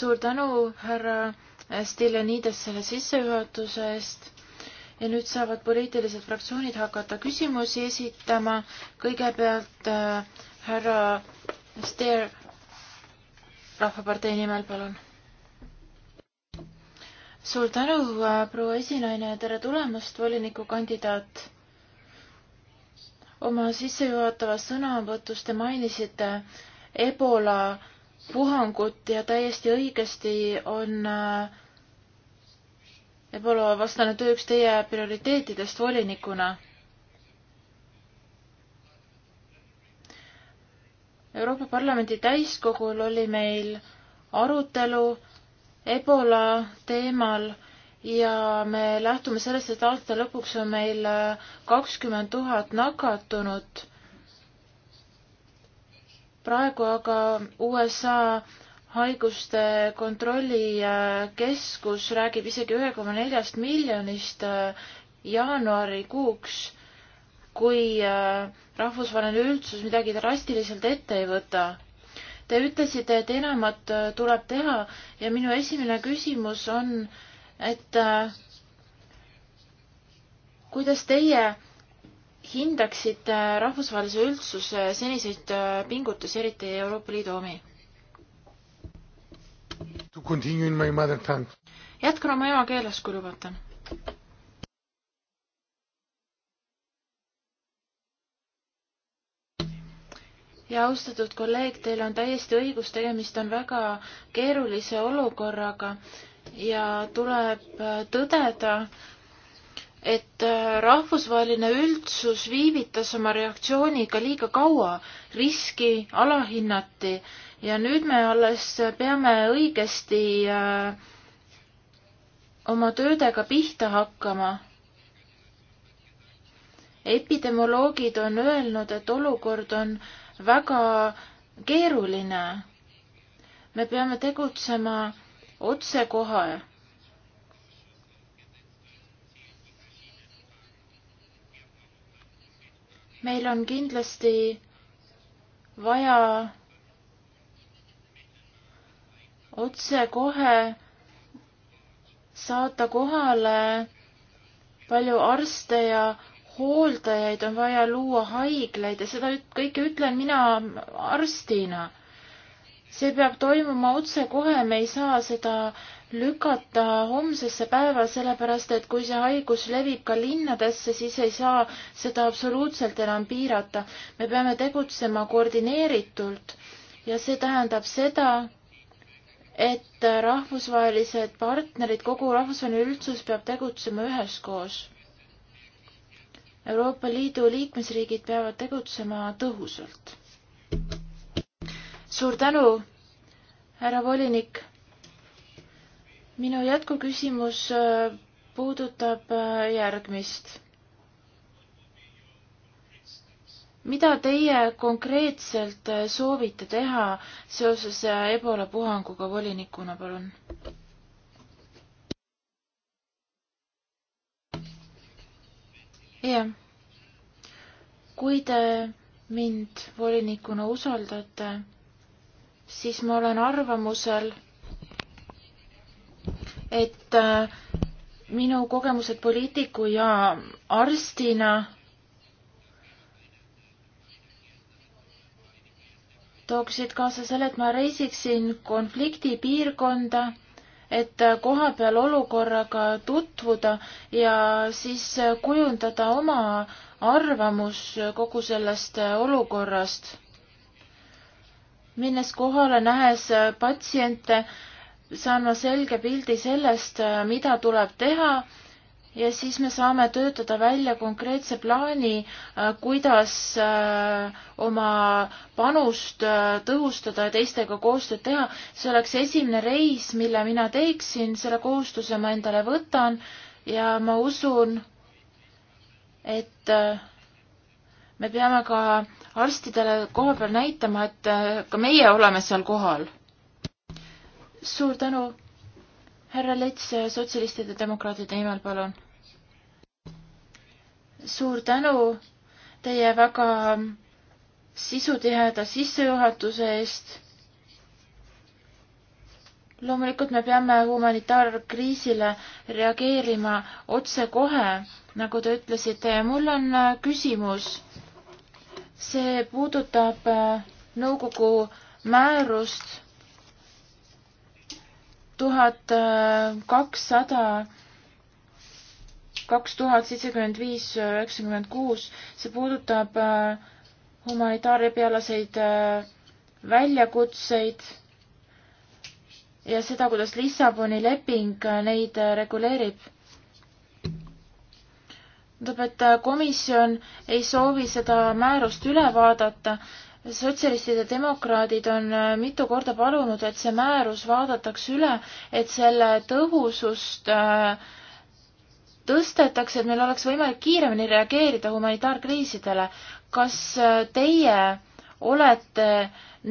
suur tänu, härra Stiljanides selle sissejuhatuse eest ja nüüd saavad poliitilised fraktsioonid hakata küsimusi esitama. kõigepealt äh, härra Steer Rahvapartei nimel, palun. suur tänu äh,, proua esinaine ja tere tulemast, volinikukandidaat. oma sissejuhatavas sõnavõtus te mainisite Ebola puhangut ja täiesti õigesti on äh, Ebola vastane töö üks teie prioriteetidest volinikuna. Euroopa Parlamendi täiskogul oli meil arutelu Ebola teemal ja me lähtume sellest, et aasta lõpuks on meil äh, kakskümmend tuhat nakatunut praegu aga USA haiguste kontrollikeskus äh, räägib isegi ühe koma neljast miljonist äh, jaanuarikuuks, kui äh, rahvusvaheline üldsus midagi drastiliselt ette ei võta. Te ütlesite, et enamat tuleb teha ja minu esimene küsimus on, et kuidas teie hindaksite äh, rahvusvahelise üldsuse seniseid äh, pingutusi, eriti Euroopa Liidu omi? jätkan oma emakeeles, kui lubate. ja austatud kolleeg, teil on täiesti õigus, tegemist on väga keerulise olukorraga ja tuleb äh, tõdeda, et äh, rahvusvaheline üldsus viivitas oma reaktsiooniga liiga kaua, riski alahinnati ja nüüd me alles peame õigesti äh, oma töödega pihta hakkama. epidemioloogid on öelnud, et olukord on väga keeruline. me peame tegutsema otsekohe meil on kindlasti vaja otsekohe saata kohale palju arste ja hooldajaid, on vaja luua haiglaid ja seda kõike ütlen mina arstina. see peab toimuma otsekohe, me ei saa seda lükata homsesse päeva, sellepärast et kui see haigus levib ka linnadesse, siis ei saa seda absoluutselt enam piirata. me peame tegutsema koordineeritult ja see tähendab seda, et rahvusvahelised partnerid, kogu rahvusvaheline üldsus peab tegutsema üheskoos. Euroopa Liidu liikmesriigid peavad tegutsema tõhusalt. suur tänu, härra volinik minu jätkuküsimus äh, puudutab äh, järgmist. mida teie konkreetselt äh, soovite teha seoses Ebola puhanguga volinikuna, palun? jah. kui te mind volinikuna usaldate, siis ma olen arvamusel, et äh, minu kogemused poliitiku ja arstina tooksid kaasa selle, et ma reisiksin konfliktipiirkonda, et äh, kohapeal olukorraga tutvuda ja siis äh, kujundada oma arvamus kogu sellest olukorrast. minnes kohale, nähes patsiente, saan ma selge pildi sellest, äh, mida tuleb teha ja siis me saame töötada välja konkreetse plaani, äh, kuidas äh, oma panust tõhustada ja teistega koostööd teha. see oleks esimene reis, mille mina teeksin, selle kohustuse ma endale võtan ja ma usun, et me peame ka arstidele koha peal näitama, et ka meie oleme seal kohal suur tänu, härra Lets, sotsialistide demokraatide nimel, palun. suur tänu teie väga sisutiheda sissejuhatuse eest. loomulikult me peame humanitaarkriisile reageerima otsekohe, nagu te ütlesite ja mul on äh, küsimus. see puudutab äh, nõukogu määrust tuhat äh, kakssada, kaks tuhat seitsekümmend viis, äh, üheksakümmend kuus, see puudutab äh, humanitaarabialaseid väljakutseid ja seda, kuidas Lissaboni leping neid reguleerib. tähendab, et komisjon ei soovi seda määrust üle vaadata sotsialistid ja demokraadid on äh, mitu korda palunud, et see määrus vaadatakse üle, et selle tõhusust äh, tõstetakse, et meil oleks võimalik kiiremini reageerida humanitaarkriisidele. kas äh, teie olete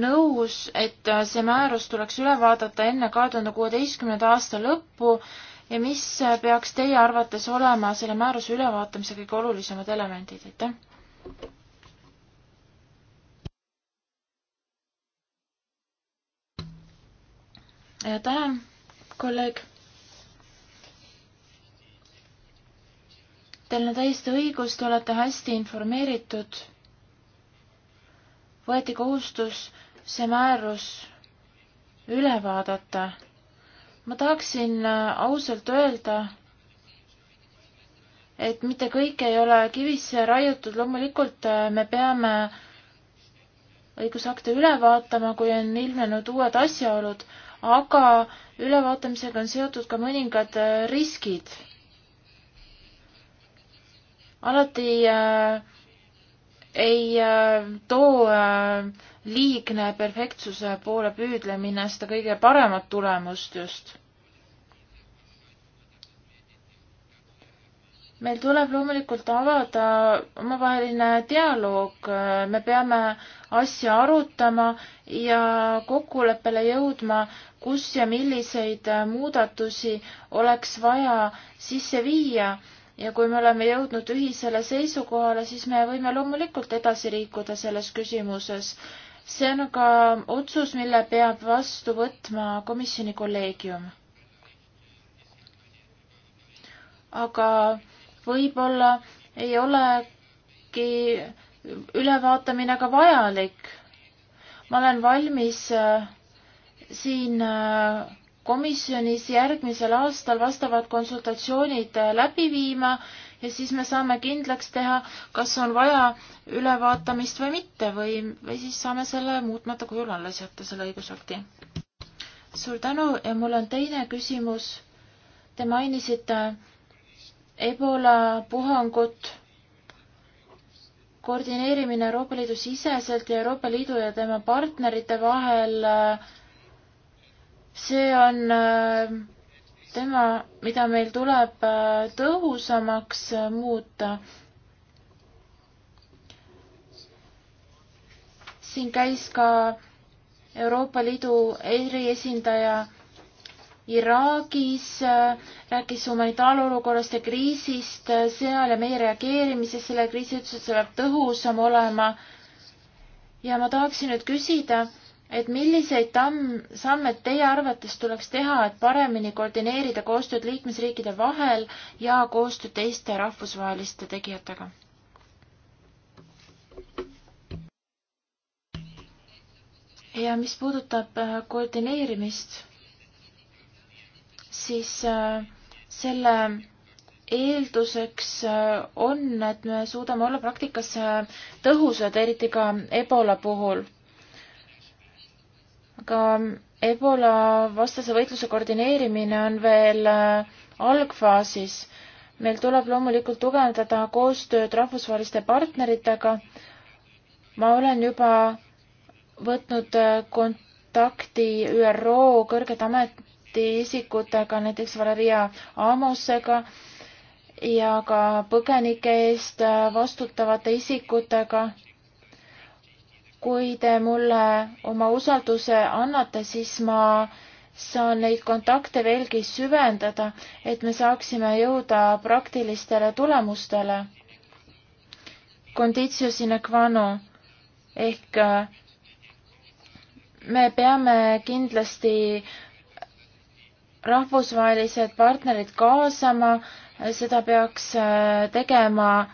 nõus, et see määrus tuleks üle vaadata enne kahe tuhande kuueteistkümnenda aasta lõppu ja mis peaks teie arvates olema selle määruse ülevaatamise kõige olulisemad elemendid, aitäh? tänan, kolleeg. Teil on täiesti õigus, te olete hästi informeeritud. võeti kohustus see määrus üle vaadata. ma tahaksin äh, ausalt öelda, et mitte kõik ei ole kivisse raiutud, loomulikult äh, me peame õigusakte üle vaatama, kui on ilmnenud uued asjaolud, aga ülevaatamisega on seotud ka mõningad äh, riskid. alati äh, ei äh, too äh, liigne perfektsuse poole püüdlemine seda kõige paremat tulemust just meil tuleb loomulikult avada omavaheline dialoog, me peame asja arutama ja kokkuleppele jõudma, kus ja milliseid muudatusi oleks vaja sisse viia ja kui me oleme jõudnud ühisele seisukohale, siis me võime loomulikult edasi liikuda selles küsimuses. see on aga otsus, mille peab vastu võtma komisjoni kolleegium. aga võib-olla ei olegi ülevaatamine ka vajalik. ma olen valmis äh, siin äh, komisjonis järgmisel aastal vastavad konsultatsioonid äh, läbi viima ja siis me saame kindlaks teha, kas on vaja ülevaatamist või mitte või, või siis saame selle muutmata kujul alles jätta, selle õigusakti. suur tänu ja mul on teine küsimus. Te mainisite Ebola puhangut. koordineerimine Euroopa Liidu siseselt ja Euroopa Liidu ja tema partnerite vahel, see on äh, tema, mida meil tuleb äh, tõhusamaks äh, muuta siin käis ka Euroopa Liidu eriesindaja Iraagis, äh, rääkis humanitaarolukorrast ja kriisist äh, seal ja meie reageerimisest sellele kriisile, ütles, et see peab tõhusam olema. ja ma tahaksin nüüd küsida, et milliseid tamm, samme teie arvates tuleks teha, et paremini koordineerida koostööd liikmesriikide vahel ja koostööd teiste rahvusvaheliste tegijatega? ja mis puudutab äh, koordineerimist siis äh, selle eelduseks äh, on, et me suudame olla praktikas äh, tõhusad, eriti ka Ebola puhul. aga Ebola vastase võitluse koordineerimine on veel algfaasis. meil tuleb loomulikult tugevdada koostööd rahvusvaheliste partneritega. ma olen juba võtnud kontakti ÜRO kõrged amet-, kontakti isikutega, näiteks Valeria Amosega ja ka põgenike eest vastutavate isikutega. kui te mulle oma usalduse annate, siis ma saan neid kontakte veelgi süvendada, et me saaksime jõuda praktilistele tulemustele. Conditio sine qua non ehk äh, me peame kindlasti rahvusvahelised partnerid kaasama, seda peaks äh, tegema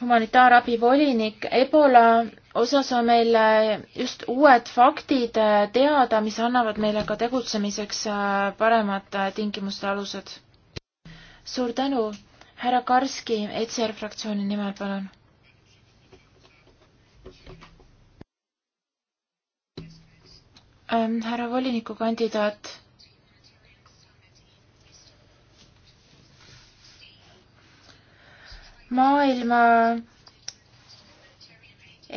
humanitaarabi volinik. Ebola osas on meil äh, just uued faktid äh, teada, mis annavad meile ka tegutsemiseks paremad tingimuste alused. suur tänu, härra Karski, ECR fraktsiooni nimel, palun Ähm, härra volinikukandidaat. maailma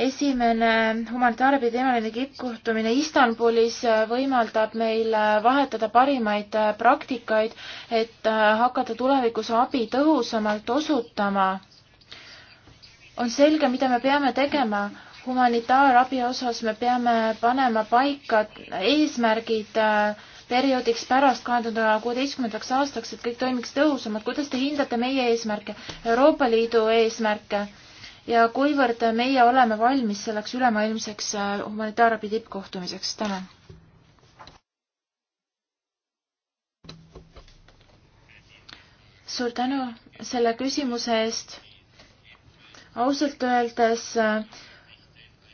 esimene humanitaarabi teemaline tippkohtumine Istanbulis võimaldab meil vahetada parimaid praktikaid, et hakata tulevikus abi tõhusamalt osutama. on selge, mida me peame tegema humanitaarabi osas me peame panema paika eesmärgid äh, perioodiks pärast kahe tuhande kuueteistkümnendaks aastaks, et kõik toimiks tõhusamalt. kuidas te hindate meie eesmärke, Euroopa Liidu eesmärke ja kuivõrd meie oleme valmis selleks ülemaailmseks äh, humanitaarabi tippkohtumiseks? tänan. suur tänu selle küsimuse eest. ausalt öeldes äh,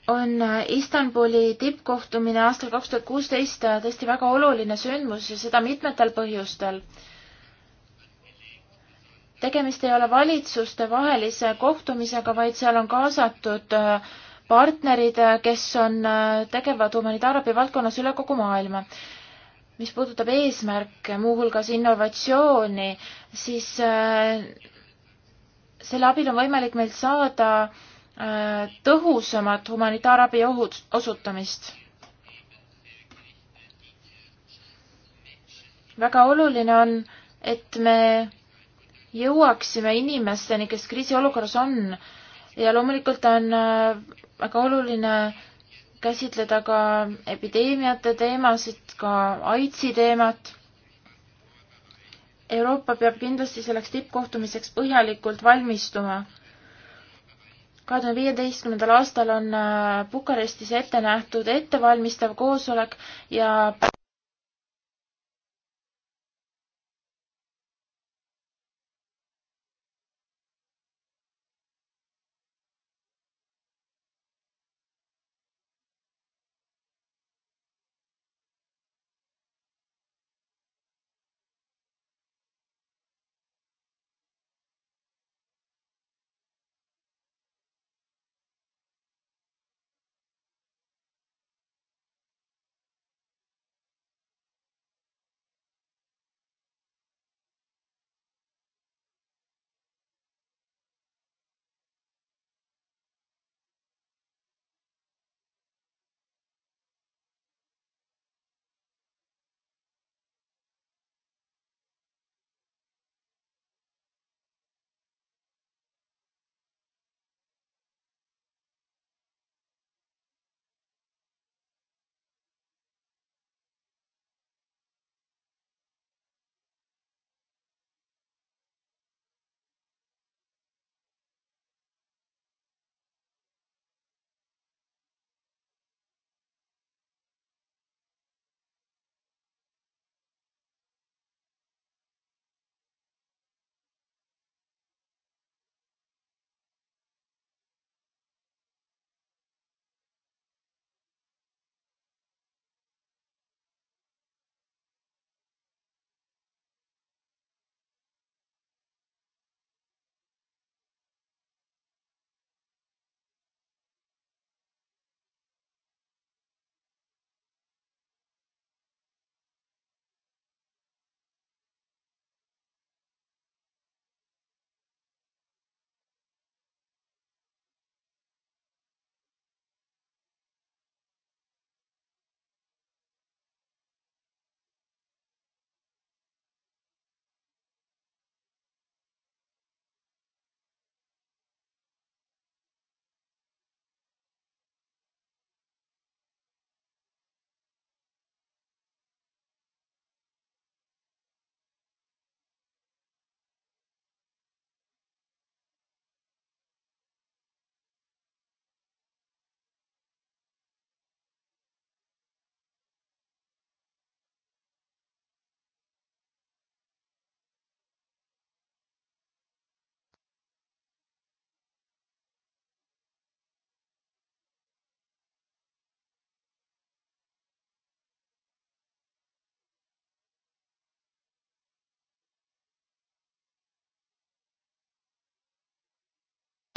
on Istanbuli tippkohtumine aastal kaks tuhat kuusteist tõesti väga oluline sündmus ja seda mitmetel põhjustel. tegemist ei ole valitsuste vahelise kohtumisega, vaid seal on kaasatud äh, partnerid, äh, kes on äh, tegevad humanitaarabi valdkonnas üle kogu maailma. mis puudutab eesmärke, muuhulgas innovatsiooni, siis selle abil on võimalik meil saada äh, Äh, tõhusamat humanitaarabi ohut-, osutamist. väga oluline on, et me jõuaksime inimesteni, kes kriisiolukorras on ja loomulikult on äh, väga oluline käsitleda ka epideemiate teemasid, ka AIDSi teemat. Euroopa peab kindlasti selleks tippkohtumiseks põhjalikult valmistuma kahe tuhande viieteistkümnendal aastal on äh, Bukarestis ette nähtud ettevalmistav koosolek ja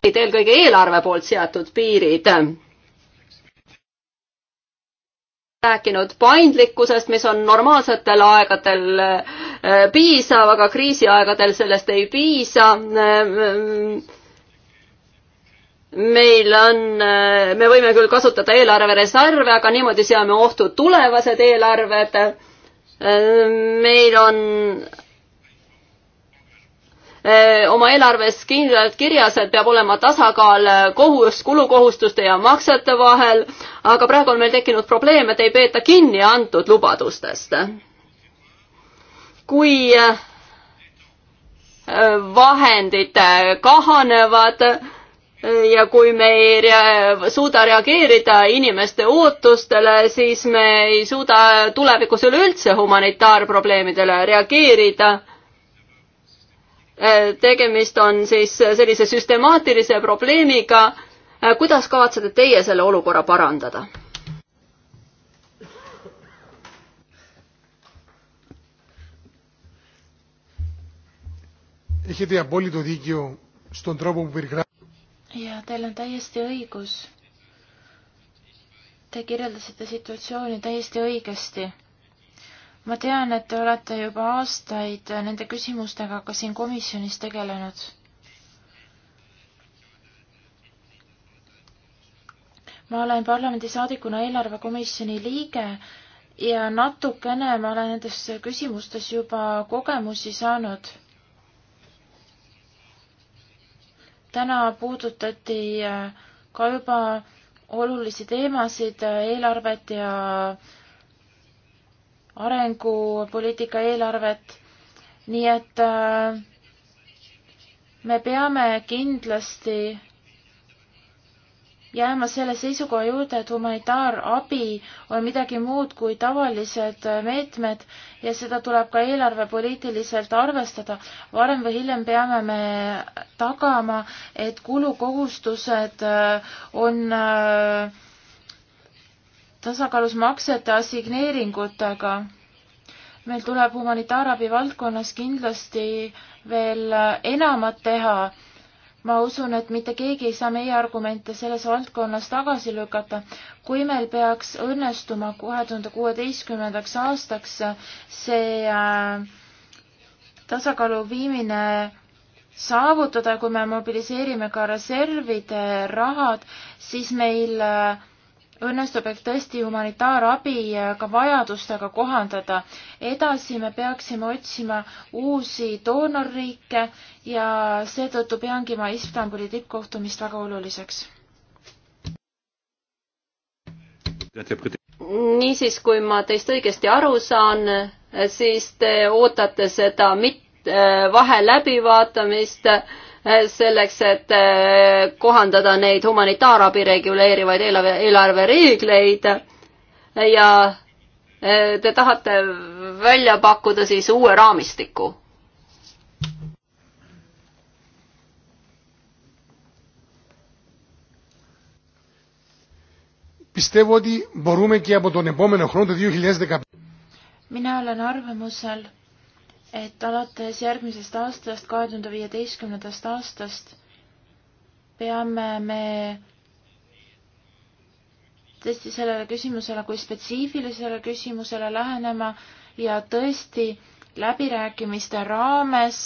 olid eelkõige eelarve poolt seatud piirid. rääkinud paindlikkusest, mis on normaalsetel aegadel äh, piisav, aga kriisiaegadel sellest ei piisa meil on, äh, me võime küll kasutada eelarvereserve, aga niimoodi seame ohtu tulevased eelarved. Äh, meil on Eh, oma eelarves kindlalt kirjas, et peab olema tasakaal eh, kohus, kulukohustuste ja maksete vahel, aga praegu on meil tekkinud probleem, et ei peeta kinni antud lubadustest. kui eh, vahendid kahanevad ja kui me ei rea suuda reageerida inimeste ootustele, siis me ei suuda tulevikus üleüldse humanitaarprobleemidele reageerida Eh, tegemist on siis sellise süstemaatilise probleemiga. Eh, kuidas kavatsete teie selle olukorra parandada? Έχετε απόλυτο δίκιο στον τρόπο που περιγράφει. Ja teil on täiesti õigus. Te kirjeldasite situatsiooni täiesti õigesti ma tean, et te olete juba aastaid nende küsimustega ka siin komisjonis tegelenud. ma olen parlamendisaadikuna eelarvekomisjoni liige ja natukene ma olen nendes küsimustes juba kogemusi saanud. täna puudutati ka juba olulisi teemasid, eelarvet ja äh, arengupoliitika eelarvet. nii et äh, me peame kindlasti jääma selle seisukoha juurde, et humanitaarabi on midagi muud kui tavalised äh, meetmed ja seda tuleb ka eelarvepoliitiliselt arvestada. varem või hiljem peame me tagama, et kulukohustused äh, on äh, tasakaalus maksete assigneeringutega. meil tuleb humanitaarabi valdkonnas kindlasti veel enamat teha. ma usun, et mitte keegi ei saa meie argumente selles valdkonnas tagasi lükata. kui meil peaks õnnestuma kahe tuhande kuueteistkümnendaks aastaks see äh, tasakaalu viimine saavutada, kui me mobiliseerime ka reservide rahad, siis meil äh, õnnestub ehk tõesti humanitaarabi ka vajadustega kohandada. edasi me peaksime otsima uusi doonorriike ja seetõttu peangi ma Istanbuli tippkohtumist väga oluliseks. niisiis, kui ma teist õigesti aru saan, siis te ootate seda mit-, vahe läbivaatamist äh, Eh, selleks, et eh, kohandada neid humanitaarabi reguleerivaid eelarvereegleid ja eh, te tahate välja pakkuda siis uue raamistiku πιστεύω ότι μπορούμε και από τον επόμενο χρόνο, το 2015. Mina olen arvamusel, et alates järgmisest aastast, kahe tuhande viieteistkümnendast aastast peame me tõesti sellele küsimusele kui spetsiifilisele küsimusele lähenema ja tõesti läbirääkimiste raames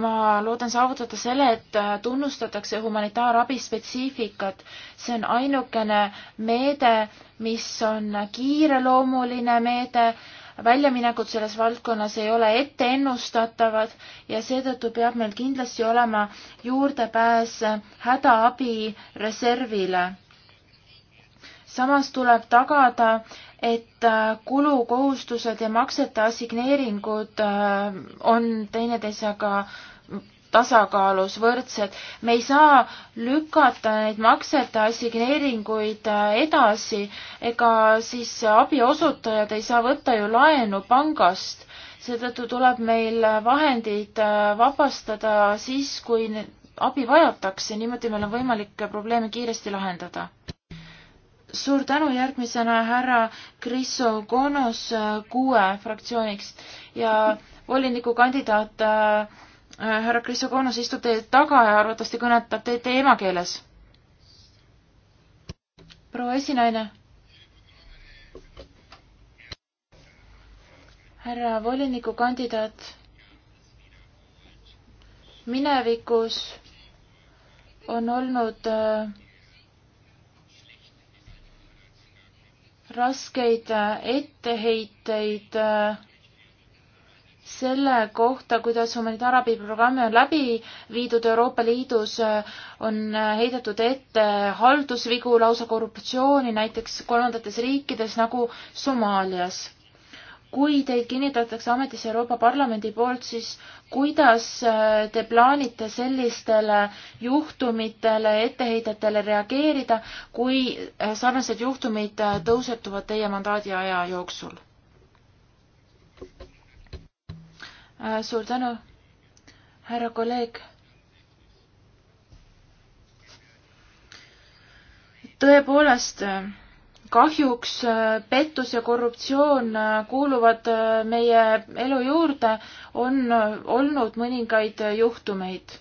ma loodan saavutada selle, et äh, tunnustatakse humanitaarabi spetsiifikat. see on ainukene meede, mis on kiireloomuline meede, väljaminekud selles valdkonnas ei ole etteennustatavad ja seetõttu peab meil kindlasti olema juurdepääs hädaabi reservile samas tuleb tagada, et äh, kulukohustused ja maksete assigneeringud äh, on teineteisega tasakaalus võrdsed. me ei saa lükata neid maksete assigneeringuid äh, edasi, ega siis abiosutajad ei saa võtta ju laenu pangast. seetõttu tuleb meil vahendid vabastada siis, kui abi vajatakse, niimoodi meil on võimalik probleeme kiiresti lahendada suur tänu järgmisena härra Kriso Konos äh, kuue fraktsiooniks ja volinikukandidaat äh, härra Kriso Konos istub teie taga ja arvatavasti kõnetab teid teie emakeeles. proua esinaine. härra volinikukandidaat. minevikus on olnud äh, raskeid äh, etteheiteid äh, selle kohta, kuidas humanitaarabiprogramme on läbi viidud Euroopa Liidus, äh, on heidetud ette haldusvigu, lausa korruptsiooni näiteks kolmandates riikides nagu Somaalias kui teid kinnitatakse ametisse Euroopa Parlamendi poolt, siis kuidas äh, te plaanite sellistele juhtumitele, etteheidetele reageerida, kui äh, sarnased juhtumid äh, tõusetuvad teie mandaadi aja jooksul? suur tänu, härra kolleeg. tõepoolest kahjuks äh, pettus ja korruptsioon äh, kuuluvad äh, meie elu juurde, on olnud mõningaid juhtumeid.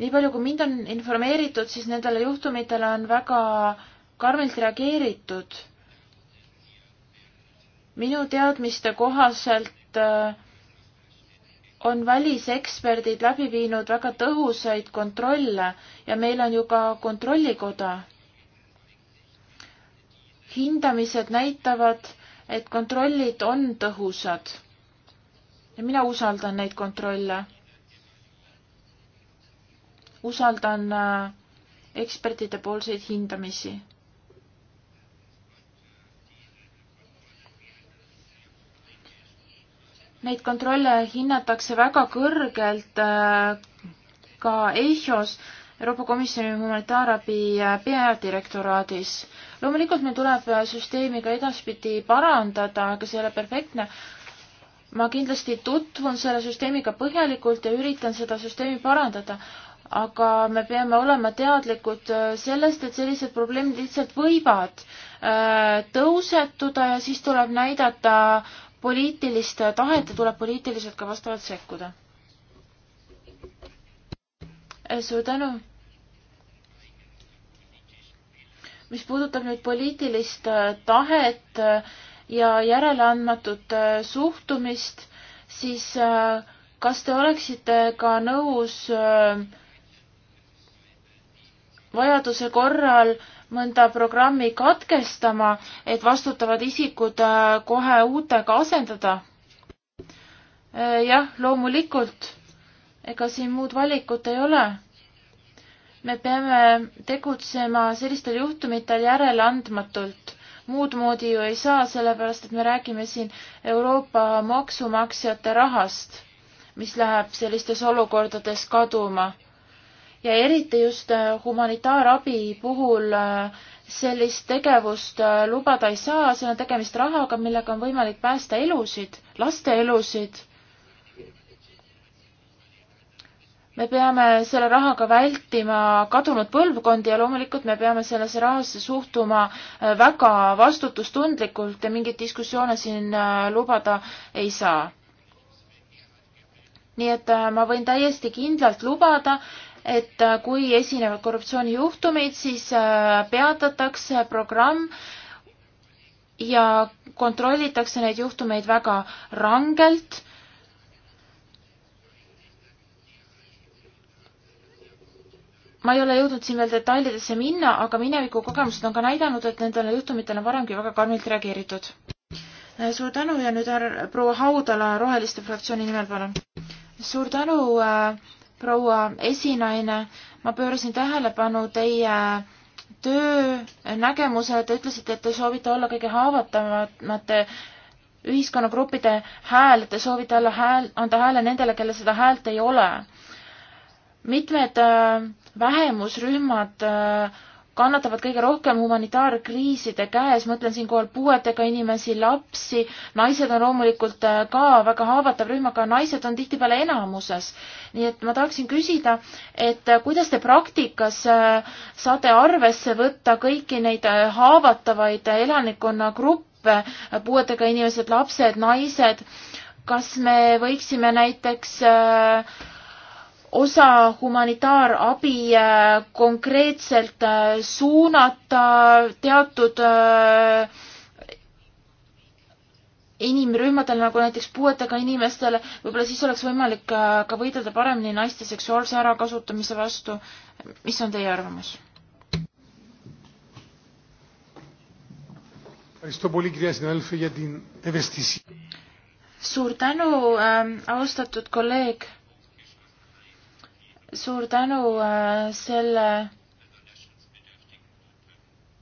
nii palju, kui mind on informeeritud, siis nendele juhtumitele on väga karmilt reageeritud. minu teadmiste kohaselt äh, on väliseksperdid läbi viinud väga tõhusaid kontrolle ja meil on ju ka kontrollikoda. hindamised näitavad, et kontrollid on tõhusad. ja mina usaldan neid kontrolle. usaldan äh, ekspertide poolseid hindamisi Neid kontrolle hinnatakse väga kõrgelt äh, ka EHOs, Euroopa Komisjoni humanitaarabi äh, peadirektoraadis. loomulikult meil tuleb äh, süsteemi ka edaspidi parandada, aga see ei ole perfektne. ma kindlasti tutvun selle süsteemiga põhjalikult ja üritan seda süsteemi parandada, aga me peame olema teadlikud sellest, et sellised probleemid lihtsalt võivad tõusetuda ja siis tuleb näidata poliitilist tahet ja tuleb poliitiliselt ka vastavalt sekkuda. suur tänu. mis puudutab nüüd poliitilist tahet ja järeleandmatut suhtumist, siis äh, kas te oleksite ka nõus äh, vajaduse korral äh, mõnda programmi katkestama, et vastutavad isikud äh, kohe uutega asendada? Äh, jah, loomulikult, ega siin muud valikut ei ole. me peame tegutsema sellistel juhtumitel järeleandmatult, muud moodi ju ei saa, sellepärast et me räägime siin Euroopa maksumaksjate rahast, mis läheb sellistes olukordades kaduma ja eriti just äh, humanitaarabi puhul äh, sellist tegevust äh, lubada ei saa, siin on tegemist rahaga, millega on võimalik päästa elusid, laste elusid. me peame selle rahaga vältima kadunud põlvkondi ja loomulikult me peame sellesse rahasse suhtuma väga vastutustundlikult ja mingeid diskussioone siin lubada ei saa nii et ma võin täiesti kindlalt lubada, et äh, kui esinevad korruptsioonijuhtumid, siis äh, peatatakse programm ja kontrollitakse neid juhtumeid väga rangelt. ma ei ole jõudnud siin veel detailidesse minna, aga mineviku kogemused on ka näidanud, et nendele juhtumitele on varemgi väga karmilt reageeritud. Äh, suur tänu ja nüüd härra proua Haudala Roheliste fraktsiooni nimel, palun. suur tänu äh, proua esinaine, ma pöörasin tähelepanu teie töönägemusele, te ütlesite, et te soovite olla kõige haavatavamate ühiskonnagruppide hääl, te soovite olla hääl, anda hääle nendele, kellel seda häält ei ole. mitmed äh, vähemusrühmad äh, kannatavad kõige rohkem humanitaarkriiside käes, mõtlen siinkohal puuetega inimesi, lapsi, naised on loomulikult äh, ka väga haavatav rühm, aga naised on tihtipeale enamuses. nii et ma tahaksin küsida, et äh, kuidas te praktikas äh, saate arvesse võtta kõiki neid haavatavaid elanikkonnagruppe, puuetega inimesed, lapsed, naised, kas me võiksime näiteks äh, osa humanitaarabi äh, konkreetselt äh, suunata teatud äh, inimrühmadele, nagu näiteks puuetega inimestele, võib-olla siis oleks võimalik ka võidelda paremini naiste seksuaalse ärakasutamise vastu. mis on teie arvamus? suur tänu ähm,, austatud kolleeg suur tänu äh, selle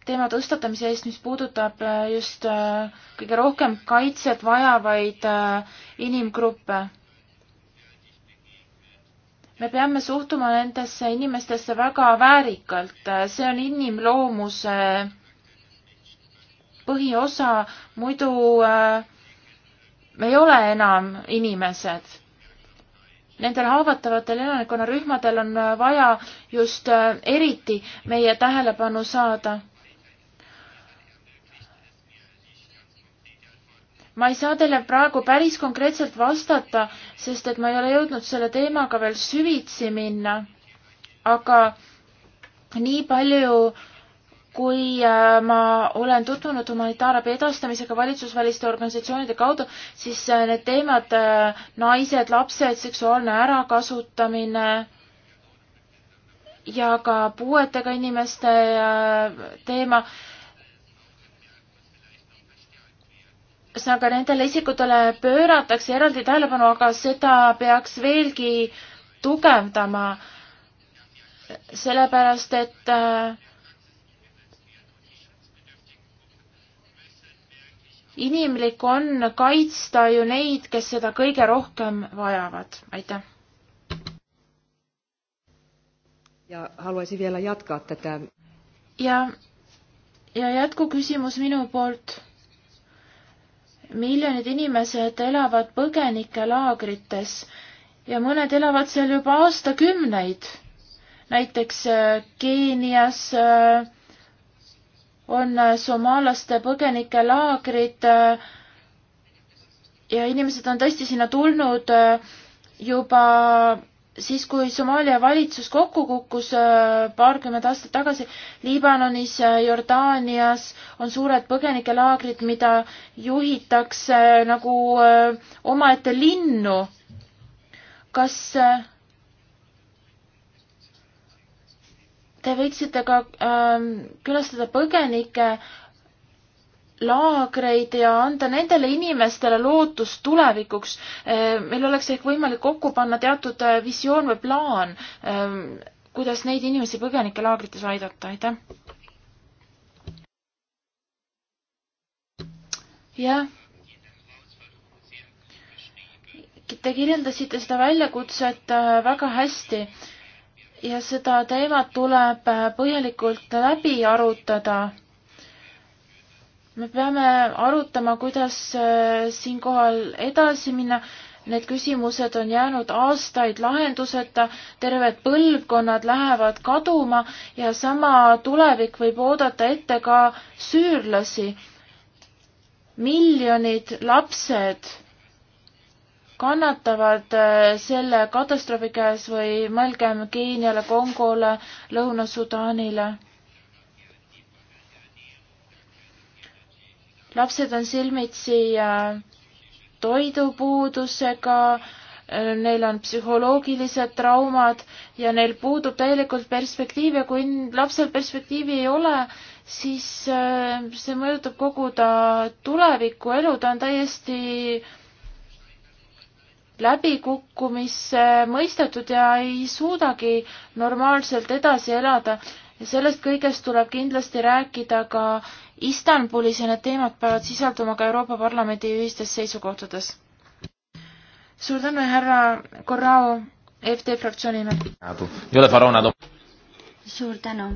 teema tõstatamise eest, mis puudutab äh, just äh, kõige rohkem kaitset vajavaid inimgruppe. me peame suhtuma nendesse inimestesse väga väärikalt, see on inimloomuse põhiosa, muidu me ei ole enam inimesed nendel haavatavatel elanikkonnarühmadel on äh, vaja just äh, eriti meie tähelepanu saada. ma ei saa teile praegu päris konkreetselt vastata, sest et ma ei ole jõudnud selle teemaga veel süvitsi minna. aga nii palju kui äh, ma olen tutvunud humanitaarabi edastamisega valitsusväliste organisatsioonide kaudu, siis äh, need teemad, äh, naised, lapsed, seksuaalne ärakasutamine ja ka puuetega inimeste teema, ühesõnaga nendele isikutele pööratakse eraldi tähelepanu, aga seda peaks veelgi tugevdama, sellepärast et äh, inimlik on kaitsta ju neid, kes seda kõige rohkem vajavad. aitäh! ja haluaisin vielä jatkaa tätä. Ja, ja jätkuküsimus minu poolt. miljonid inimesed elavad põgenikelaagrites ja mõned elavad seal juba aastakümneid. näiteks äh, Keenias äh, on äh, somaalaste põgenikelaagrid äh, ja inimesed on tõesti sinna tulnud äh, juba siis, kui Somaalia valitsus kokku kukkus paarkümmend aastat tagasi. Liibanonis, Jordaanias on suured põgenikelaagrid, mida juhitakse nagu omaette linnu. kas Te võiksite ka ähm, külastada põgenike laagreid ja anda nendele inimestele lootust tulevikuks. Äh, meil oleks ehk võimalik kokku panna teatud äh, visioon või plaan, ähm, kuidas neid inimesi põgenike laagrites aidata, aitäh. jah. Te kirjeldasite seda väljakutset äh, väga hästi ja seda teemat tuleb äh, põhjalikult läbi arutada. me peame arutama, kuidas äh, siinkohal edasi minna. Need küsimused on jäänud aastaid lahenduseta, terved põlvkonnad lähevad kaduma ja sama tulevik võib oodata ette ka süürlasi. miljonid lapsed kannatavad äh, selle katastroofi käes või mõelgem Keeniale, Kongole, Lõuna-Sudaanile. lapsed on silmitsi äh, toidupuudusega, äh, neil on psühholoogilised traumad ja neil puudub täielikult perspektiiv ja kui lapsel perspektiivi ei ole, siis see mõjutab kogu ta tulevikku, elu, ta on täiesti läbikukkumisse mõistetud ja ei suudagi normaalselt edasi elada. ja sellest kõigest tuleb kindlasti rääkida ka Istanbulis ja need teemad peavad sisalduma ka Euroopa Parlamendi ühistes seisukohtades. suur tänu, härra Corrao, EFD fraktsiooni nimel. suur tänu.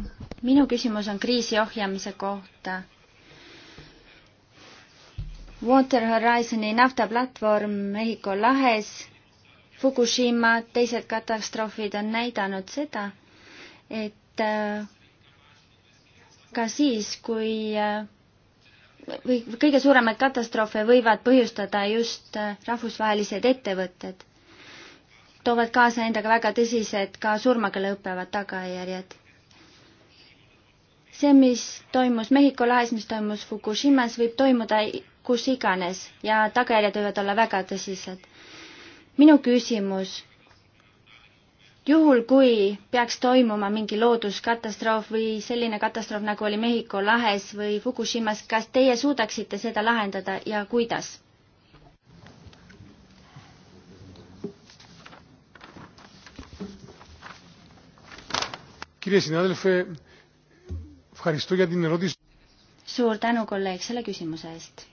minu küsimus on kriisi ohjamise kohta Water Horizoni naftaplatvorm Mehhiko lahes, Fukushima, teised katastroofid on näidanud seda, et äh, ka siis, kui äh, või kõige suuremaid katastroofe võivad põhjustada just äh, rahvusvahelised ettevõtted, toovad kaasa endaga väga tõsised, ka surmaga lõpevad tagajärjed. see, mis toimus Mehhiko lahes, mis toimus Fukushimas, võib toimuda kus iganes ja tagajärjed võivad olla väga tõsised. minu küsimus, juhul kui peaks toimuma mingi looduskatastroof või selline katastroof, nagu oli Mehhiko lahes või Fukushimas, kas teie suudaksite seda lahendada ja kuidas? Κύριε συνάδελφε, ευχαριστώ για την ερώτηση. Suur tänu, kolleeg, selle küsimuse eest.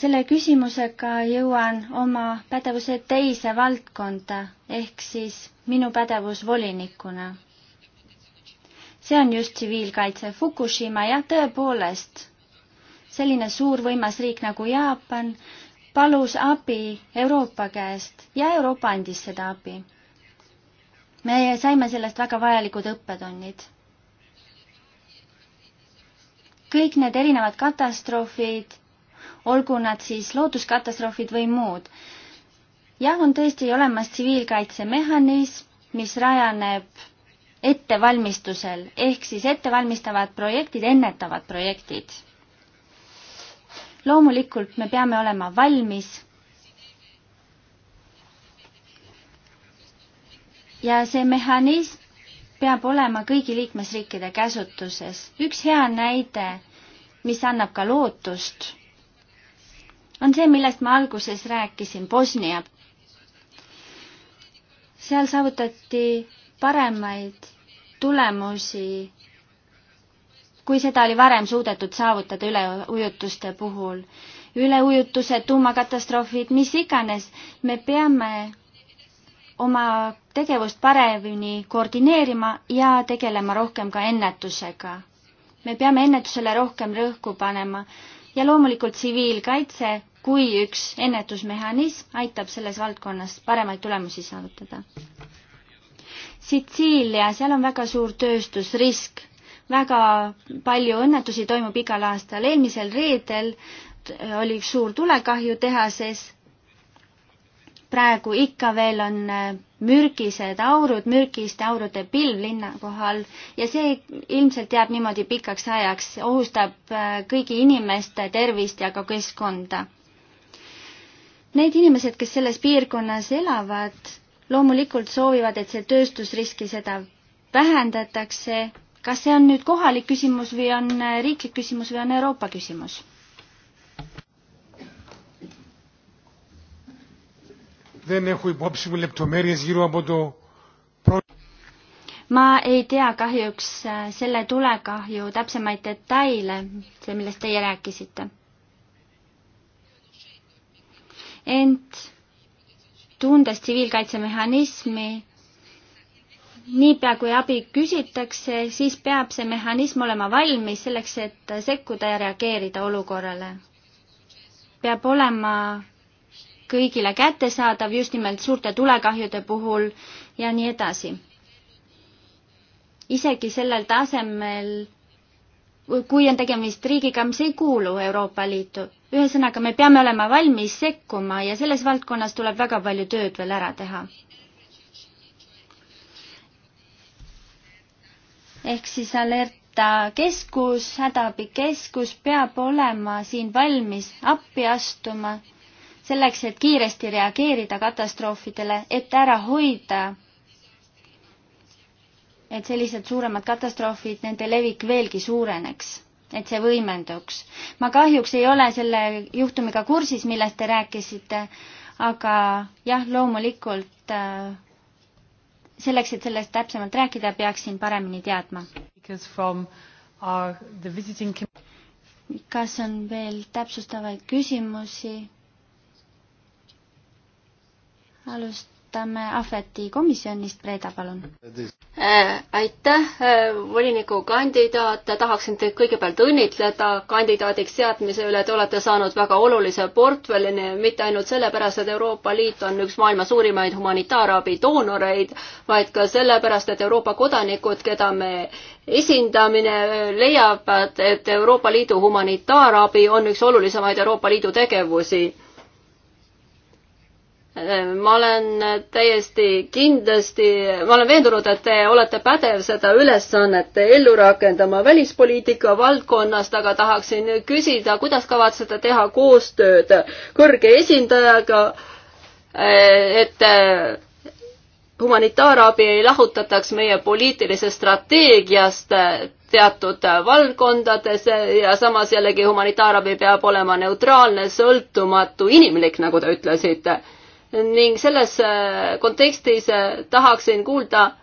selle küsimusega jõuan oma pädevuse teise valdkonda ehk siis minu pädevus volinikuna. see on just tsiviilkaitse Fukushima, jah, tõepoolest, selline suur võimas riik nagu Jaapan palus abi Euroopa käest ja Euroopa andis seda abi. me saime sellest väga vajalikud õppetonnid kõik need erinevad katastroofid olgu nad siis looduskatastroofid või muud. jah, on tõesti olemas tsiviilkaitsemehhanism, mis rajaneb ettevalmistusel ehk siis ettevalmistavad projektid, ennetavad projektid. loomulikult me peame olema valmis ja see mehhanism peab olema kõigi liikmesriikide käsutuses. üks hea näide, mis annab ka lootust, on see, millest ma alguses rääkisin, Bosnia. seal saavutati paremaid tulemusi, kui seda oli varem suudetud saavutada üleujutuste puhul. üleujutused, tuumakatastroofid, mis iganes, me peame oma tegevust paremini koordineerima ja tegelema rohkem ka ennetusega. me peame ennetusele rohkem rõhku panema ja loomulikult tsiviilkaitse kui üks ennetusmehhanism aitab selles valdkonnas paremaid tulemusi saavutada. Sitsiilia, seal on väga suur tööstusrisk, väga palju õnnetusi toimub igal aastal, eelmisel reedel oli üks suur tulekahju tehases praegu ikka veel on äh, mürgised aurud, mürgiste aurude pilv linna kohal ja see ilmselt jääb niimoodi pikaks ajaks, ohustab äh, kõigi inimeste tervist ja ka keskkonda. Need inimesed, kes selles piirkonnas elavad, loomulikult soovivad, et see tööstusriski seda vähendatakse. kas see on nüüd kohalik küsimus või on äh, riiklik küsimus või on Euroopa küsimus? Δεν έχω υπόψη μου λεπτομέρειες γύρω από το ma ei tea kahjuks äh, selle tulekahju täpsemaid detaile, see, millest teie rääkisite. ent tundes tsiviilkaitsemehhanismi, niipea kui abi küsitakse, siis peab see mehhanism olema valmis selleks, et sekkuda ja reageerida olukorrale. peab olema kõigile kättesaadav just nimelt suurte tulekahjude puhul ja nii edasi. isegi sellel tasemel, kui on tegemist riigiga, mis ei kuulu Euroopa Liitu. ühesõnaga, me peame olema valmis sekkuma ja selles valdkonnas tuleb väga palju tööd veel ära teha. ehk siis alert ta keskus, hädaabikeskus peab olema siin valmis appi astuma selleks, et kiiresti reageerida katastroofidele, et ära hoida, et sellised suuremad katastroofid, nende levik veelgi suureneks, et see võimenduks. ma kahjuks ei ole selle juhtumiga kursis, millest te rääkisite, aga jah, loomulikult äh, selleks, et sellest täpsemalt rääkida, peaksin paremini teadma. Our, uh, visiting... kas on veel täpsustavaid küsimusi? alustame Ahveti komisjonist, Reeda, palun. Äh, aitäh, äh, volinikukandidaat, tahaksin teid kõigepealt õnnitleda kandidaadiks seadmise üle, te olete saanud väga olulise portfelli, mitte ainult sellepärast, et Euroopa Liit on üks maailma suurimaid humanitaarabi doonoreid, vaid ka sellepärast, et Euroopa kodanikud, keda me esindamine äh, leiab, et Euroopa Liidu humanitaarabi on üks olulisemaid Euroopa Liidu tegevusi Ehm, ma olen täiesti kindlasti, ma olen veendunud, et te olete pädev seda ülesannet ellu rakendama välispoliitika valdkonnast, aga tahaksin küsida, kuidas kavatsete teha koostööd kõrge esindajaga, eh, et eh, humanitaarabi ei lahutataks meie poliitilisest strateegiast eh, teatud valdkondades ja samas jällegi humanitaarabi peab olema neutraalne, sõltumatu, inimlik, nagu te ütlesite ning selles äh, kontekstis äh, tahaksin kuulda,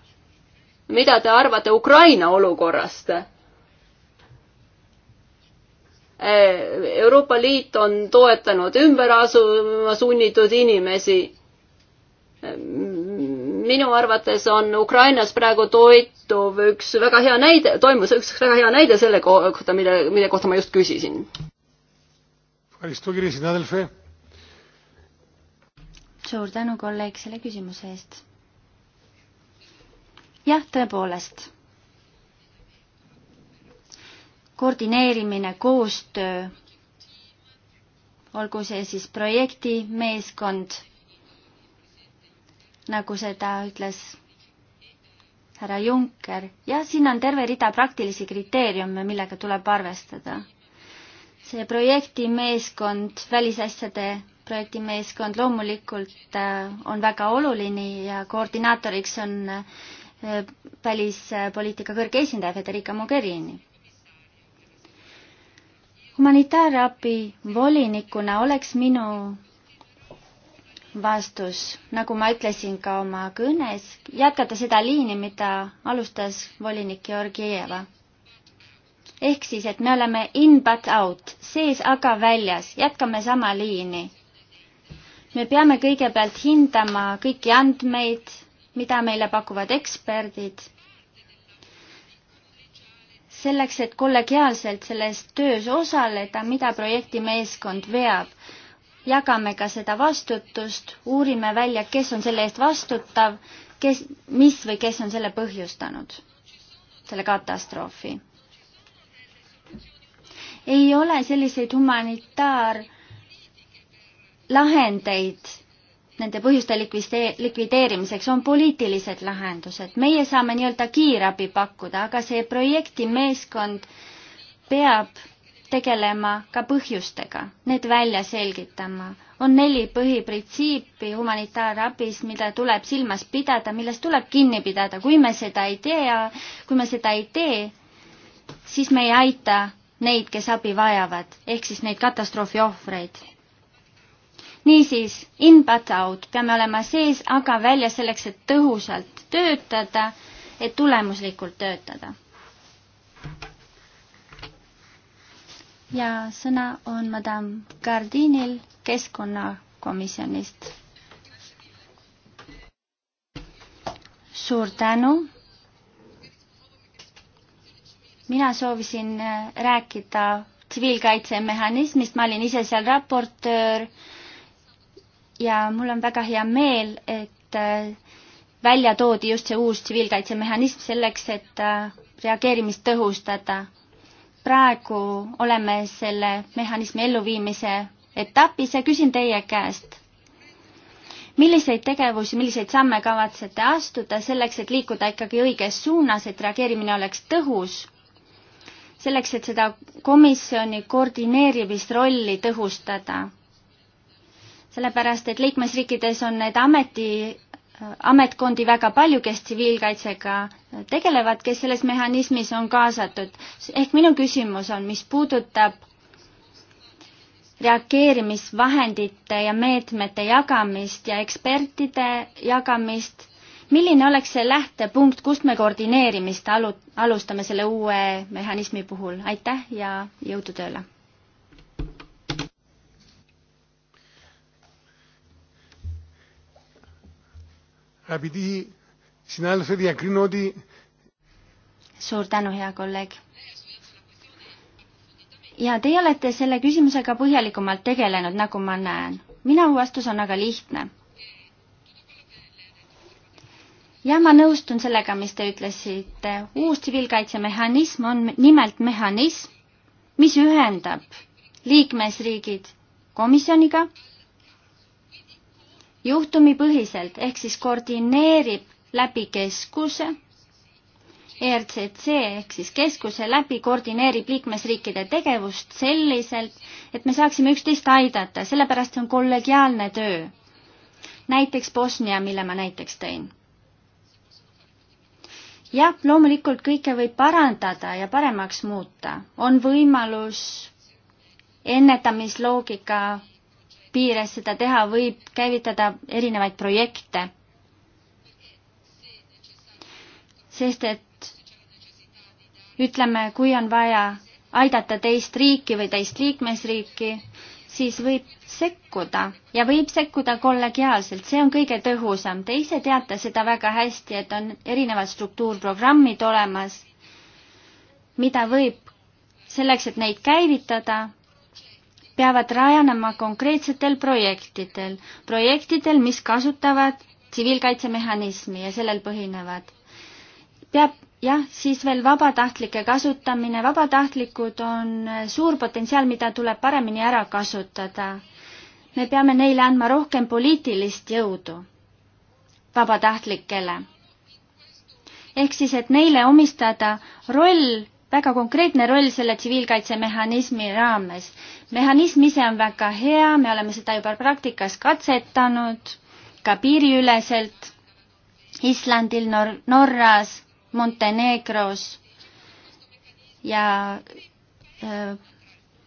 mida te arvate Ukraina olukorrast. Äh, Euroopa Liit on toetanud ümber asuma sunnitud inimesi minu arvates on Ukrainas praegu toituv üks väga hea näide, toimus üks väga hea näide selle kohta, mille, mille kohta ma just küsisin suur tänu, kolleeg, selle küsimuse eest. jah, tõepoolest. koordineerimine, koostöö, olgu see siis projekti meeskond, nagu seda ütles härra Juncker, jah, siin on terve rida praktilisi kriteeriume, millega tuleb arvestada. see projekti meeskond välisasjade projektimeeskond loomulikult äh, on väga oluline ja koordinaatoriks on äh, välispoliitika äh, kõrge esindaja Federica Mogherini. humanitaarabi volinikuna oleks minu vastus, nagu ma ütlesin ka oma kõnes, jätkata seda liini, mida alustas volinik Georgieva. ehk siis, et me oleme in but out, sees aga väljas, jätkame sama liini me peame kõigepealt hindama kõiki andmeid, mida meile pakuvad eksperdid, selleks, et kollegiaalselt selles töös osaleda, mida projektimeeskond veab. jagame ka seda vastutust, uurime välja, kes on selle eest vastutav, kes, mis või kes on selle põhjustanud, selle katastroofi. ei ole selliseid humanitaar- lahendeid nende põhjuste likvideerimiseks on poliitilised lahendused. meie saame nii-öelda kiirabi pakkuda, aga see projektimeeskond peab tegelema ka põhjustega, need välja selgitama. on neli põhiprintsiipi humanitaarabis, mida tuleb silmas pidada, millest tuleb kinni pidada. kui me seda ei tea, kui me seda ei tee, siis me ei aita neid, kes abi vajavad, ehk siis neid katastroofi ohvreid niisiis, in but out, peame olema sees, aga väljas selleks, et tõhusalt töötada, et tulemuslikult töötada. ja sõna on madam Gardinil keskkonnakomisjonist. suur tänu. mina soovisin äh, rääkida tsiviilkaitsemehhanismist, ma olin ise seal raportöör ja mul on väga hea meel, et äh, välja toodi just see uus tsiviilkaitsemehhanism selleks, et äh, reageerimist tõhustada. praegu oleme selle mehhanismi elluviimise etapis ja küsin teie käest, milliseid tegevusi, milliseid samme kavatsete astuda selleks, et liikuda ikkagi õiges suunas, et reageerimine oleks tõhus? selleks, et seda komisjoni koordineerimist rolli tõhustada sellepärast et liikmesriikides on need ameti, ametkondi väga palju, kes tsiviilkaitsega tegelevad, kes selles mehhanismis on kaasatud. ehk minu küsimus on, mis puudutab reageerimisvahendite ja meetmete jagamist ja ekspertide jagamist, milline oleks see lähtepunkt, kust me koordineerimist alu-, alustame selle uue mehhanismi puhul, aitäh ja jõudu tööle! Αγαπητοί συνάδελφοι, διακρίνω ότι... Suur tänu, hea kolleeg. ja teie olete selle küsimusega põhjalikumalt tegelenud, nagu ma näen. minu vastus on aga lihtne. ja ma nõustun sellega, mis te ütlesite. uus tsiviilkaitsemehhanism on nimelt mehhanism, mis ühendab liikmesriigid komisjoniga juhtumipõhiselt ehk siis koordineerib läbi keskuse, ERCC ehk siis keskuse läbi koordineerib liikmesriikide tegevust selliselt, et me saaksime üksteist aidata, sellepärast see on kollegiaalne töö. näiteks Bosnia, mille ma näiteks tõin. jah, loomulikult kõike võib parandada ja paremaks muuta, on võimalus ennetamisloogika piires seda teha, võib käivitada erinevaid projekte. sest et ütleme, kui on vaja aidata teist riiki või teist liikmesriiki, siis võib sekkuda ja võib sekkuda kollegiaalselt, see on kõige tõhusam. Te ise teate seda väga hästi, et on erinevad struktuurprogrammid olemas, mida võib selleks, et neid käivitada, peavad rajanema konkreetsetel projektidel, projektidel, mis kasutavad tsiviilkaitsemehhanismi ja sellel põhinevad. peab jah, siis veel vabatahtlike kasutamine, vabatahtlikud on suur potentsiaal, mida tuleb paremini ära kasutada. me peame neile andma rohkem poliitilist jõudu, vabatahtlikele. ehk siis, et neile omistada roll väga konkreetne roll selle tsiviilkaitsemehhanismi raames. mehhanism ise on väga hea, me oleme seda juba praktikas katsetanud, ka piiriüleselt Islandil Nor, Norras, Montenegros ja äh,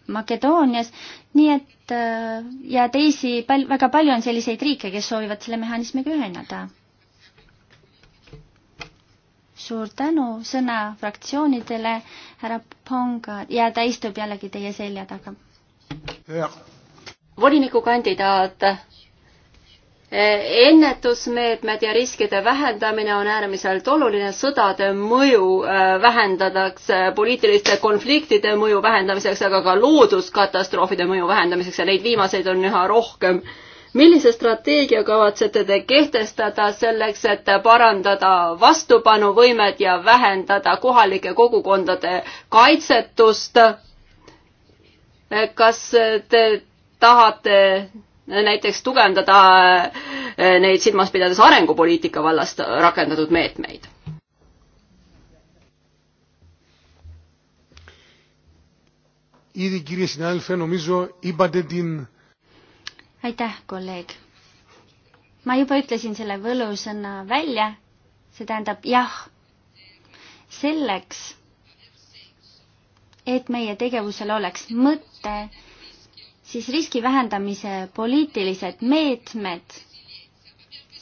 Makedoonias, nii et äh, ja teisi pal-, väga palju on selliseid riike, kes soovivad selle mehhanismiga ühineda suur tänu sõna fraktsioonidele, härra Ponga ja ta istub jällegi teie selja taga. volinikukandidaat, eh, ennetusmeetmed ja riskide vähendamine on äärmiselt oluline, sõdade mõju eh, vähendatakse, poliitiliste konfliktide mõju vähendamiseks, aga ka looduskatastroofide mõju vähendamiseks ja neid viimaseid on üha rohkem millise strateegia kavatsete te kehtestada selleks, et parandada vastupanuvõimet ja vähendada kohalike kogukondade kaitsetust? kas te tahate näiteks tugevdada eh, neid silmas pidades arengupoliitika vallast rakendatud meetmeid? Ήδη κύριε συνάδελφε νομίζω είπατε την aitäh, kolleeg. ma juba ütlesin selle võlusõna välja, see tähendab jah. selleks, et meie tegevusel oleks mõte, siis riski vähendamise poliitilised meetmed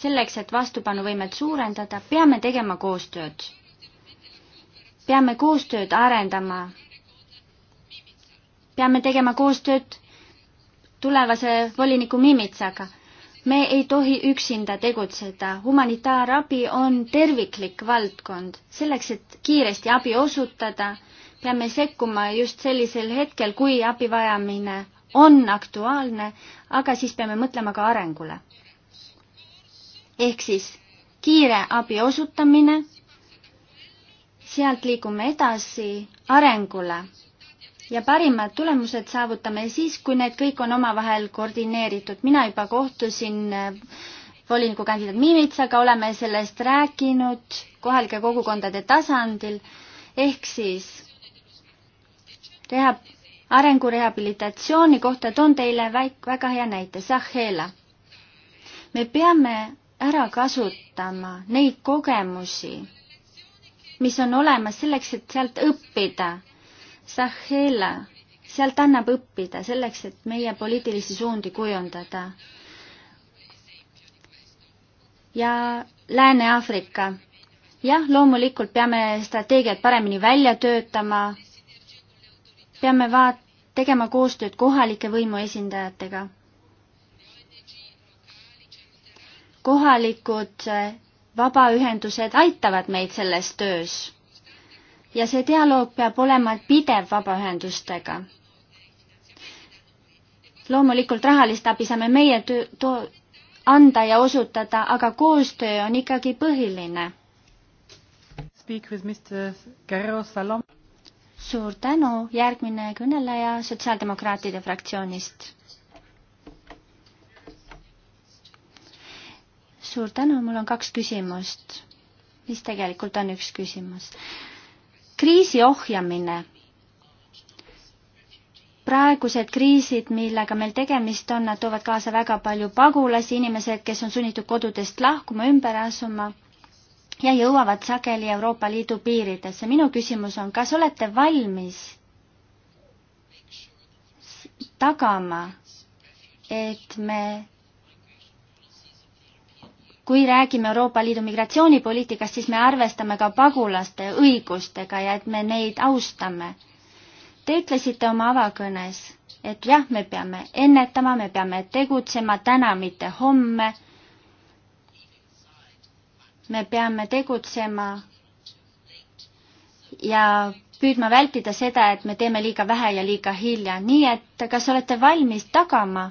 selleks, et vastupanuvõimet suurendada, peame tegema koostööd. peame koostööd arendama. peame tegema koostööd tulevase voliniku Mimitsaga. me ei tohi üksinda tegutseda, humanitaarabi on terviklik valdkond. selleks, et kiiresti abi osutada, peame sekkuma just sellisel hetkel, kui abivajamine on aktuaalne, aga siis peame mõtlema ka arengule. ehk siis kiire abi osutamine, sealt liigume edasi arengule ja parimad tulemused saavutame siis, kui need kõik on omavahel koordineeritud. mina juba kohtusin äh, volinikukandidaat Miimitsaga, oleme sellest rääkinud kohalike kogukondade tasandil, ehk siis reha-, arengurehabilitatsiooni kohta toon teile väik-, väga hea näite, Sahela. me peame ära kasutama neid kogemusi, mis on olemas selleks, et sealt õppida Sahela, sealt annab õppida selleks, et meie poliitilisi suundi kujundada. ja Lääne-Aafrika. jah, loomulikult peame strateegiat paremini välja töötama, peame vaat-, tegema koostööd kohalike võimuesindajatega. kohalikud vabaühendused aitavad meid selles töös ja see dialoog peab olema pidev vabaühendustega. loomulikult rahalist abi saame meie töö, too, anda ja osutada, aga koostöö on ikkagi põhiline. suur tänu, järgmine kõneleja Sotsiaaldemokraatide fraktsioonist. suur tänu, mul on kaks küsimust, mis tegelikult on üks küsimus kriisi ohjamine. praegused kriisid, millega meil tegemist on, nad toovad kaasa väga palju pagulasi, inimesed, kes on sunnitud kodudest lahkuma, ümber asuma ja jõuavad sageli Euroopa Liidu piiridesse. minu küsimus on, kas olete valmis tagama, et me kui räägime Euroopa Liidu migratsioonipoliitikast, siis me arvestame ka pagulaste õigustega ja et me neid austame. Te ütlesite oma avakõnes, et jah, me peame ennetama, me peame tegutsema täna, mitte homme. me peame tegutsema ja püüdma vältida seda, et me teeme liiga vähe ja liiga hilja, nii et kas olete valmis tagama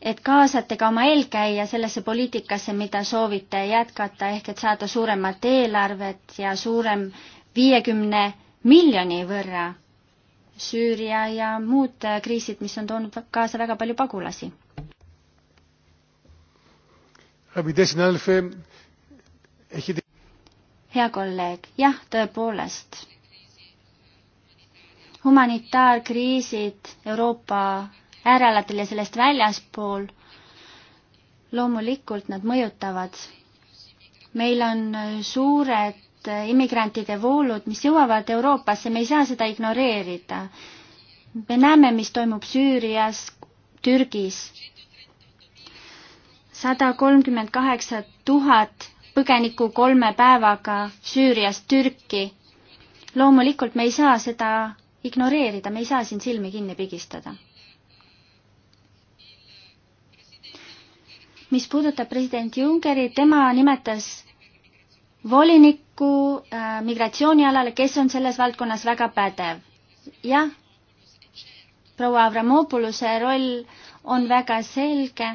et kaasate ka oma eelkäija sellesse poliitikasse, mida soovite jätkata, ehk et saada suuremat eelarvet ja suurem viiekümne miljoni võrra Süüria ja muud äh, kriisid, mis on toonud kaasa väga palju pagulasi. hea kolleeg, jah, tõepoolest. humanitaarkriisid Euroopa äärealadel ja sellest väljaspool, loomulikult nad mõjutavad. meil on äh, suured äh, immigrantide voolud, mis jõuavad Euroopasse, me ei saa seda ignoreerida. me näeme, mis toimub Süürias, Türgis. sada kolmkümmend kaheksa tuhat põgenikku kolme päevaga Süüriast Türki. loomulikult me ei saa seda ignoreerida, me ei saa siin silmi kinni pigistada mis puudutab president Junckeri, tema nimetas volinikku äh, migratsioonialale, kes on selles valdkonnas väga pädev. jah, proua Avramopoluse roll on väga selge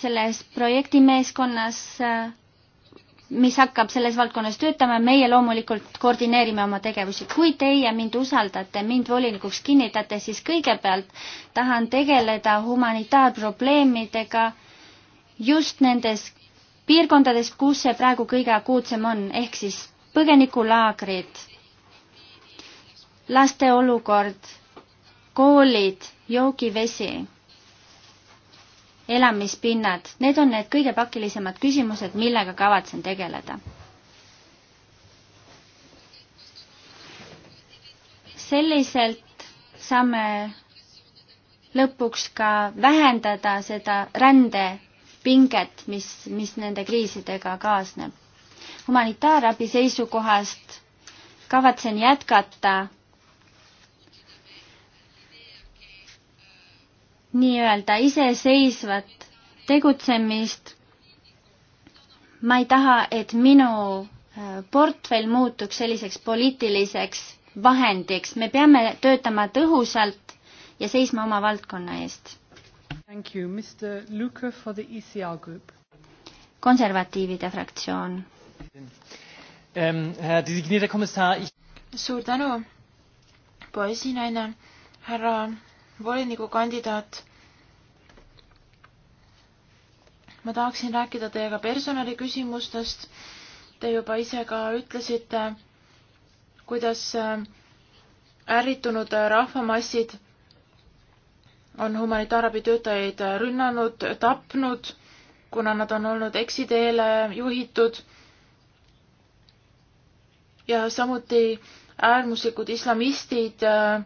selles projektimeeskonnas äh, mis hakkab selles valdkonnas töötama, meie loomulikult koordineerime oma tegevusi. kui teie mind usaldate, mind volinikuks kinnitate, siis kõigepealt tahan tegeleda humanitaarprobleemidega just nendes piirkondades, kus see praegu kõige akuutsem on, ehk siis põgenikulaagrid, laste olukord, koolid, joogivesi elamispinnad, need on need kõige pakilisemad küsimused, millega kavatsen tegeleda. selliselt saame lõpuks ka vähendada seda rändepinget, mis, mis nende kriisidega kaasneb. humanitaarabi seisukohast kavatsen jätkata nii-öelda iseseisvat tegutsemist. ma ei taha, et minu äh, portfell muutuks selliseks poliitiliseks vahendiks, me peame töötama tõhusalt ja seisma oma valdkonna eest. E konservatiivide fraktsioon. Ähm, suur tänu, poisinaine, härra volinikukandidaat. ma tahaksin rääkida teiega personaliküsimustest. Te juba ise ka ütlesite, kuidas äh, ärritunud äh, rahvamassid on humanitaarabi töötajaid äh, rünnanud, tapnud, kuna nad on olnud eksiteele juhitud. ja samuti äärmuslikud islamistid äh,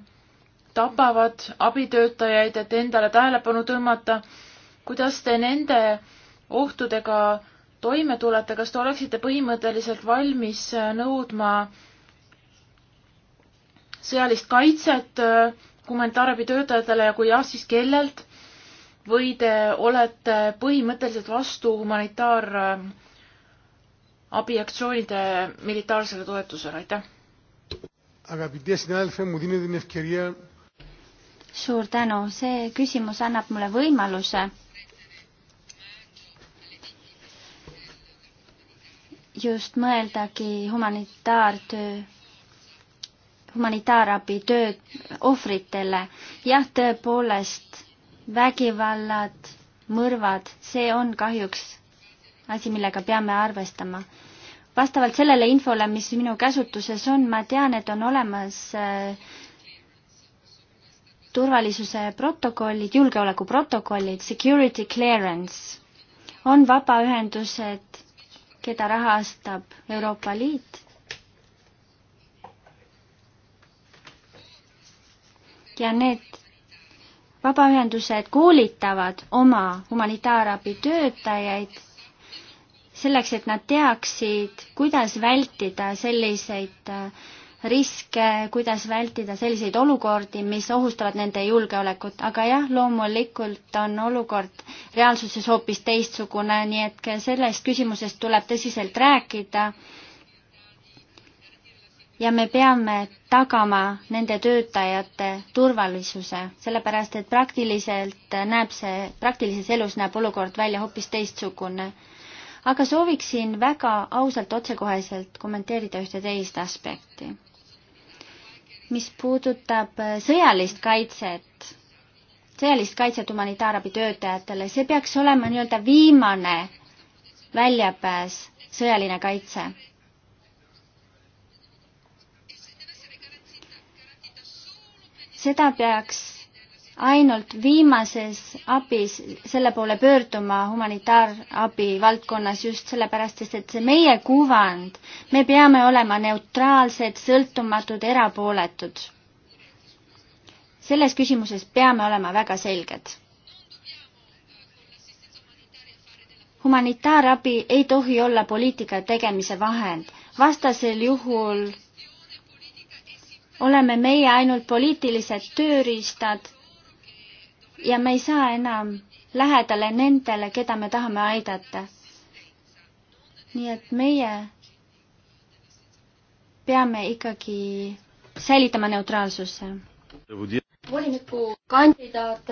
tapavad abitöötajaid, et endale tähelepanu tõmmata. kuidas te nende ohtudega toime tulete, kas te oleksite põhimõtteliselt valmis nõudma sõjalist kaitset äh, humanitaarabitöötajatele ja kui jah, siis kellelt? või te olete põhimõtteliselt vastu humanitaarabiaktsioonide äh, militaarsele toetusele, aitäh? Αγαπητέ συνάδελφε, μου δίνετε την ευκαιρία suur tänu, see küsimus annab mulle võimaluse just mõeldagi humanitaartöö, humanitaarabi töö ohvritele. jah, tõepoolest, vägivallad, mõrvad, see on kahjuks asi, millega peame arvestama. vastavalt sellele infole, mis minu käsutuses on, ma tean, et on olemas äh, turvalisuse protokollid, julgeolekuprotokollid, security clearance, on vabaühendused, keda rahastab Euroopa Liit. ja need vabaühendused koolitavad oma humanitaarabi töötajaid selleks, et nad teaksid, kuidas vältida selliseid äh, riske, kuidas vältida selliseid olukordi, mis ohustavad nende julgeolekut, aga jah, loomulikult on olukord reaalsuses hoopis teistsugune, nii et sellest küsimusest tuleb tõsiselt rääkida. ja me peame tagama nende töötajate turvalisuse, sellepärast et praktiliselt näeb see, praktilises elus näeb olukord välja hoopis teistsugune aga sooviksin väga ausalt otsekoheselt kommenteerida ühte teist aspekti mis puudutab äh, sõjalist kaitset, sõjalist kaitset humanitaarabi töötajatele, see peaks olema nii-öelda viimane väljapääs, sõjaline kaitse. seda peaks ainult viimases abis selle poole pöörduma humanitaarabi valdkonnas just sellepärast, sest et see meie kuvand, me peame olema neutraalsed, sõltumatud, erapooletud. selles küsimuses peame olema väga selged. humanitaarabi ei tohi olla poliitika tegemise vahend, vastasel juhul oleme meie ainult poliitilised tööriistad ja me ei saa enam lähedale nendele, keda me tahame aidata. nii et meie peame ikkagi säilitama neutraalsuse. volinikukandidaat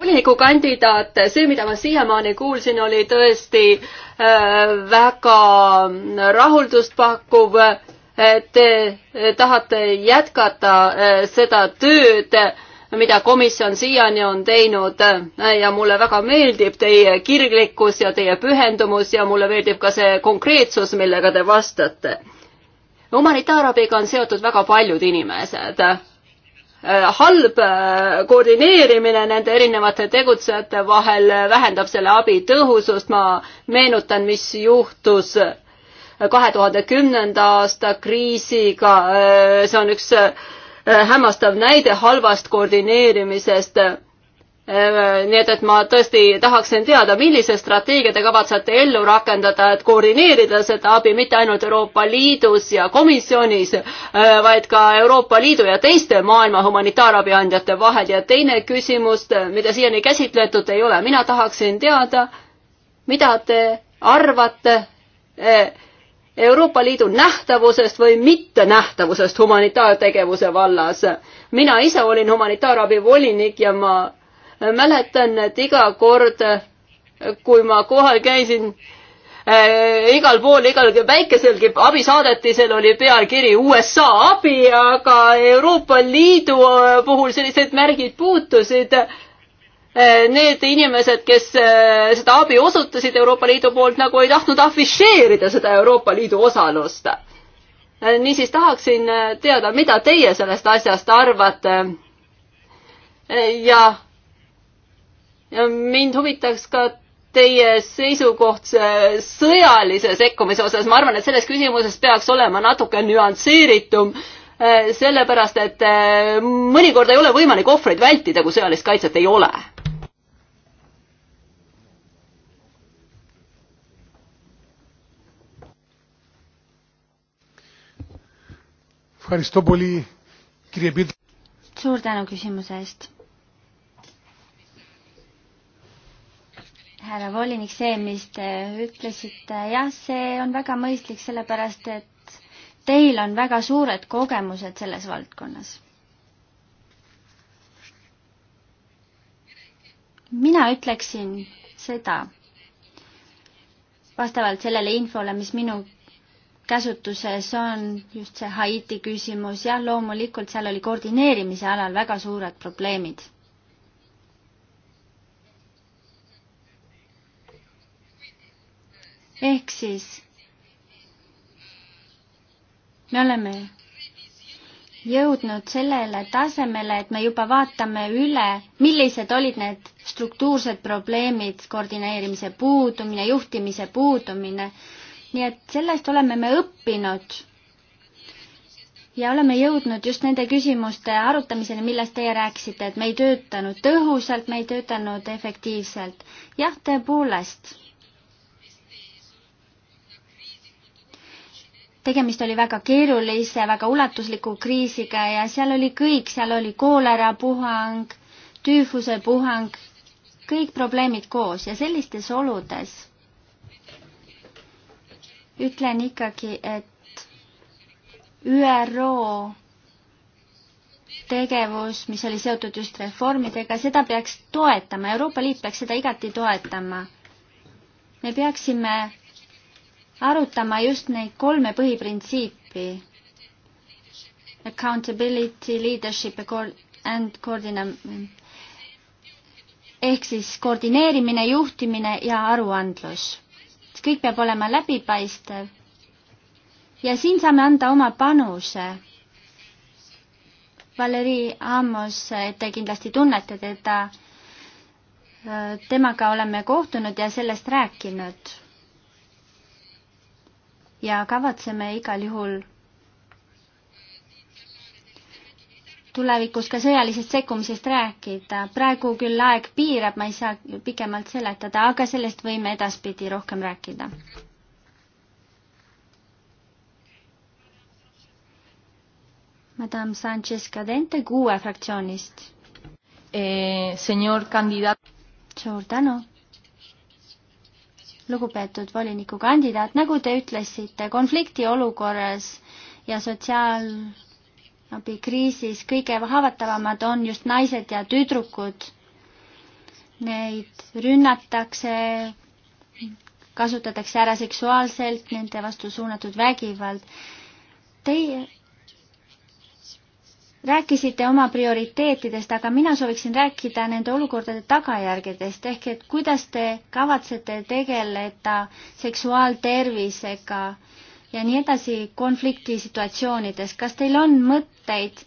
volinikukandidaat, see, mida ma siiamaani kuulsin, oli tõesti äh, väga rahuldustpakkuv. Äh, te tahate jätkata äh, seda tööd mida komisjon siiani on teinud äh, ja mulle väga meeldib teie kirglikkus ja teie pühendumus ja mulle meeldib ka see konkreetsus, millega te vastate. humanitaarabiga on seotud väga paljud inimesed. Äh, halb äh, koordineerimine nende erinevate tegutsejate vahel vähendab selle abi tõhusust, ma meenutan, mis juhtus kahe tuhande kümnenda aasta kriisiga, see on üks Äh, hämmastav näide halvast koordineerimisest. Äh, nii et, et ma tõesti tahaksin teada, millise strateegia te kavatsete ellu rakendada, et koordineerida seda abi mitte ainult Euroopa Liidus ja komisjonis, äh, vaid ka Euroopa Liidu ja teiste maailma humanitaarabi andjate vahel ja teine küsimus, mida siiani käsitletud ei ole, mina tahaksin teada, mida te arvate eh, Euroopa Liidu nähtavusest või mittenähtavusest humanitaartegevuse vallas. mina ise olin humanitaarabi volinik ja ma mäletan, et iga kord, kui ma kohal käisin äh,, igal pool, igal väikeselgi abisaadetisel oli pealkiri USA abi, aga Euroopa Liidu puhul sellised märgid puutusid äh, Eh, need inimesed, kes eh, seda abi osutasid Euroopa Liidu poolt, nagu ei tahtnud afišeerida seda Euroopa Liidu osalust. Eh, niisiis tahaksin teada, mida teie sellest asjast arvate. ja, ja mind huvitaks ka teie seisukoht sõjalise sekkumise osas, ma arvan, et selles küsimuses peaks olema natuke nüansseeritum sellepärast, et mõnikord ei ole võimalik ohvreid vältida, kui sõjalist kaitset ei ole suur tänu küsimuse eest. härra volinik, see, mis te ütlesite, jah, see on väga mõistlik, sellepärast et teil on väga suured kogemused selles valdkonnas. mina ütleksin seda, vastavalt sellele infole, mis minu käsutuses on just see Haiti küsimus, jah, loomulikult seal oli koordineerimise alal väga suured probleemid. ehk siis me oleme jõudnud sellele tasemele, et me juba vaatame üle, millised olid need struktuursed probleemid, koordineerimise puudumine, juhtimise puudumine nii et sellest oleme me õppinud ja oleme jõudnud just nende küsimuste arutamiseni, millest teie rääkisite, et me ei töötanud tõhusalt, me ei töötanud efektiivselt. jah, tõepoolest. tegemist oli väga keerulise, väga ulatusliku kriisiga ja seal oli kõik, seal oli koolerapuhang, tüüfuse puhang, kõik probleemid koos ja sellistes oludes ütlen ikkagi, et ÜRO tegevus, mis oli seotud just reformidega, seda peaks toetama, Euroopa Liit peaks seda igati toetama. me peaksime arutama just neid kolme põhiprintsiipi. Accountability, leadership and coordinament. ehk siis koordineerimine, juhtimine ja aruandlus kõik peab olema läbipaistev. ja siin saame anda oma panuse. Valeri Amos, te kindlasti tunnete teda. temaga oleme kohtunud ja sellest rääkinud. ja kavatseme igal juhul tulevikus ka sõjalisest sekkumisest rääkida. praegu küll aeg piirab, ma ei saa pikemalt seletada, aga sellest võime edaspidi rohkem rääkida. Madame Sanchez Cadente kuue fraktsioonist eh,. Senor kandidaat. suur tänu lugupeetud volinikukandidaat, nagu te ütlesite, konflikti olukorras ja sotsiaal- abikriisis kõige haavatavamad on just naised ja tüdrukud. Neid rünnatakse, kasutatakse ära seksuaalselt, nende vastu suunatud vägivald. Teie rääkisite oma prioriteetidest, aga mina sooviksin rääkida nende olukordade tagajärgedest, ehk et kuidas te kavatsete tegeleda seksuaaltervisega äh, ja nii edasi konfliktisituatsioonides. kas teil on mõtteid,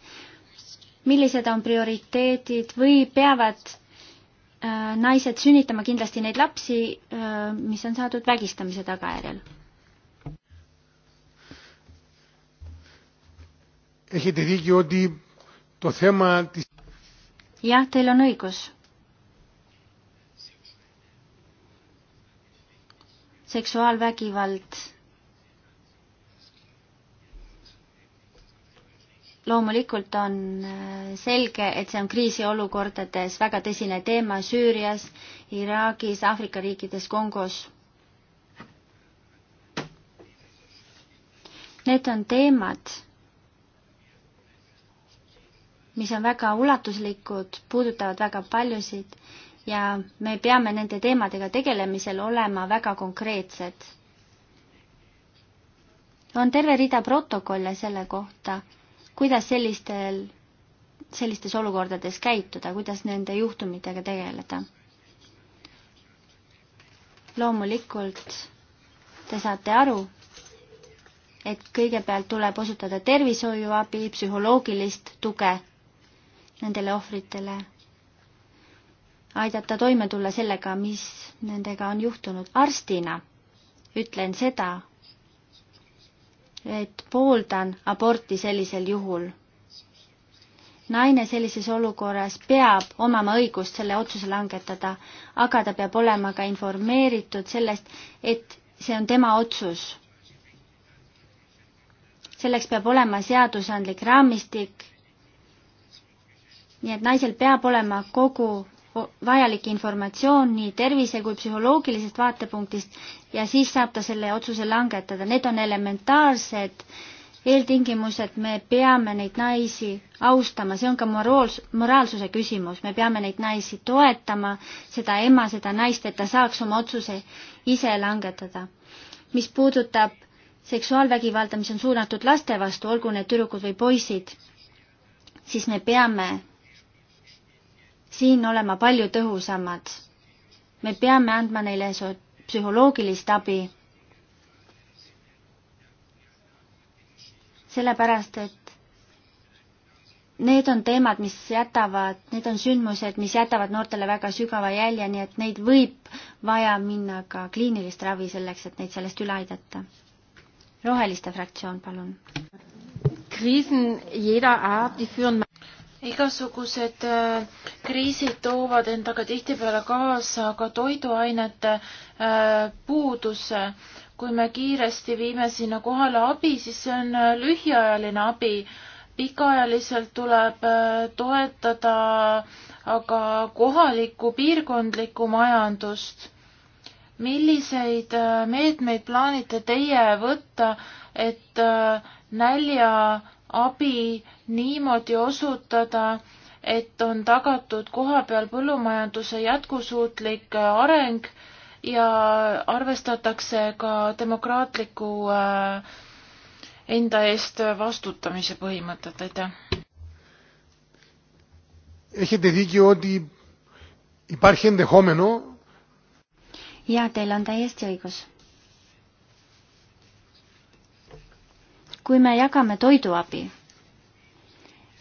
millised on prioriteedid või peavad äh, naised sünnitama kindlasti neid lapsi äh,, mis on saadud vägistamise tagajärjel? jah, teil on õigus seksuaalvägivald loomulikult on äh, selge, et see on kriisiolukordades väga tõsine teema Süürias, Iraagis, Aafrika riikides, Kongos. Need on teemad, mis on väga ulatuslikud, puudutavad väga paljusid ja me peame nende teemadega tegelemisel olema väga konkreetsed. on terve rida protokolle selle kohta kuidas sellistel, sellistes olukordades käituda, kuidas nende juhtumitega tegeleda. loomulikult te saate aru, et kõigepealt tuleb osutada tervishoiuabi, psühholoogilist tuge nendele ohvritele, aidata toime tulla sellega, mis nendega on juhtunud. arstina ütlen seda, et pooldan aborti sellisel juhul. naine sellises olukorras peab omama õigust selle otsuse langetada, aga ta peab olema ka informeeritud sellest, et see on tema otsus. selleks peab olema seadusandlik raamistik, nii et naisel peab olema kogu vajalik informatsioon nii tervise kui psühholoogilisest vaatepunktist ja siis saab ta selle otsuse langetada. Need on elementaarsed eeltingimused, me peame neid naisi austama, see on ka moraals-, moraalsuse küsimus, me peame neid naisi toetama, seda ema, seda naist, et ta saaks oma otsuse ise langetada. mis puudutab seksuaalvägivalda, mis on suunatud laste vastu, olgu need tüdrukud või poisid, siis me peame siin olema palju tõhusamad. me peame andma neile psühholoogilist abi. sellepärast, et need on teemad, mis jätavad, need on sündmused, mis jätavad noortele väga sügava jälje, nii et neid võib vaja minna ka kliinilist ravi selleks, et neid sellest üle aidata. roheliste fraktsioon, palun. Krisen jeder Art, die führen igasugused äh, kriisid toovad endaga tihtipeale kaasa ka toiduainete äh, puuduse. kui me kiiresti viime sinna kohale abi, siis see on äh, lühiajaline abi. pikaajaliselt tuleb toetada aga kohalikku piirkondlikku majandust. milliseid meetmeid plaanite teie võtta, et nälja abi äh, niimoodi osutada, et on tagatud kohapeal põllumajanduse jätkusuutlik äh, areng ja arvestatakse ka demokraatliku äh, enda eest vastutamise põhimõtet, aitäh. ja teil on täiesti õigus kui me jagame toiduabi,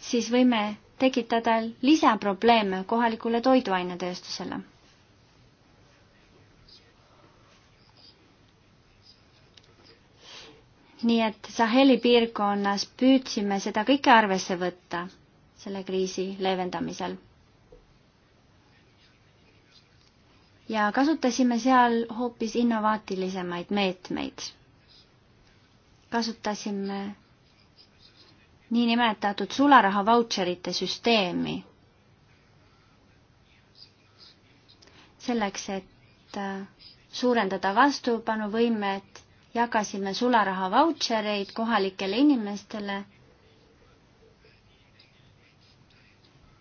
siis võime tekitada lisaprobleeme kohalikule toiduainetööstusele. nii et Saheli piirkonnas püüdsime seda kõike arvesse võtta selle kriisi leevendamisel. ja kasutasime seal hoopis innovaatilisemaid meetmeid. kasutasime niinimetatud sularaha vautšerite süsteemi. selleks, et äh, suurendada vastupanuvõimet, jagasime sularaha vautšereid kohalikele inimestele.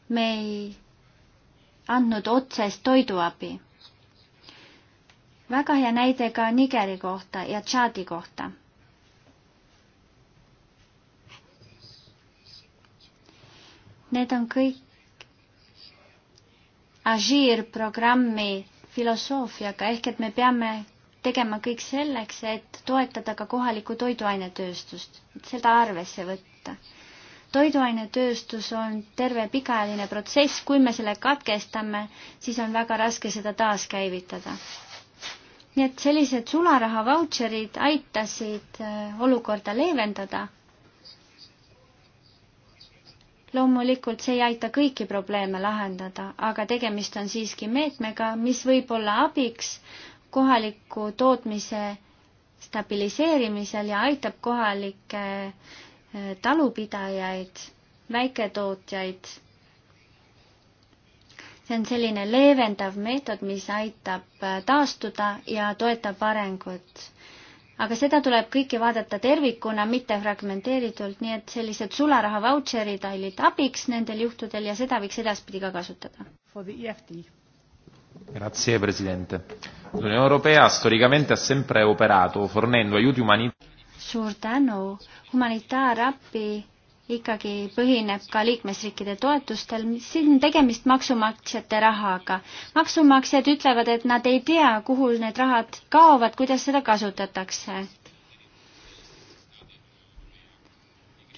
me ei andnud otsest toiduabi. väga hea näide ka Nigeri kohta ja Tšaadi kohta Need on kõik Agir programmi filosoofiaga, ehk et me peame tegema kõik selleks, et toetada ka kohalikku toiduainetööstust, et seda arvesse võtta. toiduainetööstus on terve pikaajaline protsess, kui me selle katkestame, siis on väga raske seda taaskäivitada. nii et sellised sularaha vautšerid aitasid äh, olukorda leevendada loomulikult see ei aita kõiki probleeme lahendada, aga tegemist on siiski meetmega, mis võib olla abiks kohaliku tootmise stabiliseerimisel ja aitab kohalikke eh, talupidajaid, väiketootjaid. see on selline leevendav meetod, mis aitab eh, taastuda ja toetab arengut aga seda tuleb kõike vaadata tervikuna, mitte fragmenteeritult, nii et sellised sularaha vautšerid olid abiks nendel juhtudel ja seda võiks edaspidi ka kasutada. E Grazie Presidente. L'Unione Europea storicamente ha sempre operato fornendo aiuti umanitari. suur tänu, humanitaarabi ikkagi põhineb ka liikmesriikide toetustel, siin on tegemist maksumaksjate rahaga. maksumaksjad ütlevad, et nad ei tea, kuhu need rahad kaovad, kuidas seda kasutatakse.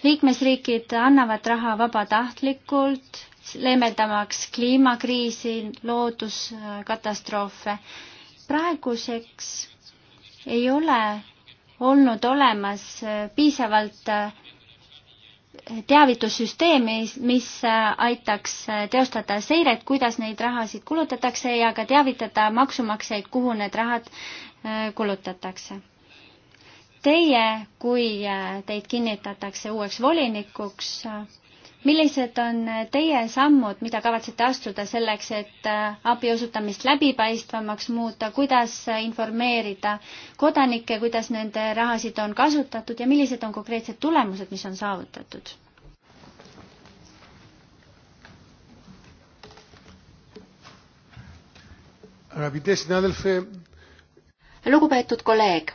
liikmesriigid annavad raha vabatahtlikult, leevendamaks kliimakriisi, looduskatastroofe. praeguseks ei ole olnud olemas piisavalt teavitussüsteemi, mis äh, aitaks äh, teostada seiret, kuidas neid rahasid kulutatakse ja ka teavitada maksumaksjaid, kuhu need rahad äh, kulutatakse. Teie, kui teid kinnitatakse uueks volinikuks, millised on teie sammud, mida kavatsete astuda selleks, et äh, abi osutamist läbipaistvamaks muuta, kuidas äh, informeerida kodanikke, kuidas nende rahasid on kasutatud ja millised on konkreetsed tulemused, mis on saavutatud? lugupeetud kolleeg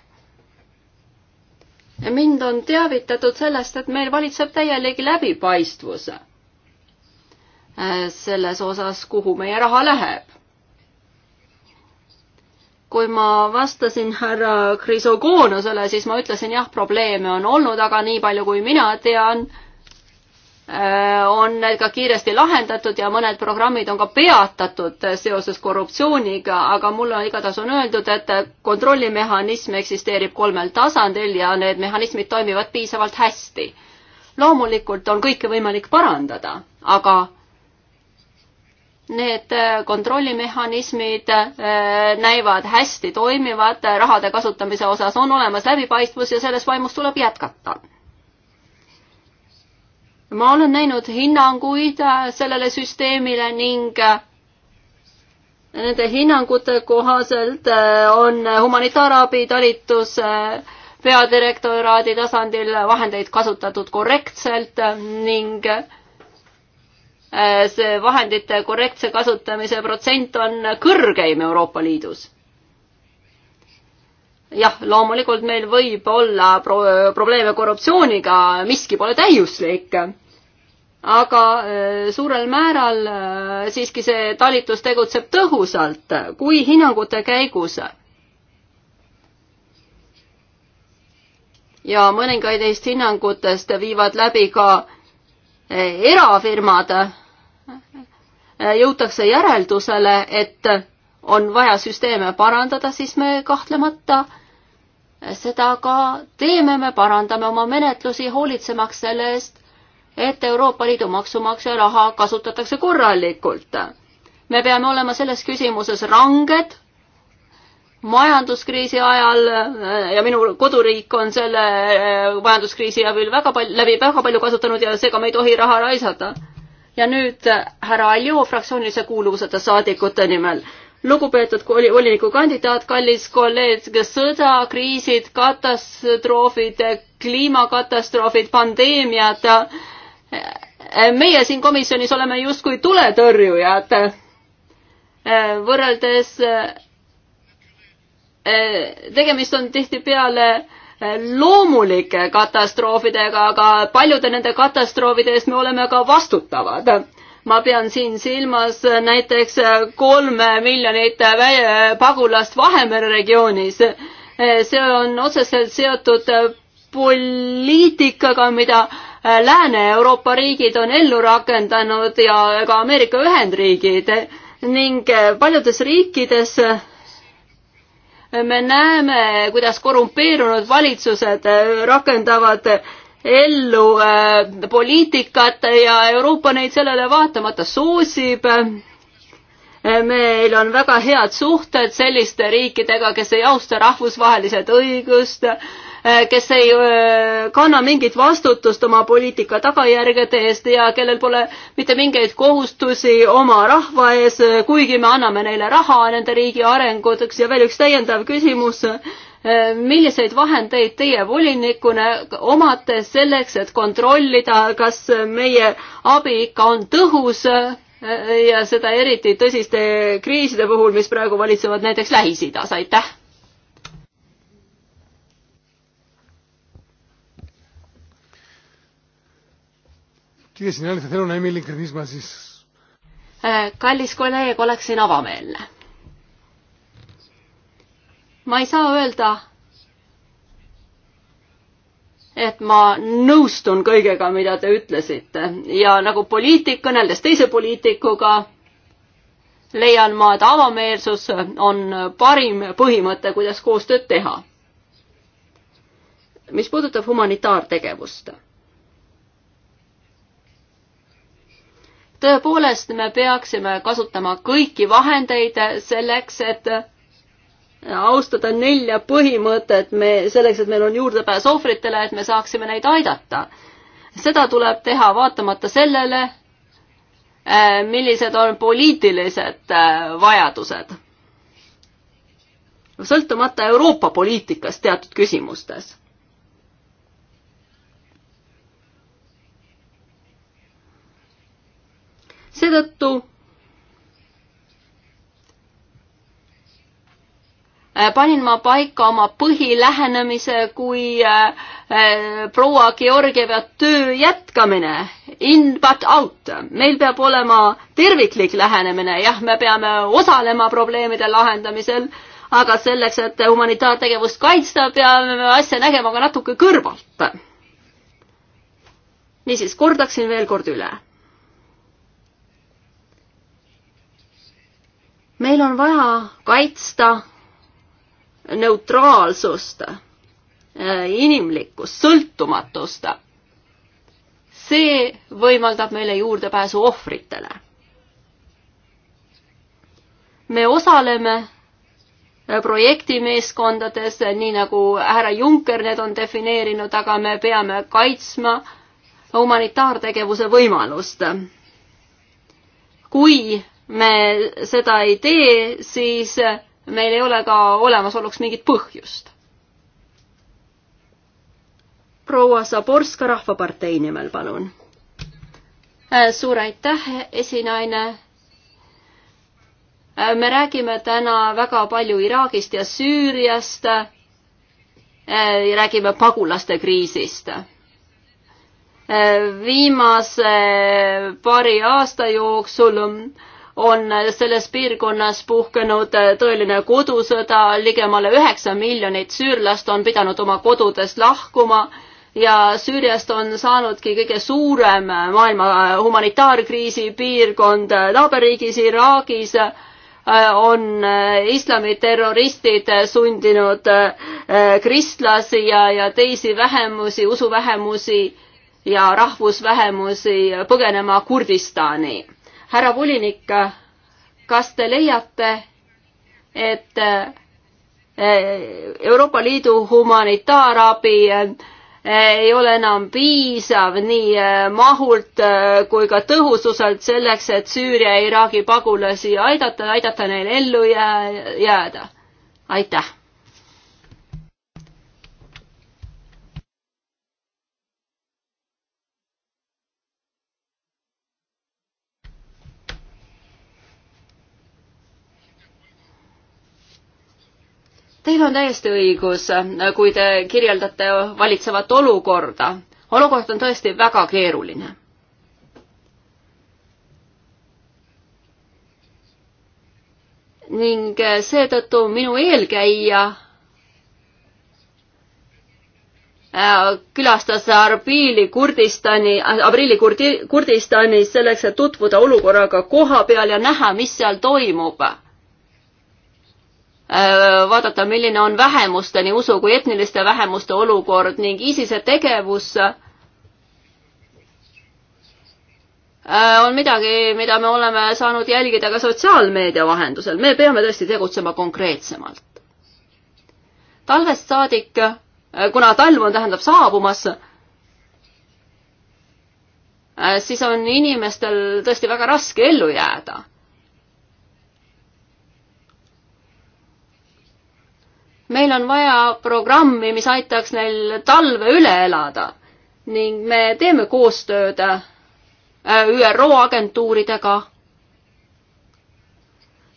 mind on teavitatud sellest, et meil valitseb täielik läbipaistvus äh, selles osas, kuhu meie raha läheb. kui ma vastasin härra Krisogoonusele, siis ma ütlesin jah, probleeme on olnud, aga nii palju, kui mina tean, Äh, on need ka kiiresti lahendatud ja mõned programmid on ka peatatud seoses korruptsiooniga, aga mulle igatahes on öeldud, et kontrollimehhanism eksisteerib kolmel tasandil ja need mehhanismid toimivad piisavalt hästi. loomulikult on kõike võimalik parandada, aga need kontrollimehhanismid äh, näivad hästi toimivad, rahade kasutamise osas on olemas läbipaistvus ja selles vaimus tuleb jätkata ma olen näinud hinnanguid äh, sellele süsteemile ning äh, nende hinnangute kohaselt äh, on humanitaarabi talitus peadirektoraadi tasandil vahendeid kasutatud korrektselt ning see vahendite korrektse kasutamise protsent on kõrgeim Euroopa Liidus. jah, loomulikult meil võib olla pro probleeme korruptsiooniga, miski pole täiuslik aga äh, suurel määral äh, siiski see talitus tegutseb tõhusalt, kui hinnangute käigus ja mõningaid neist hinnangutest viivad läbi ka äh, erafirmad, jõutakse järeldusele, et on vaja süsteeme parandada, siis me kahtlemata seda ka teeme, me parandame oma menetlusi, hoolitsemaks selle eest, et Euroopa Liidu maksumaksja raha kasutatakse korralikult. me peame olema selles küsimuses ranged majanduskriisi ajal äh, ja minu koduriik on selle äh, majanduskriisi abil väga palju, läbi väga palju kasutanud ja seega me ei tohi raha raisata. ja nüüd äh, härra Aljo fraktsioonilise kuuluvuseta saadikute nimel. lugupeetud volinikukandidaat, kallis kolleeg, sõda, kriisid, katastroofid, kliimakatastroofid, pandeemiad äh,, Äh, meie siin komisjonis oleme justkui tuletõrjujad äh, võrreldes äh, tegemist on tihtipeale loomulike katastroofidega, aga paljude nende katastroofide eest me oleme ka vastutavad. ma pean siin silmas näiteks kolme miljonit pagulast Vahemere regioonis. see on otseselt seotud poliitikaga, mida Äh, Lääne-Euroopa riigid on ellu rakendanud ja ka Ameerika Ühendriigid ning äh, paljudes riikides äh, me näeme, kuidas korrumpeerunud valitsused rakendavad ellu äh, poliitikat ja Euroopa neid sellele vaatamata soosib. meil on väga head suhted selliste riikidega, kes ei austa rahvusvahelised õigust äh,, Äh, kes ei äh, kanna mingit vastutust oma poliitika tagajärgede eest ja kellel pole mitte mingeid kohustusi oma rahva ees, äh, kuigi me anname neile raha nende riigi arenguteks ja veel üks täiendav küsimus milliseid vahendeid teie volinikuna omate selleks, et kontrollida, kas meie abi ikka on tõhus ja seda eriti tõsiste kriiside puhul, mis praegu valitsevad näiteks Lähis-Idas, aitäh! Κύριε συνάδελφε, θέλω να είμαι ειλικρινής μαζί σας. Äh, kallis kolleeg, oleksin avameelne. ma ei saa öelda, et ma nõustun kõigega, mida te ütlesite ja nagu poliitik, kõneldes teise poliitikuga, leian ma, et avameelsus on parim põhimõte, kuidas koostööd teha. mis puudutab humanitaartegevust tõepoolest me peaksime kasutama kõiki vahendeid selleks, et austada nelja põhimõtet, me, selleks, et meil on juurdepääs ohvritele, et me saaksime neid aidata. seda tuleb teha vaatamata sellele, eh, millised on poliitilised eh, vajadused. sõltumata Euroopa poliitikast teatud küsimustes seetõttu äh, panin ma paika oma põhilähenemise kui äh, äh, proua Georgieva töö jätkamine, in but out. meil peab olema terviklik lähenemine, jah, me peame osalema probleemide lahendamisel, aga selleks, et humanitaartegevust kaitsta, peame me asja nägema ka natuke kõrvalt. niisiis, kordaksin veel kord üle meil on vaja kaitsta neutraalsust, äh, inimlikkust, sõltumatust. see võimaldab meile juurdepääsu ohvritele. me osaleme äh, projektimeeskondades, äh, nii nagu härra Juncker need on defineerinud, aga me peame kaitsma humanitaartegevuse võimalust. kui me seda ei tee, siis meil ei ole ka olemasoluks mingit põhjust. proua Saborska Rahvapartei nimel, palun. Äh, suur aitäh, esinaine äh, me räägime täna väga palju Iraagist ja Süüriast, äh, räägime pagulaste kriisist. viimase paari aasta jooksul on selles piirkonnas puhkenud tõeline kodusõda, ligemale üheksa miljonit süürlast on pidanud oma kodudest lahkuma ja Süüriast on saanudki kõige suurem maailma humanitaarkriisi piirkond naaberriigis Iraagis äh, on äh, islamiterroristid sundinud äh, kristlasi ja, ja teisi vähemusi, usuvähemusi ja rahvusvähemusi põgenema Kurdistani härra volinik, kas te leiate, et eh, Euroopa Liidu humanitaarabi eh, ei ole enam piisav nii eh, mahult kui ka tõhususelt selleks, et Süüria ja Iraagi pagulasi aidata, aidata neil ellu jää, jääda. aitäh Teil on täiesti õigus, kui te kirjeldate valitsevat olukorda. olukord on tõesti väga keeruline. ning seetõttu minu eelkäija äh, külastas Arbiili Kurdistani, Abriili Kurdi, Kurdistanis selleks, et tutvuda olukorraga koha peal ja näha, mis seal toimub Äh, vaadata, milline on vähemuste, nii usu kui etniliste vähemuste olukord ning ISISe tegevus äh, on midagi, mida me oleme saanud jälgida ka sotsiaalmeedia vahendusel. me peame tõesti tegutsema konkreetsemalt. talvest saadik, äh, kuna talv on, tähendab saabumas, siis on inimestel tõesti väga raske ellu jääda meil on vaja programmi, mis aitaks neil talve üle elada ning me teeme koostööd äh, ÜRO agentuuridega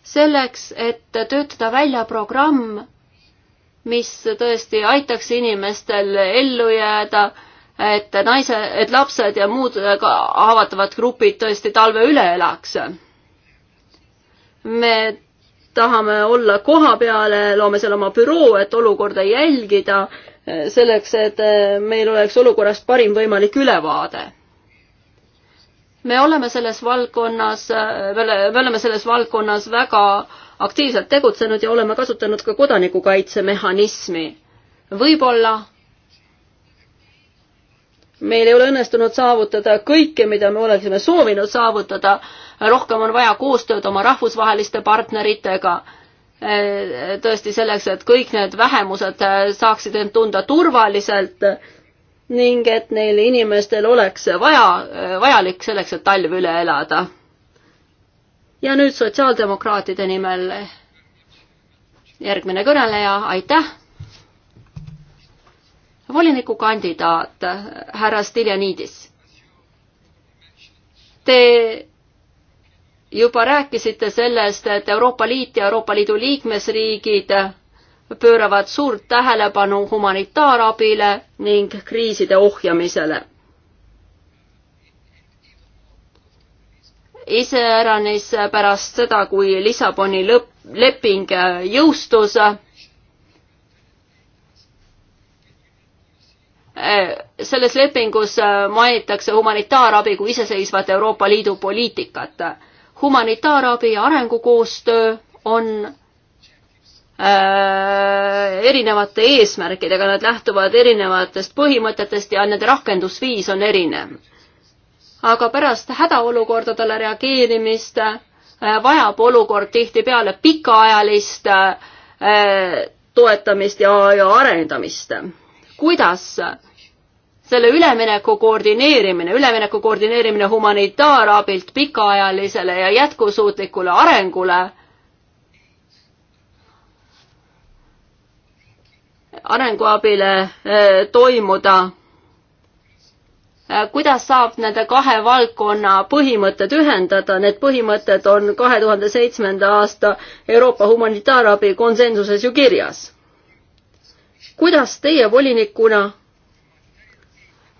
selleks, et töötada välja programm, mis tõesti aitaks inimestel ellu jääda, et naise, et lapsed ja muud äh, haavatavad grupid tõesti talve üle elaks. me tahame olla koha peal, loome seal oma büroo, et olukorda jälgida, eh, selleks, et eh, meil oleks olukorrast parim võimalik ülevaade. me oleme selles valdkonnas, eh, me oleme selles valdkonnas väga aktiivselt tegutsenud ja oleme kasutanud ka kodanikukaitsemehhanismi. võib-olla meil ei ole õnnestunud saavutada kõike, mida me oleksime soovinud saavutada rohkem on vaja koostööd oma rahvusvaheliste partneritega, eh, tõesti selleks, et kõik need vähemused eh, saaksid end tunda turvaliselt ning et neil inimestel oleks vaja, eh, vajalik selleks, et talv üle elada. ja nüüd sotsiaaldemokraatide nimel järgmine kõneleja, aitäh! volinikukandidaat härra Stiljanidis. Te juba rääkisite sellest, et Euroopa Liit ja Euroopa Liidu liikmesriigid pööravad suurt tähelepanu humanitaarabile ning kriiside ohjamisele. iseäranis pärast seda, kui Lissaboni lõpp, leping jõustus, selles lepingus mainitakse humanitaarabi kui iseseisvat Euroopa Liidu poliitikat humanitaarabi ja arengukoostöö on äh, erinevate eesmärkidega, nad lähtuvad erinevatest põhimõtetest ja nende rakendusviis on erinev. aga pärast hädaolukordadele reageerimist äh, vajab olukord tihtipeale pikaajalist äh, toetamist ja, ja arendamist. kuidas selle ülemineku koordineerimine, ülemineku koordineerimine humanitaarabilt pikaajalisele ja jätkusuutlikule arengule, arenguabile eh, toimuda. Eh, kuidas saab nende kahe valdkonna põhimõtted ühendada, need põhimõtted on kahe tuhande seitsmenda aasta Euroopa humanitaarabi konsensuses ju kirjas. kuidas teie volinikuna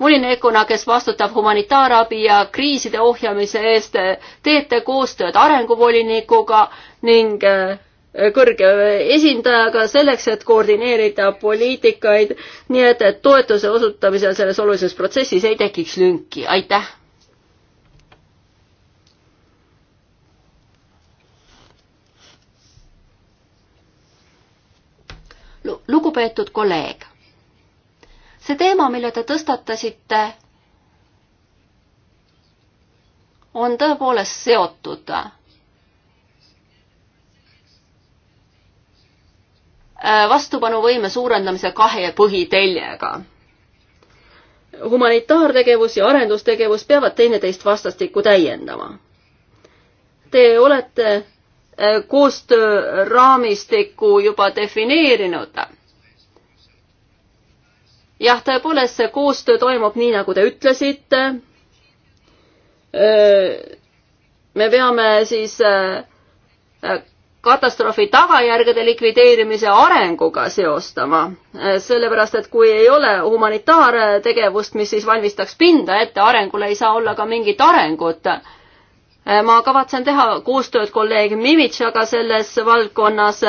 volinikuna, kes vastutab humanitaarabi ja kriiside ohjamise eest, teete koostööd arenguvolinikuga ning äh, kõrge esindajaga selleks, et koordineerida poliitikaid, nii et, et toetuse osutamisel selles olulises protsessis ei tekiks lünki, aitäh! lugupeetud kolleeg see teema, mille te tõstatasite, on tõepoolest seotud vastupanuvõime suurendamise kahe põhiteljega. humanitaartegevus ja arendustegevus peavad teineteist vastastikku täiendama. Te olete eh, koostööraamistikku juba defineerinud jah, tõepoolest see koostöö toimub nii, nagu te ütlesite. me peame siis katastroofi tagajärgede likvideerimise arenguga seostama, sellepärast et kui ei ole humanitaartegevust, mis siis valmistaks pinda ette arengule, ei saa olla ka mingit arengut. ma kavatsen teha koostööd kolleeg Mimitšaga selles valdkonnas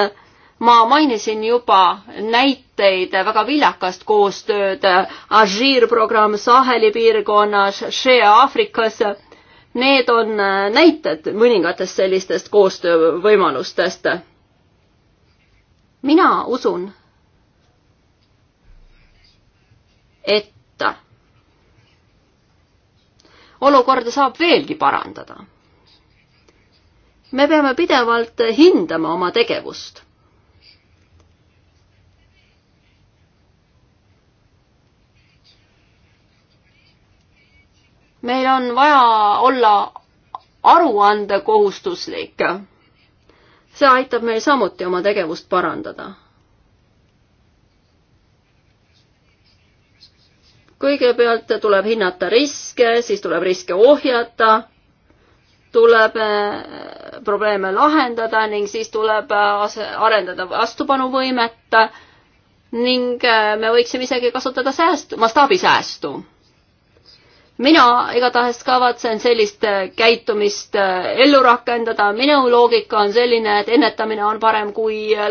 ma mainisin juba näiteid väga viljakast koostööd Agir programm Saheli piirkonnas, Shea Aafrikas. Need on näited mõningatest sellistest koostöövõimalustest. mina usun, et olukorda saab veelgi parandada. me peame pidevalt hindama oma tegevust meil on vaja olla aruandekohustuslik. see aitab meil samuti oma tegevust parandada. kõigepealt tuleb hinnata riske, siis tuleb riske ohjata, tuleb eh, probleeme lahendada ning siis tuleb eh, arendada vastupanuvõimet ning eh, me võiksime isegi kasutada säästu, mastaabisäästu mina igatahes kavatsen sellist äh, käitumist äh, ellu rakendada, minu loogika on selline, et ennetamine on parem kui äh,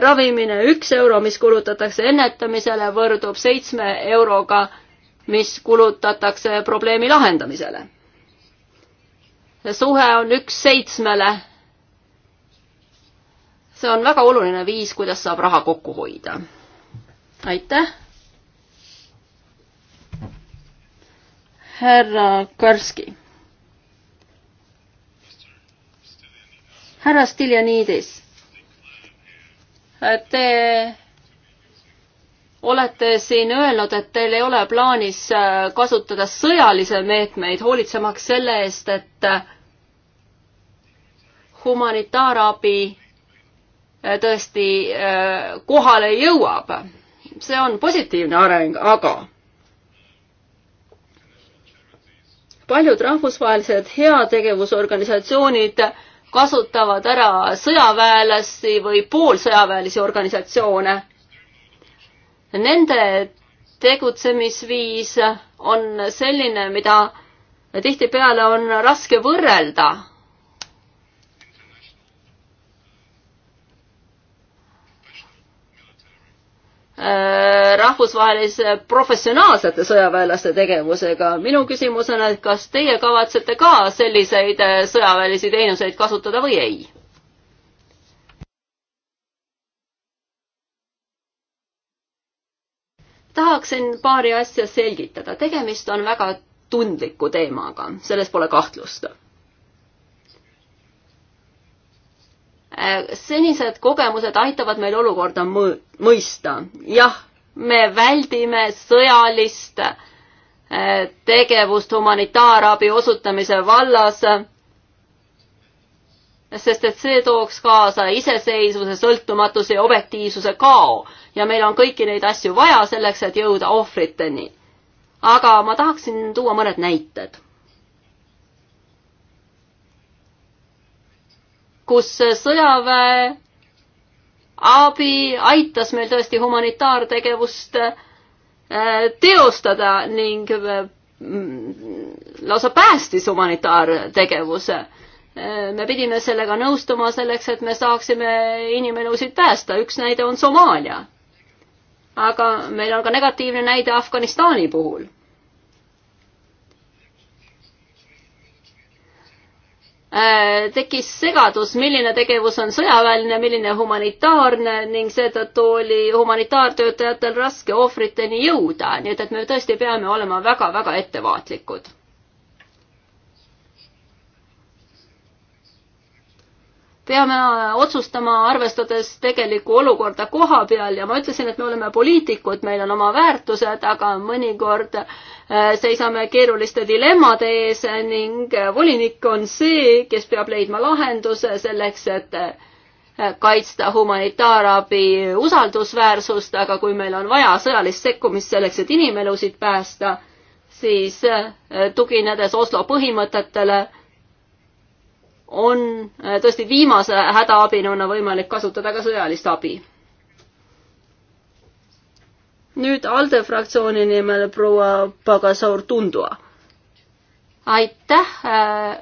ravimine, üks euro, mis kulutatakse ennetamisele, võrdub seitsme euroga, mis kulutatakse probleemi lahendamisele. suhe on üks seitsmele. see on väga oluline viis, kuidas saab raha kokku hoida. aitäh härra Karski. härra Stiljanidis, te olete siin öelnud, et teil ei ole plaanis äh, kasutada sõjalisi meetmeid, hoolitsemaks selle eest, et äh, humanitaarabi äh, tõesti kohale jõuab. see on positiivne areng, aga paljud rahvusvahelised heategevusorganisatsioonid kasutavad ära sõjaväelasi või poolsõjaväelisi organisatsioone. Nende tegutsemisviis on selline, mida tihtipeale on raske võrrelda Äh, rahvusvahelise professionaalsete sõjaväelaste tegevusega. minu küsimus on, et kas teie kavatsete ka selliseid äh, sõjaväelisi teenuseid kasutada või ei? tahaksin paari asja selgitada. tegemist on väga tundliku teemaga, selles pole kahtlust Äh, senised kogemused aitavad meil olukorda mõista. jah, me väldime sõjalist äh, tegevust humanitaarabi osutamise vallas, sest et see tooks kaasa iseseisvuse, sõltumatuse ja objektiivsuse kao ja meil on kõiki neid asju vaja selleks, et jõuda ohvriteni. aga ma tahaksin tuua mõned näited kus sõjaväe abi aitas meil tõesti humanitaartegevust äh, teostada ning mm, lausa päästis humanitaartegevuse. Äh, me pidime sellega nõustuma selleks, et me saaksime inimelusid päästa, üks näide on Somaalia. aga meil on ka negatiivne näide Afganistani puhul Äh, tekkis segadus, milline tegevus on sõjaväeline, milline humanitaarne ning seetõttu oli humanitaartöötajatel raske ohvriteni jõuda, nii et, et me tõesti peame olema väga-väga ettevaatlikud peame otsustama, arvestades tegelikku olukorda koha peal ja ma ütlesin, et me oleme poliitikud, meil on oma väärtused, aga mõnikord äh, seisame keeruliste dilemmade ees ning äh, volinik on see, kes peab leidma lahenduse selleks, et äh, kaitsta humanitaarabi usaldusväärsust, aga kui meil on vaja sõjalist sekkumist selleks, et inimelusid päästa, siis tuginedes Oslo põhimõtetele on äh, tõesti viimase hädaabinuna võimalik kasutada ka sõjalist abi. nüüd ALDE fraktsiooni nimel proua Pagasaur Tundua. aitäh, äh,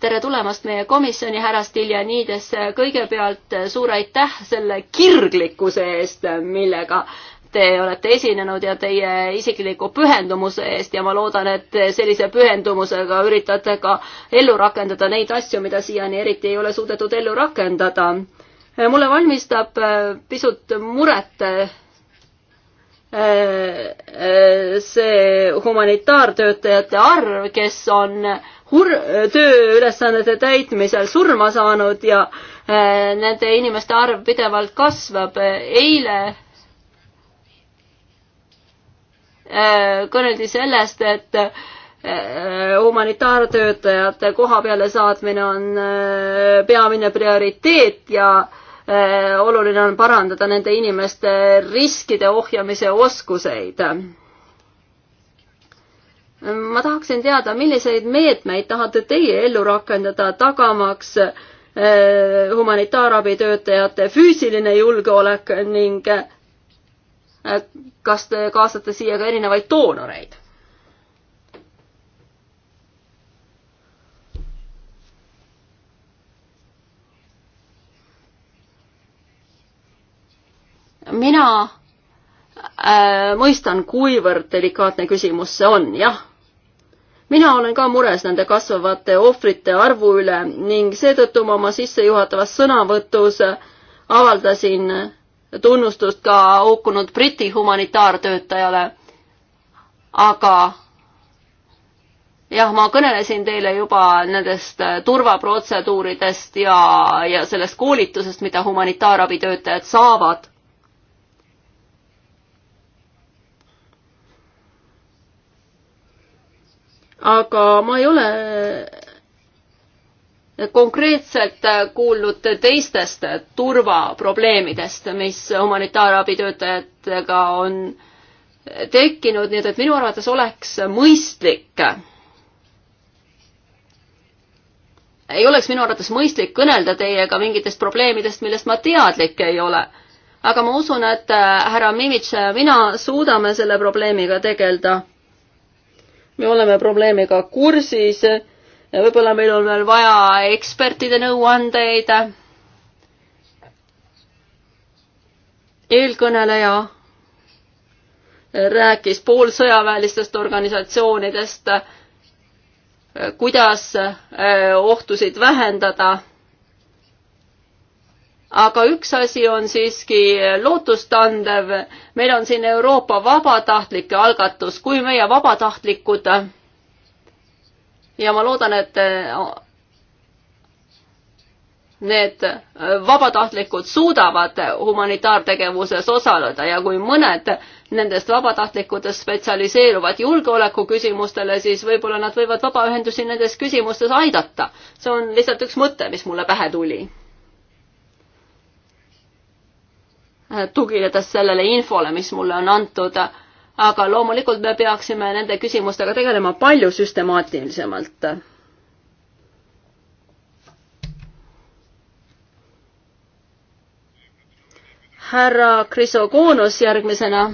tere tulemast meie komisjoni, härra Stiljanides, kõigepealt suur aitäh selle kirglikkuse eest, millega äh, te olete esinenud ja teie isikliku pühendumuse eest ja ma loodan, et sellise pühendumusega üritate ka ellu rakendada neid asju, mida siiani eriti ei ole suudetud ellu rakendada. mulle valmistab äh, pisut muret äh, äh, see humanitaartöötajate arv, kes on hur-, tööülesannete täitmisel surma saanud ja nende inimeste arv pidevalt kasvab. eile Äh, kõneldi sellest, et äh, humanitaartöötajate koha peale saatmine on äh, peamine prioriteet ja oluline on parandada nende inimeste riskide ohjamise oskuseid. ma tahaksin teada, milliseid meetmeid tahate teie ellu rakendada, tagamaks humanitaarabitöötajate füüsiline julgeolek ning äh, kas te kaasate siia ka erinevaid doonoreid? mina äh, mõistan, kuivõrd delikaatne küsimus see on, jah. mina olen ka mures nende kasvavate ohvrite arvu üle ning seetõttu ma oma sissejuhatavas sõnavõtus avaldasin äh, tunnustust ka hukkunud Briti humanitaartöötajale. aga jah, ma kõnelesin teile juba nendest turvaprotseduuridest ja, ja sellest koolitusest, mida humanitaarabitöötajad saavad aga ma ei ole konkreetselt kuulnud teistest turvaprobleemidest, mis humanitaarabitöötajatega on tekkinud, nii et, et minu arvates oleks mõistlik, ei oleks minu arvates mõistlik kõnelda teiega mingitest probleemidest, millest ma teadlik ei ole. aga ma usun, et äh, härra Mimitš ja äh, mina suudame selle probleemiga tegeleda. me oleme probleemiga kursis võib-olla meil on veel vaja ekspertide nõuandeid. eelkõneleja rääkis poolsõjaväelistest organisatsioonidest, kuidas äh, ohtusid vähendada. aga üks asi on siiski lootustandev, meil on siin Euroopa vabatahtlike algatus, kui meie vabatahtlikud ja ma loodan, et need vabatahtlikud suudavad humanitaartegevuses osaleda ja kui mõned nendest vabatahtlikudest spetsialiseeruvad julgeoleku küsimustele, siis võib-olla nad võivad vabaühendusi nendes küsimustes aidata. see on lihtsalt üks mõte, mis mulle pähe tuli. tuginedes sellele infole, mis mulle on antud aga loomulikult me peaksime nende küsimustega tegelema palju süstemaatilisemalt. härra Krisokoonus järgmisena.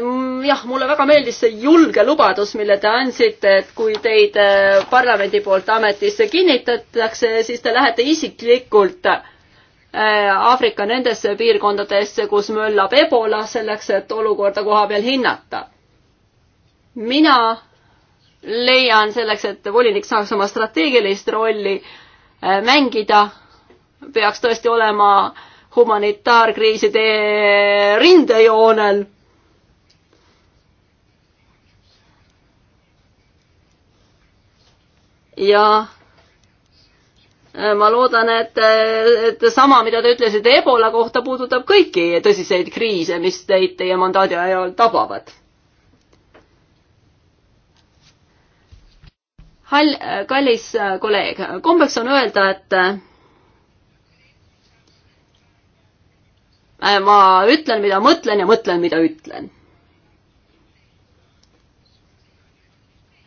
Mm, jah, mulle väga meeldis see julge lubadus, mille te andsite, et kui teid eh, parlamendi poolt ametisse kinnitatakse, siis te lähete isiklikult äh, Äh, Aafrika nendesse piirkondadesse, kus möllab ebola, selleks et olukorda koha peal hinnata. mina leian selleks, et volinik saaks oma strateegilist rolli äh, mängida, peaks tõesti olema humanitaarkriiside rindejoonel ja Äh, ma loodan, et, äh, et sama, mida te ütlesite Ebola kohta, puudutab kõiki tõsiseid kriise, mis teid teie mandaadi ajal tabavad. hall, äh, kallis kolleeg, kombeks on öelda, et ma ütlen, mida mõtlen ja mõtlen, mida ütlen.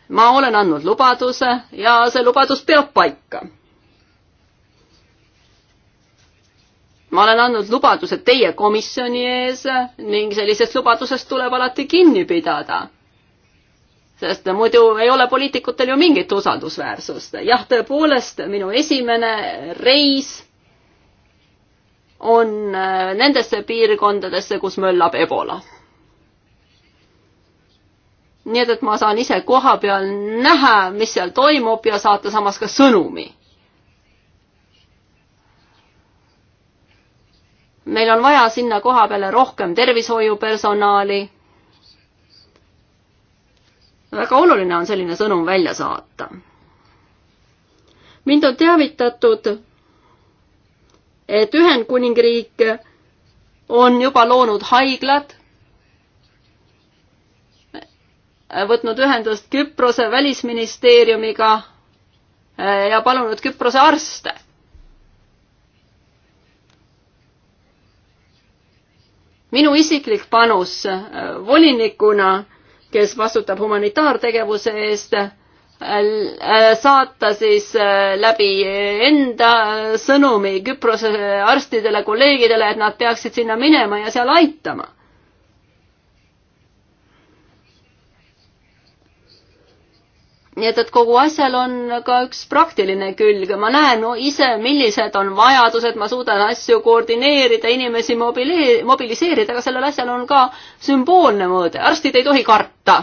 ma olen andnud lubaduse ja see lubadus peab paika ma olen andnud lubaduse teie komisjoni ees ning sellisest lubadusest tuleb alati kinni pidada. sest muidu ei ole poliitikutel ju mingit usaldusväärsust. jah, tõepoolest, minu esimene reis on äh, nendesse piirkondadesse, kus möllab ebola. nii et, et ma saan ise koha peal näha, mis seal toimub ja saata samas ka sõnumi meil on vaja sinna koha peale rohkem tervishoiupersonaali. väga oluline on selline sõnum välja saata. mind on teavitatud, et Ühendkuningriik on juba loonud haiglad, võtnud ühendust Küprose välisministeeriumiga eh, ja palunud Küprose arste minu isiklik panus äh, volinikuna, kes vastutab humanitaartegevuse eest, äh, äh, saata siis läbi enda sõnumi Küprose arstidele, kolleegidele, et nad peaksid sinna minema ja seal aitama nii et, et kogu asjal on ka üks praktiline külg, ma näen no, ise, millised on vajadused, ma suudan asju koordineerida, inimesi mobili-, mobiliseerida, aga sellel asjal on ka sümboolne mõõde, arstid ei tohi karta.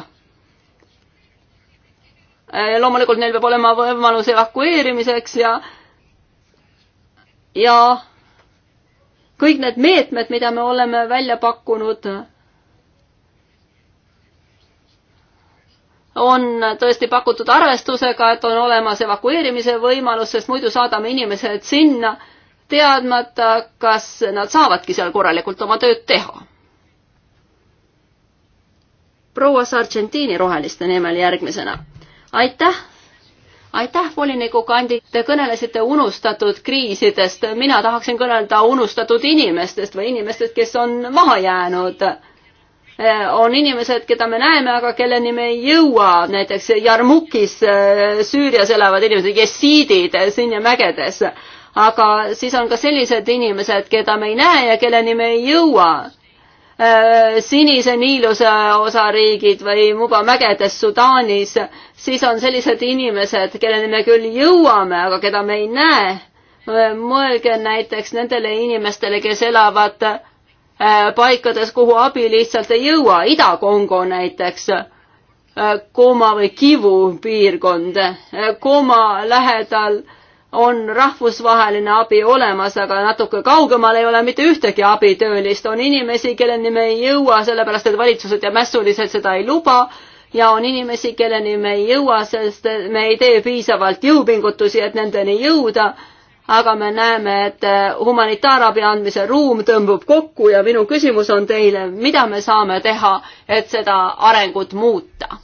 Eh, loomulikult neil peab olema võimalus evakueerimiseks ja, ja kõik need meetmed, mida me oleme välja pakkunud on tõesti pakutud arvestusega, et on olemas evakueerimise võimalus, sest muidu saadame inimesed sinna, teadmata, kas nad saavadki seal korralikult oma tööd teha. proua Sargentini roheliste nimel järgmisena. aitäh, aitäh, volinikukandik, te kõnelesite unustatud kriisidest, mina tahaksin kõnelda unustatud inimestest või inimestest, kes on maha jäänud Eh, on inimesed, keda me näeme, aga kelleni me ei jõua, näiteks Jarmukis eh, Süürias elavad inimesed, jesiidid eh, Sinja mägedes. aga siis on ka sellised inimesed, keda me ei näe ja kelleni me ei jõua. Sinise Niiluse osariigid või Muba mägedes Sudaanis, siis on sellised inimesed, kelleni me küll jõuame, aga keda me ei näe. mõelge näiteks nendele inimestele, kes elavad äh, Äh, paikades, kuhu abi lihtsalt ei jõua, Ida-Kongo näiteks, äh, Koma või Kivu piirkond. Äh, Koma lähedal on rahvusvaheline abi olemas, aga natuke kaugemal ei ole mitte ühtegi abitöölist, on inimesi, kelleni me ei jõua, sellepärast et valitsused ja mässulised seda ei luba ja on inimesi, kelleni me ei jõua, sest me ei tee piisavalt jõupingutusi, et nendeni jõuda aga me näeme, et eh, humanitaarabi andmise ruum tõmbub kokku ja minu küsimus on teile, mida me saame teha, et seda arengut muuta?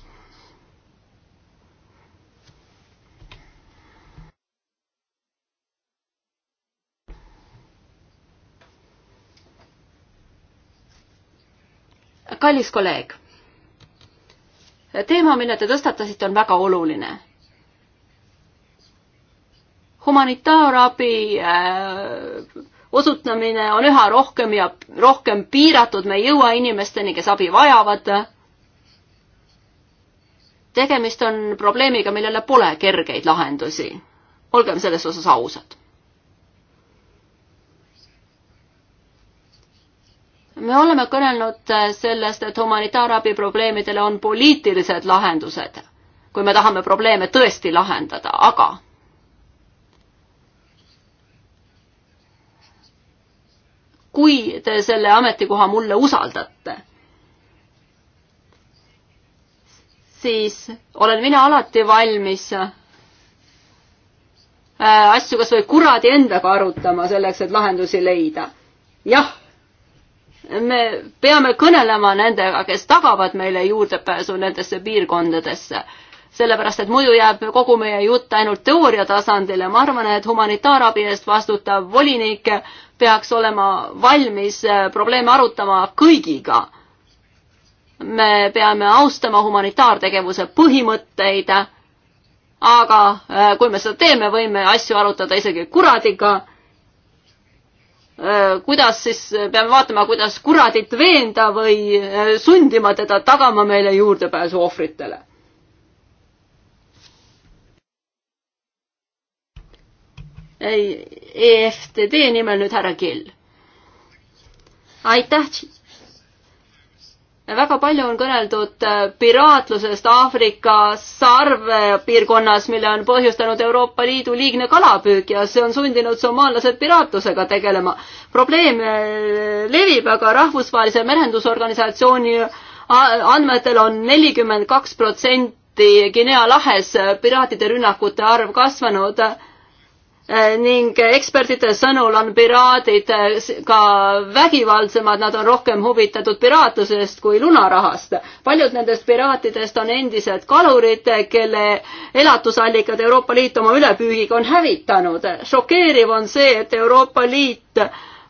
kallis kolleeg, teema, mille te tõstatasite, on väga oluline humanitaarabi äh, osutamine on üha rohkem ja rohkem piiratud, me ei jõua inimesteni, kes abi vajavad. tegemist on probleemiga, millele pole kergeid lahendusi. olgem selles osas ausad. me oleme kõnelnud äh, sellest, et humanitaarabi probleemidele on poliitilised lahendused, kui me tahame probleeme tõesti lahendada, aga kui te selle ametikoha mulle usaldate, siis olen mina alati valmis äh, asju kas või kuradi endaga arutama selleks, et lahendusi leida. jah, me peame kõnelema nendega, kes tagavad meile juurdepääsu nendesse piirkondadesse, sellepärast et muidu jääb kogu meie jutt ainult teooria tasandile. ma arvan, et humanitaarabi eest vastutav volinik peaks olema valmis äh, probleeme arutama kõigiga. me peame austama humanitaartegevuse põhimõtteid, aga äh, kui me seda teeme, võime asju arutada isegi kuradiga äh, kuidas siis peame vaatama, kuidas kuradit veenda või sundima teda tagama meile juurdepääsu ohvritele EFTD e nimel nüüd härra Kill. aitäh. väga palju on kõneldud äh, piraatlusest Aafrika sarvepiirkonnas, mille on põhjustanud Euroopa Liidu liigne kalapüük ja see on sundinud somaallased piraatlusega tegelema. probleem äh, levib, aga rahvusvahelise merendusorganisatsiooni äh, andmetel on nelikümmend kaks protsenti Guinea lahes piraatide rünnakute arv kasvanud Äh, ning ekspertide sõnul on piraadid äh, ka vägivaldsemad, nad on rohkem huvitatud piraatlusest kui lunarahast. paljud nendest piraatidest on endised kalurid, kelle elatusallikad Euroopa Liit oma ülepüügiga on hävitanud. šokeeriv on see, et Euroopa Liit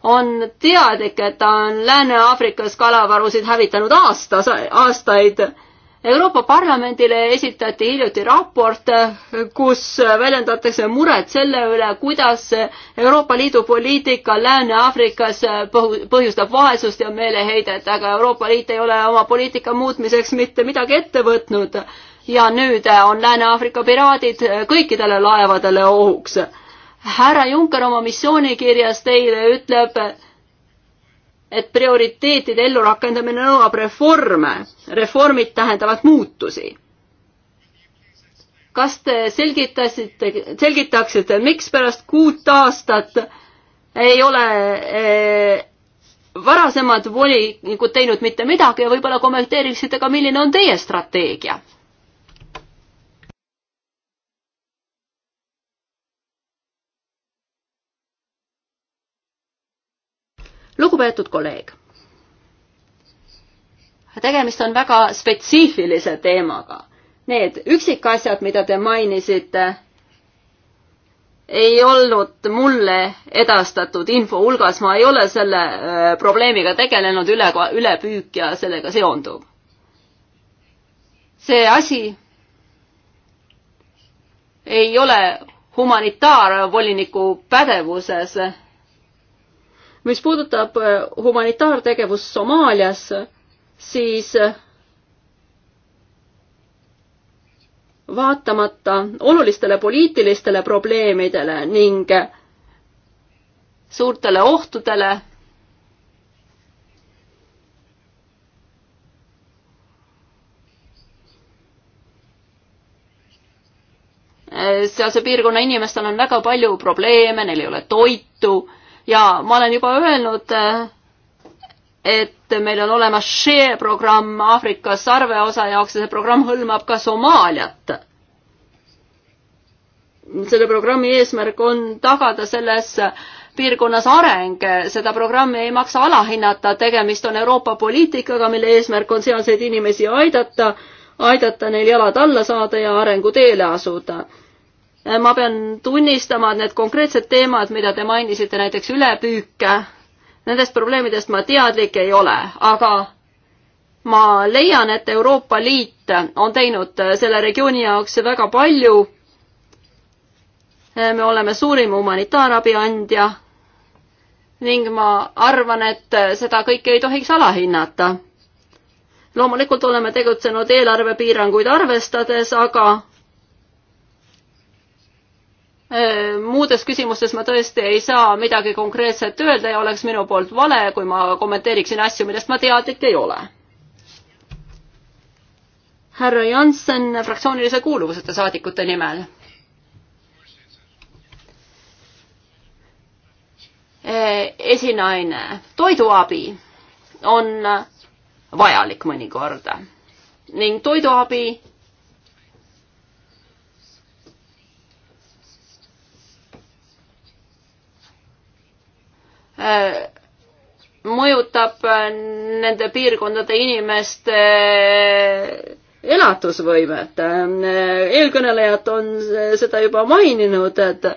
on teadlik, et ta on Lääne-Aafrikas kalavarusid hävitanud aastas, aastaid Euroopa Parlamendile esitati hiljuti raport, kus väljendatakse muret selle üle, kuidas Euroopa Liidu poliitika Lääne-Aafrikas põhjustab vaesust ja meeleheidet, aga Euroopa Liit ei ole oma poliitika muutmiseks mitte midagi ette võtnud. ja nüüd on Lääne-Aafrika piraadid kõikidele laevadele ohuks. härra Juncker oma missioonikirjas teile ütleb, et prioriteetide ellurakendamine nõuab reforme. reformid tähendavad muutusi. kas te selgitasite, selgitaksite, mikspärast kuut aastat ei ole eh, varasemad volinikud teinud mitte midagi ja võib-olla kommenteeriksite ka, milline on teie strateegia? lugupeetud kolleeg, tegemist on väga spetsiifilise teemaga. Need üksikasjad, mida te mainisite, ei olnud mulle edastatud info hulgas, ma ei ole selle äh, probleemiga tegelenud, üle, ülepüük ja sellega seonduv. see asi ei ole humanitaarvoliniku pädevuses mis puudutab äh, humanitaartegevust Somaalias, siis äh, vaatamata olulistele poliitilistele probleemidele ning äh, suurtele ohtudele, sealse piirkonna inimestel on väga palju probleeme, neil ei ole toitu ja ma olen juba öelnud, eh, et meil on olemas Share programm Aafrika sarveosa jaoks ja see programm hõlmab ka Somaaliat. selle programmi eesmärk on tagada selles piirkonnas areng, seda programmi ei maksa alahinnata, tegemist on Euroopa poliitikaga, mille eesmärk on sealseid inimesi aidata, aidata neil jalad alla saada ja arenguteele asuda Eh, ma pean tunnistama, et need konkreetsed teemad, mida te mainisite, näiteks ülepüük, eh, nendest probleemidest ma teadlik ei ole, aga ma leian, et Euroopa Liit on teinud eh, selle regiooni jaoks väga palju. me oleme suurim humanitaarabi andja ning ma arvan, et seda kõike ei tohiks alahinnata. loomulikult oleme tegutsenud eelarvepiiranguid arvestades, aga Äh, muudes küsimustes ma tõesti ei saa midagi konkreetset öelda ja oleks minu poolt vale, kui ma kommenteeriksin asju, millest ma teadlik ei ole. härra Jansen fraktsioonilise kuuluvuseta saadikute nimel. Äh, esinaine, toiduabi on vajalik mõnikord ning toiduabi Äh, mõjutab äh, nende piirkondade inimeste äh, elatusvõimet. eelkõnelejad on seda juba maininud, et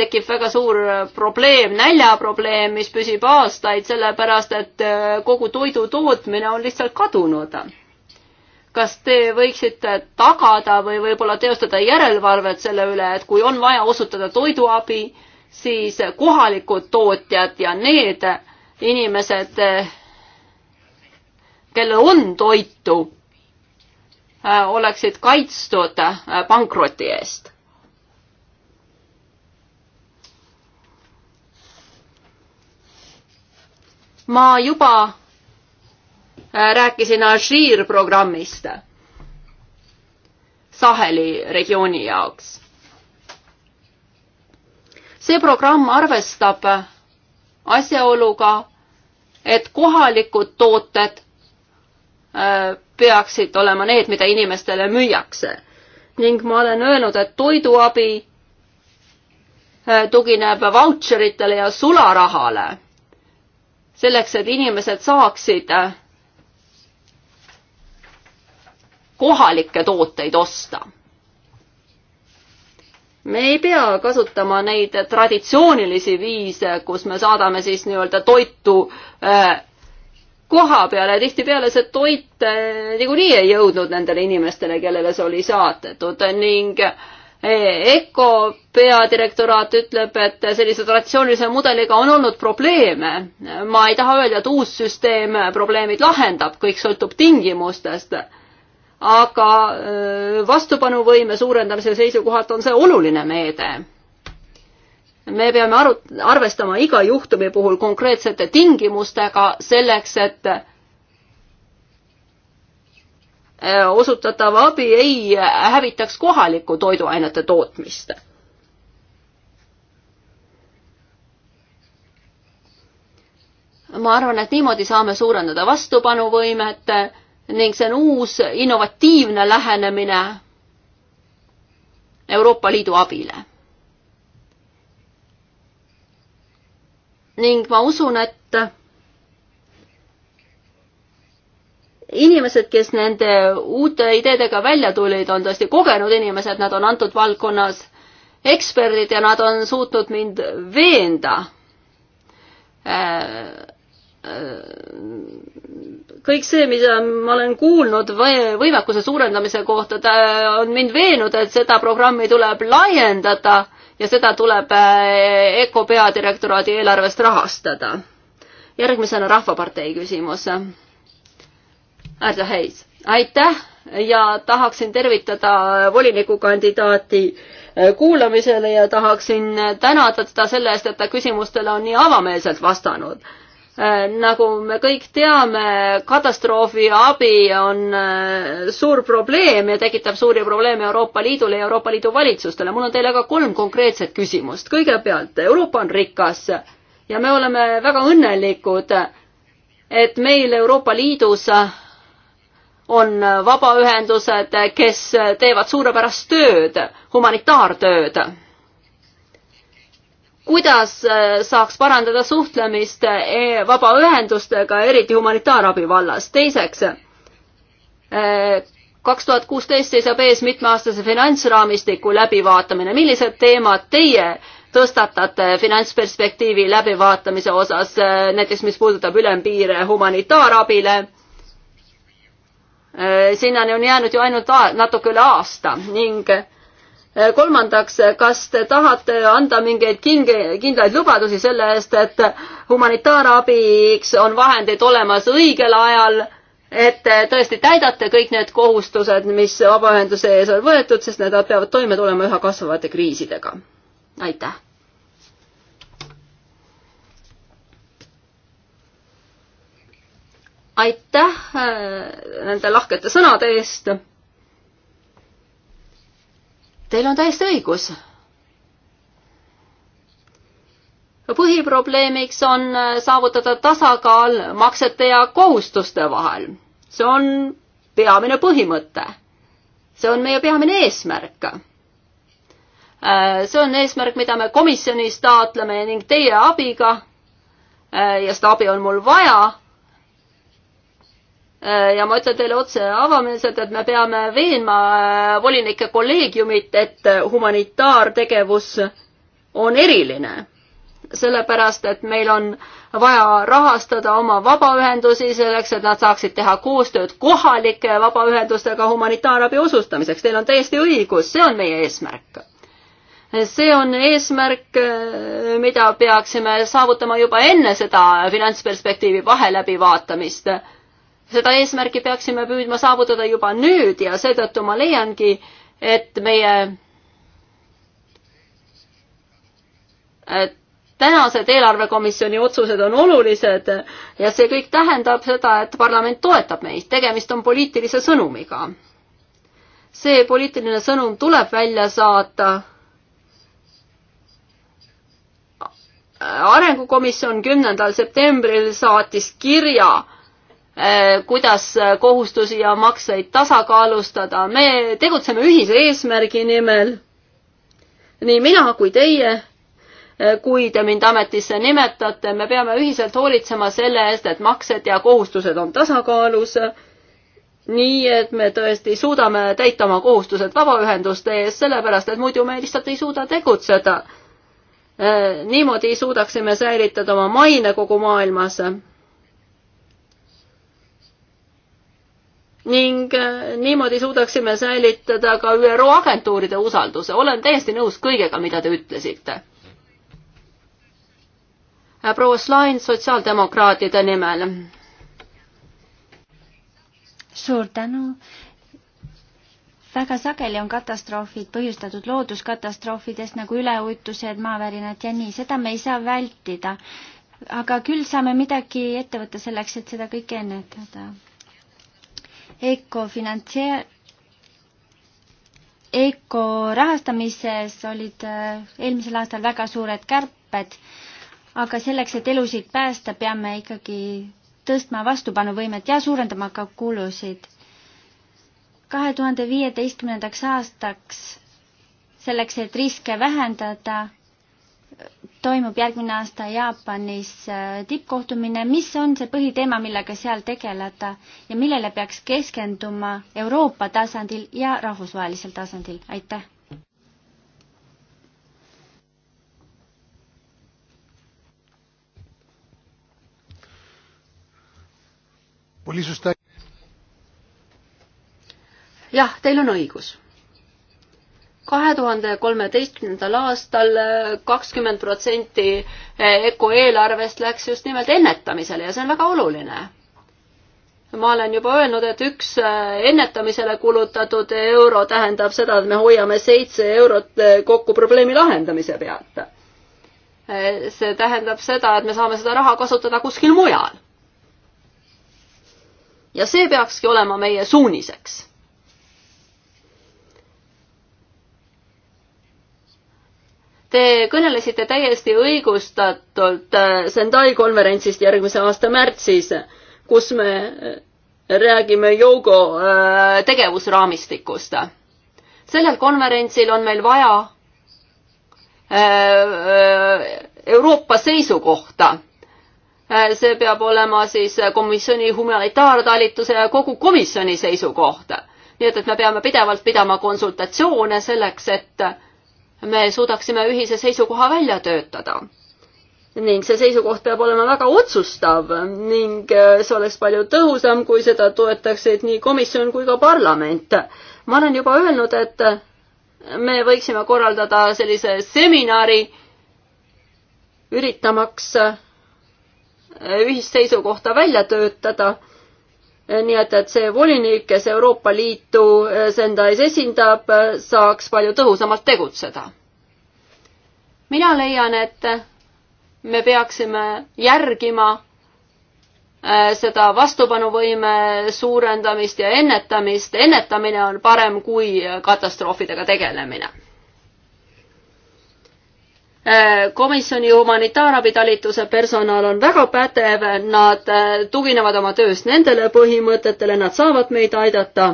tekib väga suur probleem, näljaprobleem, mis püsib aastaid, sellepärast et kogu toidu tootmine on lihtsalt kadunud. kas te võiksite tagada või võib-olla teostada järelevalvet selle üle, et kui on vaja osutada toiduabi, siis kohalikud tootjad ja need inimesed, kellel on toitu, oleksid kaitstud pankroti eest. ma juba äh, rääkisin Alžiir programmist Saheli regiooni jaoks see programm arvestab asjaoluga, et kohalikud tooted äh, peaksid olema need, mida inimestele müüakse. ning ma olen öelnud, et toiduabi äh, tugineb vautšeritele ja sularahale, selleks et inimesed saaksid äh, kohalikke tooteid osta me ei pea kasutama neid traditsioonilisi viise, kus me saadame siis nii-öelda toitu äh, koha peale, tihtipeale see toit äh, niikuinii ei jõudnud nendele inimestele, kellele see oli saadetud ning äh, EKO peadirektoraat ütleb, et sellise traditsioonilise mudeliga on olnud probleeme. ma ei taha öelda, et uus süsteem probleemid lahendab, kõik sõltub tingimustest aga vastupanuvõime suurendamise seisukohalt on see oluline meede. me peame aru, arvestama iga juhtumi puhul konkreetsete tingimustega selleks, et osutatav abi ei hävitaks kohalikku toiduainete tootmist ma arvan, et niimoodi saame suurendada vastupanuvõimet ning see on uus innovatiivne lähenemine Euroopa Liidu abile. ning ma usun, et inimesed, kes nende uute ideedega välja tulid, on tõesti kogenud inimesed, nad on antud valdkonnas eksperdid ja nad on suutnud mind veenda äh, äh, kõik see, mida ma olen kuulnud võimekuse suurendamise kohta, on mind veenud, et seda programmi tuleb laiendada ja seda tuleb äh, EKO peadirektoraadi eelarvest rahastada. järgmisena Rahvapartei küsimus. Ärda Heis, aitäh ja tahaksin tervitada volinikukandidaati äh, kuulamisele ja tahaksin tänada teda selle eest, et ta küsimustele on nii avameelselt vastanud Äh, nagu me kõik teame, katastroofiabi on äh, suur probleem ja tekitab suuri probleeme Euroopa Liidule ja Euroopa Liidu valitsustele. mul on teile ka kolm konkreetset küsimust. kõigepealt, Euroopa on rikas ja me oleme väga õnnelikud, et meil Euroopa Liidus on vabaühendused, kes teevad suurepärast tööd, humanitaartööd kuidas äh, saaks parandada suhtlemist äh, vabaühendustega, eriti humanitaarabi vallas. teiseks, äh, kaks tuhat kuusteist seisab ees mitmeaastase finantsraamistiku läbivaatamine. millised teemad teie tõstatate finantsperspektiivi läbivaatamise osas, näiteks mis puudutab ülempiire humanitaarabile? sinnani on jäänud ju ainult natuke üle aasta ning Eh, kolmandaks, kas te tahate anda mingeid kinge, kindlaid lubadusi selle eest, et humanitaarabiks on vahendeid olemas õigel ajal, et tõesti täidate kõik need kohustused, mis vabaühenduse ees on võetud, sest need peavad toime tulema üha kasvavate kriisidega. aitäh. aitäh eh, nende lahkete sõnade eest Teil on täiesti õigus. põhiprobleemiks on äh, saavutada tasakaal maksete ja kohustuste vahel. see on peamine põhimõte. see on meie peamine eesmärk. Äh, see on eesmärk, mida me komisjonis taotleme ning teie abiga äh, ja seda abi on mul vaja Äh, ja ma ütlen teile otse avameelselt, et me peame veenma äh, volinike kolleegiumit, et äh, humanitaartegevus on eriline. sellepärast, et meil on vaja rahastada oma vabaühendusi selleks, et nad saaksid teha koostööd kohalike vabaühendustega humanitaarabi osustamiseks. Teil on täiesti õigus, see on meie eesmärk see on eesmärk, mida peaksime saavutama juba enne seda finantsperspektiivi vaheläbivaatamist seda eesmärki peaksime püüdma saavutada juba nüüd ja seetõttu ma leiangi, et meie et tänased eelarvekomisjoni otsused on olulised ja see kõik tähendab seda, et parlament toetab meid, tegemist on poliitilise sõnumiga. see poliitiline sõnum tuleb välja saata. arengukomisjon kümnendal septembril saatis kirja Äh, kuidas äh, kohustusi ja makseid tasakaalustada. me tegutseme ühise eesmärgi nimel. nii mina kui teie, äh, kui te mind ametisse nimetate, me peame ühiselt hoolitsema selle eest, et maksed ja kohustused on tasakaalus. nii et me tõesti suudame täita oma kohustused vabaühenduste ees, sellepärast et muidu me lihtsalt ei suuda tegutseda. niimoodi suudaksime säilitada oma maine kogu maailmas ning äh, niimoodi suudaksime säilitada ka ÜRO agentuuride usalduse. olen täiesti nõus kõigega, mida te ütlesite. Äh, proua Slain sotsiaaldemokraatide nimel. suur tänu väga sageli on katastroofid põhjustatud looduskatastroofidest nagu üleujutused, maavärinad ja nii, seda me ei saa vältida. aga küll saame midagi ette võtta selleks, et seda kõike ennetada. EKO-finantsie-, EKO rahastamises olid äh, eelmisel aastal väga suured kärped, aga selleks, et elusid päästa, peame ikkagi tõstma vastupanuvõimet ja suurendama ka kulusid. kahe tuhande viieteistkümnendaks aastaks, selleks, et riske vähendada toimub järgmine aasta Jaapanis äh, tippkohtumine, mis on see põhiteema, millega seal tegeleda ja millele peaks keskenduma Euroopa tasandil ja rahvusvahelisel tasandil, aitäh! jah, teil on õigus kahe tuhande kolmeteistkümnendal aastal äh, kakskümmend protsenti äh, EKO eelarvest läks just nimelt ennetamisele ja see on väga oluline. ma olen juba öelnud, et üks äh, ennetamisele kulutatud euro tähendab seda, et me hoiame seitse eurot kokku probleemi lahendamise pealt. see tähendab seda, et me saame seda raha kasutada kuskil mujal. ja see peakski olema meie suuniseks Te kõnelesite täiesti õigustatult äh, Sendai konverentsist järgmise aasta märtsis, kus me äh, räägime Yogo äh, tegevusraamistikust. sellel konverentsil on meil vaja Euroopa seisukohta. see peab olema siis komisjoni humanitaartalituse ja kogu komisjoni seisukoht. nii et, et me peame pidevalt pidama konsultatsioone selleks, et me suudaksime ühise seisukoha välja töötada. ning see seisukoht peab olema väga otsustav ning äh, see oleks palju tõhusam, kui seda toetaksid nii komisjon kui ka parlament. ma olen juba öelnud, et äh, me võiksime korraldada sellise seminari, üritamaks äh, ühist seisukohta välja töötada Eh, nii et, et see volinik, kes Euroopa Liitu eh, enda ees esindab, eh, saaks palju tõhusamalt tegutseda. mina leian, et me peaksime järgima seda vastupanuvõime suurendamist ja ennetamist. ennetamine on parem kui katastroofidega tegelemine Äh, komisjoni humanitaarabitalituse personal on väga pädev, nad äh, tuginevad oma töös nendele põhimõtetele, nad saavad meid aidata.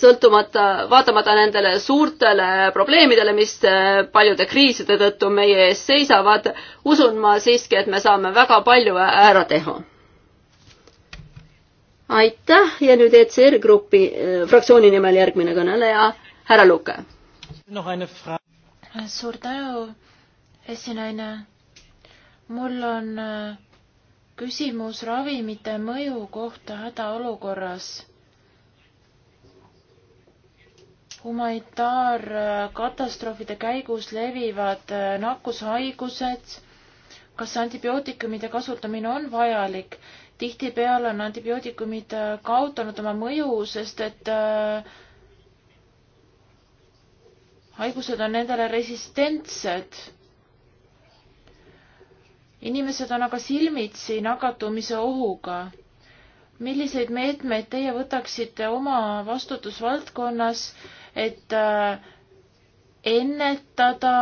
sõltumata, vaatamata nendele suurtele probleemidele, mis äh, paljude kriiside tõttu meie ees seisavad, usun ma siiski, et me saame väga palju ära teha. aitäh ja nüüd ECR grupi fraktsiooni nimel järgmine kõneleja, härra Luke suur tänu, esinaine. mul on äh, küsimus ravimite mõju kohta hädaolukorras. humanitaarkatastroofide äh, käigus levivad äh, nakkushaigused. kas antibiootikumide kasutamine on vajalik? tihtipeale on antibiootikumid kaotanud oma mõju, sest et äh, haigused on nendele resistentsed. inimesed on aga silmitsi nakatumise ohuga. milliseid meetmeid teie võtaksite oma vastutusvaldkonnas, et äh, ennetada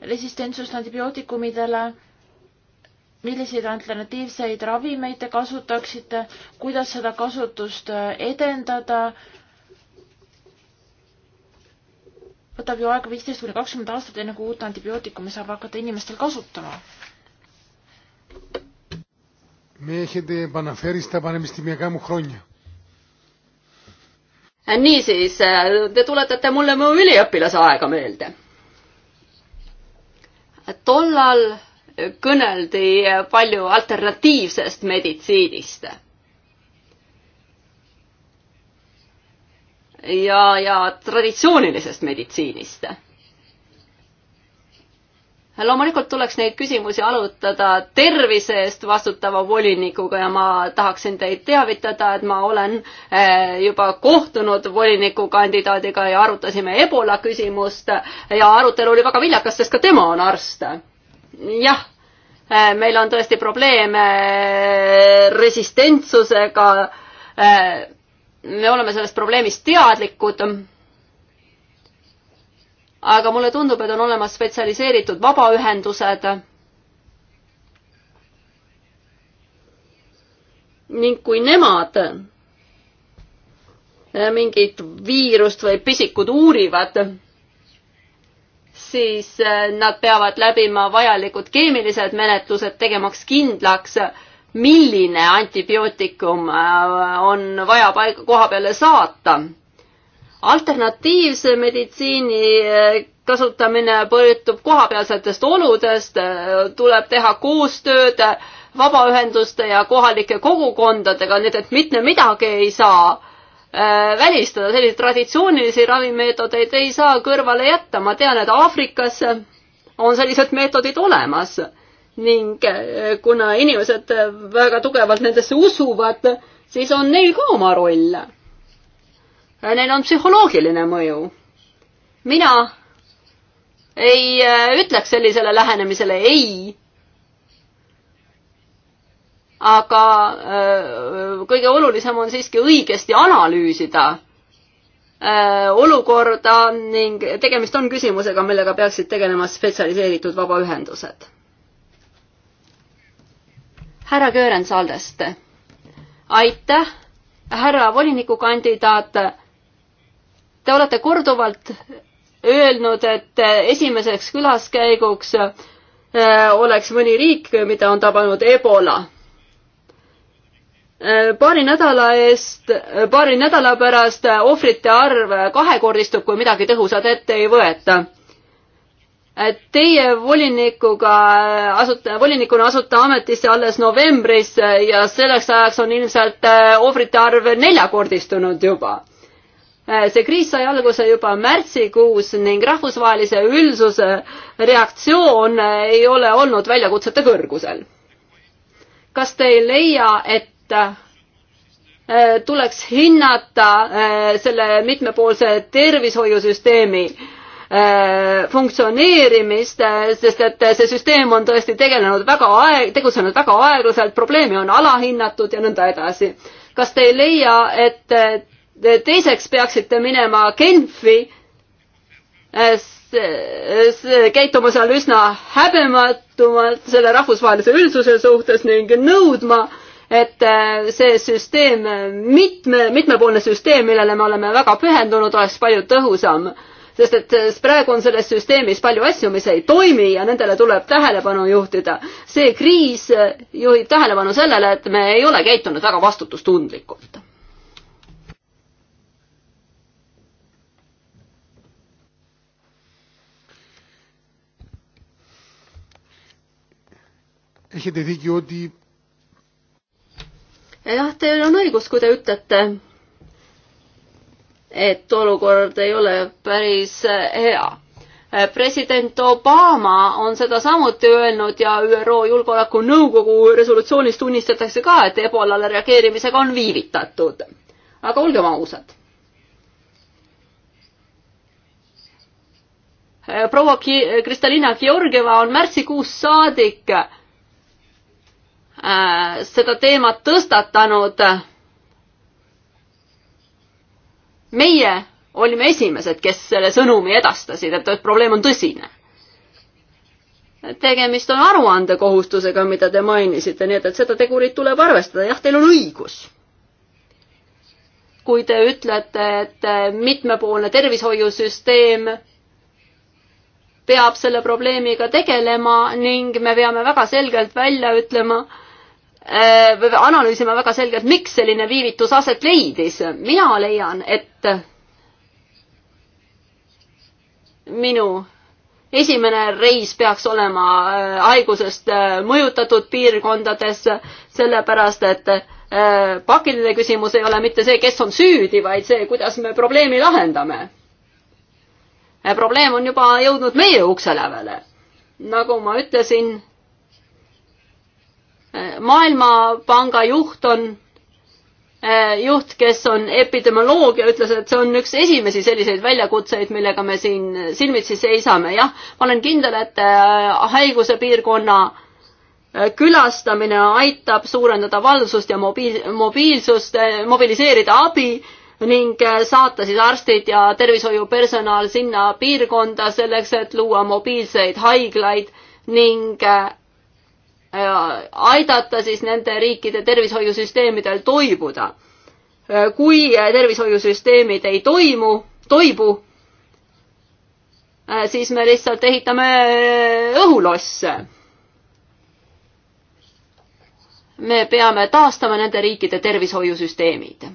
resistentsust antibiootikumidele, milliseid alternatiivseid ravimeid te kasutaksite, kuidas seda kasutust äh, edendada võtab ju aega viisteist kuni kakskümmend aastat, enne kui uut antibiootikumi saab hakata inimestel kasutama. Äh, niisiis, äh, te tuletate mulle mu üliõpilase aega meelde. tollal kõneldi palju alternatiivsest meditsiinist ja, ja traditsioonilisest meditsiinist? loomulikult tuleks neid küsimusi arutada tervise eest vastutava volinikuga ja ma tahaksin teid teavitada, et ma olen eh, juba kohtunud volinikukandidaadiga ja arutasime Ebola küsimust ja arutelu oli väga viljakas, sest ka tema on arst. jah, eh, meil on tõesti probleeme eh, resistentsusega me oleme sellest probleemist teadlikud. aga mulle tundub, et on olemas spetsialiseeritud vabaühendused. ning kui nemad mingit viirust või pisikut uurivad, siis nad peavad läbima vajalikud keemilised menetlused, tegemaks kindlaks, milline antibiootikum äh, on vaja paiga, koha peale saata. alternatiivse meditsiini äh, kasutamine põrjutub kohapealsetest oludest, äh, tuleb teha koostööd vabaühenduste ja kohalike kogukondadega, nii et mitte midagi ei saa välistada, selliseid traditsioonilisi ravimeetodeid ei saa kõrvale jätta, ma tean, et Aafrikas on sellised meetodid olemas ning eh, kuna inimesed väga tugevalt nendesse usuvad, siis on neil ka oma roll. Neil on psühholoogiline mõju. mina ei eh, ütleks sellisele lähenemisele ei. aga eh, kõige olulisem on siiski õigesti analüüsida olukorda ning tegemist on küsimusega, millega peaksid tegelema spetsialiseeritud vabaühendused härra Göörens Aldest. aitäh, härra volinikukandidaat. Te olete korduvalt öelnud, et esimeseks külaskäiguks äh, oleks mõni riik, mida on tabanud Ebola. Äh, paari nädala eest, paari nädala pärast ohvrite arv kahekordistub, kui midagi tõhusat ette ei võeta Teie volinikuga asute, volinikuna asute ametisse alles novembris äh, ja selleks ajaks on ilmselt äh, ohvrite arv neljakordistunud juba. Äh, see kriis sai alguse juba märtsikuus ning rahvusvahelise üldsuse reaktsioon ei ole olnud väljakutsete kõrgusel. kas te ei leia, et tuleks hinnata selle mitmepoolse tervishoiusüsteemi Äh, funktsioneerimist, äh, sest et äh, see süsteem on tõesti tegelenud väga aeg-, tegutsenud väga aeglaselt, probleemi on alahinnatud ja nõnda edasi. kas te ei leia, et teiseks peaksite minema Genfi, käituma seal üsna häbematumalt selle rahvusvahelise üldsuse suhtes ning nõudma, et see süsteem, mitme, mitmepoolne süsteem, millele me oleme väga pühendunud, oleks palju tõhusam sest et eh, praegu on selles süsteemis palju asju, mis ei toimi ja nendele tuleb tähelepanu juhtida. see kriis eh, juhib tähelepanu sellele, et me ei ole käitunud väga vastutustundlikult. jah, teil on õigus, kui te ütlete, et olukord ei ole päris hea. president Obama on seda samuti öelnud ja ÜRO Julgeolekunõukogu resolutsioonis tunnistatakse ka, et ebolale reageerimisega on viivitatud. aga olgem ausad. proua Kristalina Georgieva on märtsikuus saadik äh, seda teemat tõstatanud meie olime esimesed, kes selle sõnumi edastasid, et, et probleem on tõsine. tegemist on aruandekohustusega, mida te mainisite, nii et, et seda tegurit tuleb arvestada, jah, teil on õigus. kui te ütlete, et mitmepoolne tervishoiusüsteem peab selle probleemiga tegelema ning me peame väga selgelt välja ütlema, Äh, analüüsima väga selgelt, miks selline viivitus aset leidis. mina leian, et minu esimene reis peaks olema äh, haigusest äh, mõjutatud piirkondades, sellepärast et pakiline küsimus ei ole mitte see, kes on süüdi, vaid see, kuidas me probleemi lahendame. probleem on juba jõudnud meie ukselävele. nagu ma ütlesin maailmapanga juht on äh, juht, kes on epidemioloog ja ütles, et see on üks esimesi selliseid väljakutseid, millega me siin silmitsi seisame. jah, ma olen kindel, et äh, haiguse piirkonna äh, külastamine aitab suurendada valvsust ja mobiil, mobiilsust, mobiliseerida abi ning saata siis arstid ja tervishoiupersonal sinna piirkonda selleks, et luua mobiilseid haiglaid ning Äh, aidata siis nende riikide tervishoiusüsteemidel toibuda. Äh, kui äh, tervishoiusüsteemid ei toimu, toibu, siis me lihtsalt ehitame õhulosse. me peame taastama nende riikide tervishoiusüsteemid.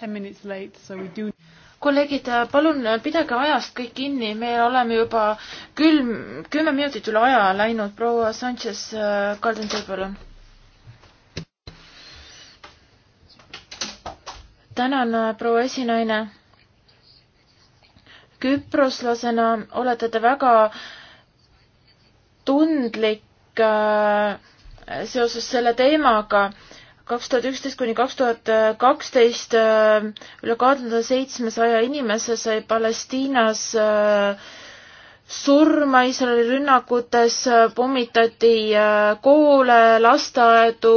Ten minutes late, so we do kolleegid, palun pidage ajast kõik kinni, me oleme juba külm, kümme minutit üle aja läinud, proua Sanchez, Kalden, äh, teil palun. tänan, äh, proua esinaine. küproslasena olete te väga tundlik äh, seoses selle teemaga kaks tuhat üksteist kuni kaks tuhat kaksteist äh, üle kahesaja seitsmesaja inimese sai Palestiinas äh, surma Iisraeli rünnakutes, äh, pommitati koole, lasteaedu.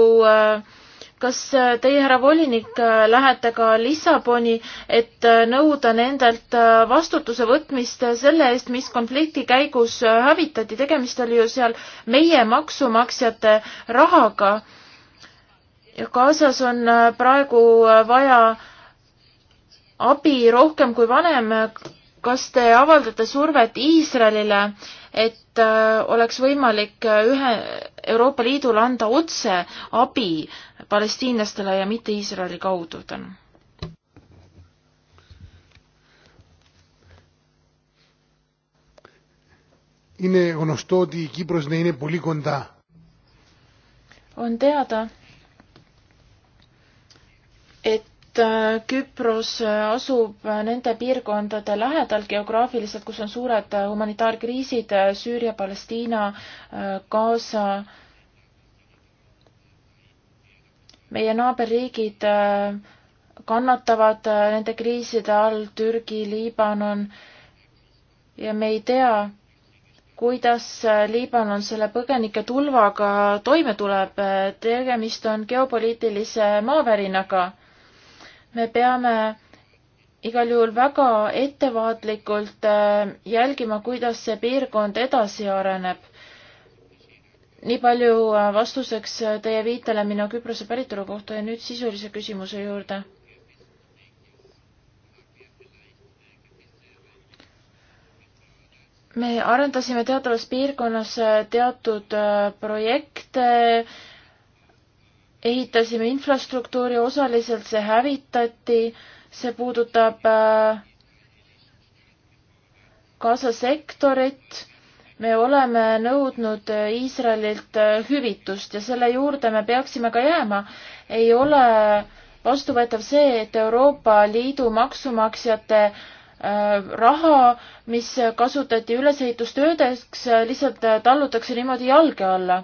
kas teie, härra volinik, lähete ka Lissaboni, et nõuda nendelt vastutuse võtmist selle eest, mis konflikti käigus hävitati, tegemist oli ju seal meie maksumaksjate rahaga Gazas on äh, praegu äh, vaja abi rohkem kui vanem. kas te avaldate survet Iisraelile, et äh, oleks võimalik ühe Euroopa Liidul anda otse abi palestiinlastele ja mitte Iisraeli kaudu? tänan. είναι γνωστό ότι η Κύπρος να είναι πολύ κοντά. On teada, et äh, Küpros äh, asub äh, nende piirkondade lähedal geograafiliselt, kus on suured humanitaarkriisid Süüria, Palestiina, Gaza. meie naaberriigid kannatavad nende kriiside all, Türgi, Liibanon ja me ei tea, kuidas Liibanon selle põgenike tulvaga toime tuleb. tegemist on geopoliitilise maavärinaga me peame igal juhul väga ettevaatlikult äh, jälgima, kuidas see piirkond edasi areneb. nii palju äh, vastuseks äh, teie viitele minu Küprose päritolu kohta ja nüüd sisulise küsimuse juurde. me arendasime teatavas piirkonnas teatud projekte, ehitasime infrastruktuuri, osaliselt see hävitati, see puudutab Gaza äh, sektorit. me oleme nõudnud äh, Iisraelilt äh, hüvitust ja selle juurde me peaksime ka jääma. ei ole vastuvõetav see, et Euroopa Liidu maksumaksjate raha, mis kasutati ülesehitustöödeks, lihtsalt tallutakse niimoodi jalge alla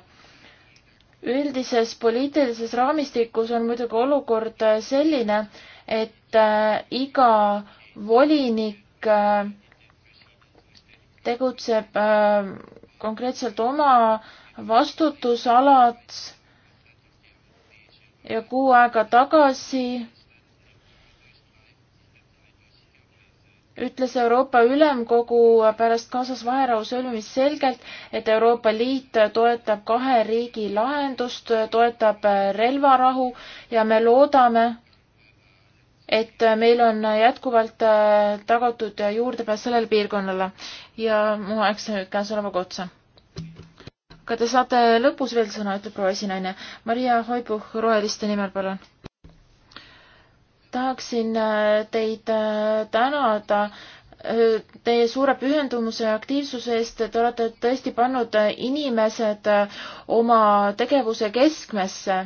üldises poliitilises raamistikus on muidugi olukord äh, selline, et äh, iga volinik äh, tegutseb konkreetselt oma vastutusalad ja kuu aega tagasi ütles Euroopa Ülemkogu pärast kaasas vaherahu sõlmimist selgelt, et Euroopa Liit toetab kahe riigi lahendust, toetab relvarahu ja me loodame, et meil on jätkuvalt tagatud juurdepääs sellele piirkonnale ja mu aeg sai nüüd käesolevaga otsa. aga te saate lõpus veel sõna, ütleb proua esinaine. Maria Hoibuh Roheliste nimel, palun tahaksin äh, teid äh, tänada äh, teie suure pühendumuse ja aktiivsuse eest, te olete tõesti pannud inimesed oma tegevuse keskmesse.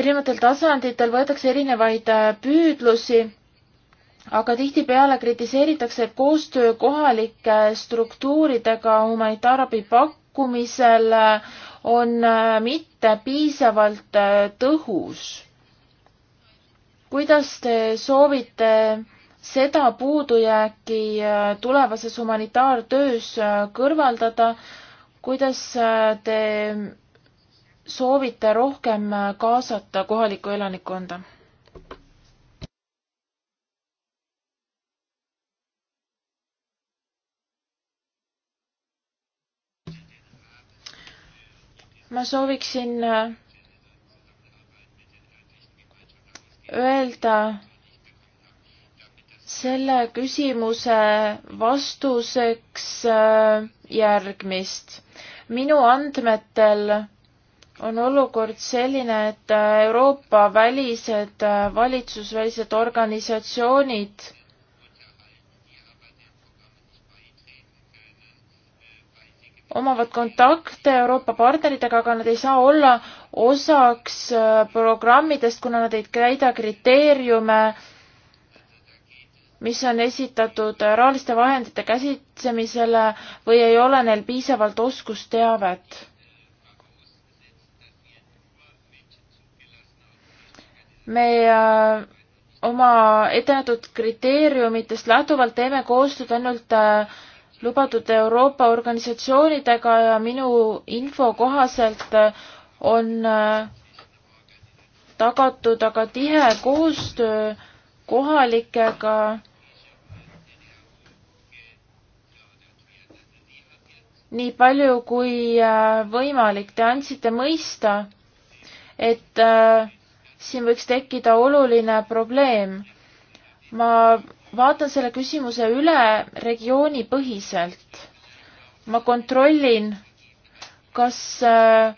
erinevatel tasanditel võetakse erinevaid püüdlusi, aga tihtipeale kritiseeritakse, et koostöö kohalike struktuuridega humanitaarabi pakkumisel on mitte piisavalt tõhus kuidas te soovite seda puudujääki äh, tulevases humanitaartöös äh, kõrvaldada, kuidas äh, te soovite rohkem kaasata kohalikku elanikkonda? ma sooviksin öelda selle küsimuse vastuseks äh, järgmist. minu andmetel on olukord selline, et Euroopa välised äh, valitsusvälised organisatsioonid omavad kontakte Euroopa partneritega, aga nad ei saa olla osaks äh, programmidest, kuna nad ei täida kriteeriume, mis on esitatud äh, rahaliste vahendite käsitsemisele või ei ole neil piisavalt oskusteavet. me äh, oma ettenähtud kriteeriumitest lähtuvalt teeme koostööd ainult äh, lubatud Euroopa organisatsioonidega ja minu info kohaselt äh, on äh, tagatud aga tihe koostöö kohalikega. nii palju kui äh, võimalik, te andsite mõista, et siin võiks tekkida oluline probleem. ma vaatan selle küsimuse üle regioonipõhiselt. ma kontrollin, kas äh,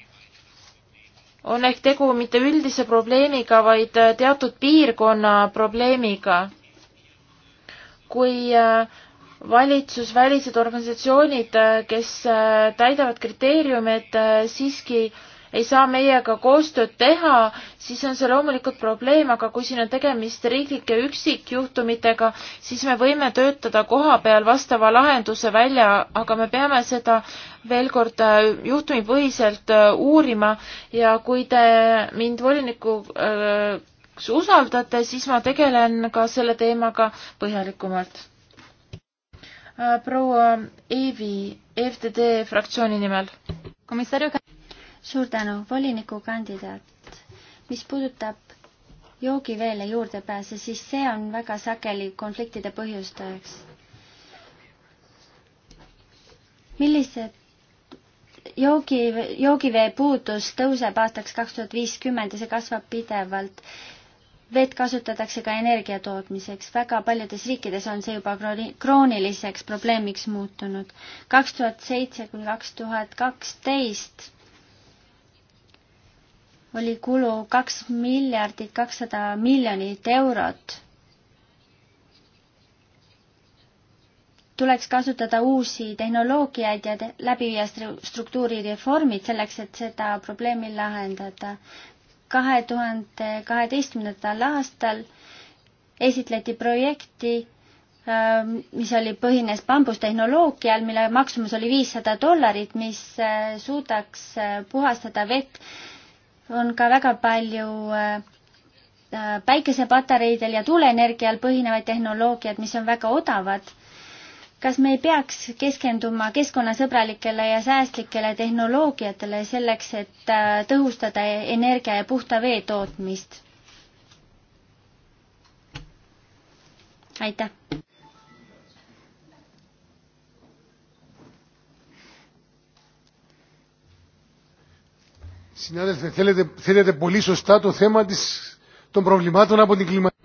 on ehk tegu mitte üldise probleemiga, vaid äh, teatud piirkonna probleemiga. kui äh, valitsusvälised organisatsioonid, kes täidavad kriteeriumid, siiski äh, ei saa meiega koostööd teha, siis on see loomulikult probleem, aga kui siin on tegemist riiklike üksikjuhtumitega, siis me võime töötada koha peal vastava lahenduse välja, aga me peame seda veel kord äh, juhtumipõhiselt äh, uurima ja kui te mind voliniku äh, usaldate, siis ma tegelen ka selle teemaga põhjalikumalt. proua Eevi EFTD fraktsiooni nimel suur tänu, volinikukandidaat. mis puudutab joogiveele juurdepääse, siis see on väga sageli konfliktide põhjustajaks. millised joogi, joogivee puudus tõuseb aastaks kaks tuhat viiskümmend ja see kasvab pidevalt. vett kasutatakse ka energia tootmiseks, väga paljudes riikides on see juba krooniliseks probleemiks muutunud. kaks tuhat seitse kuni kaks tuhat kaksteist oli kulu kaks miljardit kakssada miljonit eurot. tuleks kasutada uusi tehnoloogiaid ja te läbi viia struktuurireformid selleks, et seda probleemi lahendada. kahe tuhande kaheteistkümnendal aastal esitleti projekti, ähm, mis oli, põhines bambustehnoloogial, mille maksumus oli viissada dollarit, mis äh, suudaks äh, puhastada vett on ka väga palju äh, äh, päikesepatareidel ja tuuleenergial põhinevaid tehnoloogiaid, mis on väga odavad. kas me ei peaks keskenduma keskkonnasõbralikele ja säästlikele tehnoloogiatele selleks, et äh, tõhustada energia ja puhta vee tootmist? aitäh! Συνάδελφε, θέλετε, θέλετε πολύ σωστά το θέμα της, των προβλημάτων από την κλιματική.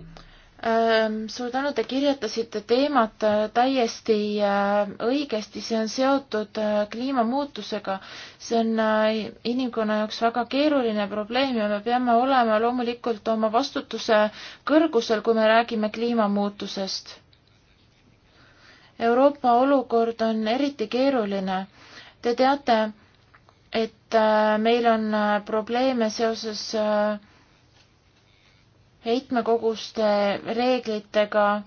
Suur tänu, te kirjeldasite teemat äh, täiesti äh, õigesti, see on seotud äh, kliimamuutusega. see on inimkonna jaoks väga keeruline probleem ja me peame olema loomulikult oma vastutuse kõrgusel, kui me räägime kliimamuutusest. Euroopa olukord on eriti keeruline. Te teate, et äh, meil on äh, probleeme seoses äh, heitmekoguste reeglitega.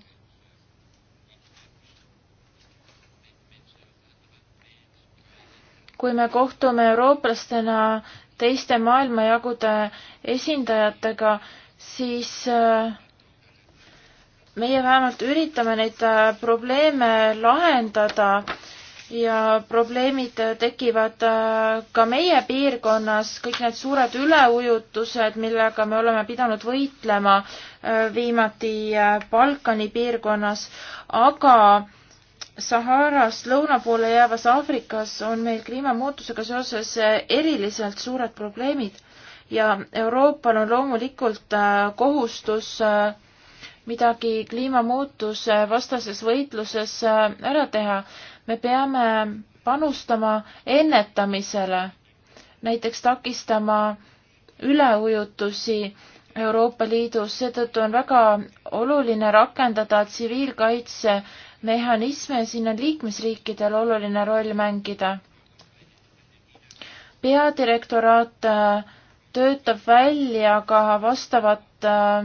kui me kohtume eurooplastena teiste maailmajagude esindajatega, siis meie vähemalt üritame neid probleeme lahendada ja probleemid tekivad äh, ka meie piirkonnas, kõik need suured üleujutused, millega me oleme pidanud võitlema äh, viimati äh, Balkani piirkonnas, aga Saharast lõuna poole jäävas Aafrikas on meil kliimamuutusega seoses eriliselt suured probleemid ja Euroopal on loomulikult kohustus midagi kliimamuutuse vastases võitluses ära teha me peame panustama ennetamisele, näiteks takistama üleujutusi Euroopa Liidus, seetõttu on väga oluline rakendada tsiviilkaitsemehhanisme ja siin on liikmesriikidel oluline roll mängida. peadirektoraat äh, töötab välja ka vastavat äh,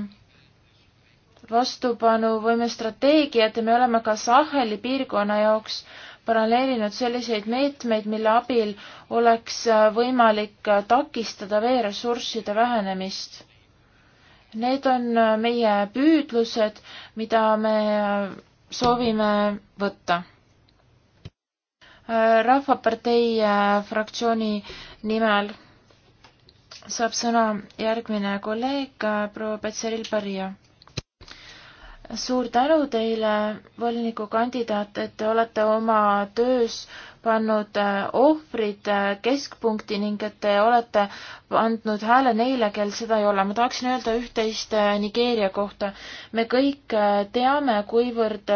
vastupanuvõime strateegiat ja me oleme ka Saheli piirkonna jaoks paralleelinud selliseid meetmeid, mille abil oleks äh, võimalik äh, takistada veeressursside vähenemist. Need on äh, meie püüdlused, mida me soovime võtta. rahvapartei fraktsiooni nimel saab sõna järgmine kolleeg proua Petseril Pärja suur tänu teile, volinikukandidaat, et te olete oma töös pannud äh, ohvrid äh, keskpunkti ning et te olete andnud hääle neile, kel seda ei ole. ma tahaksin öelda üht-teist äh, Nigeeria kohta. me kõik teame, kuivõrd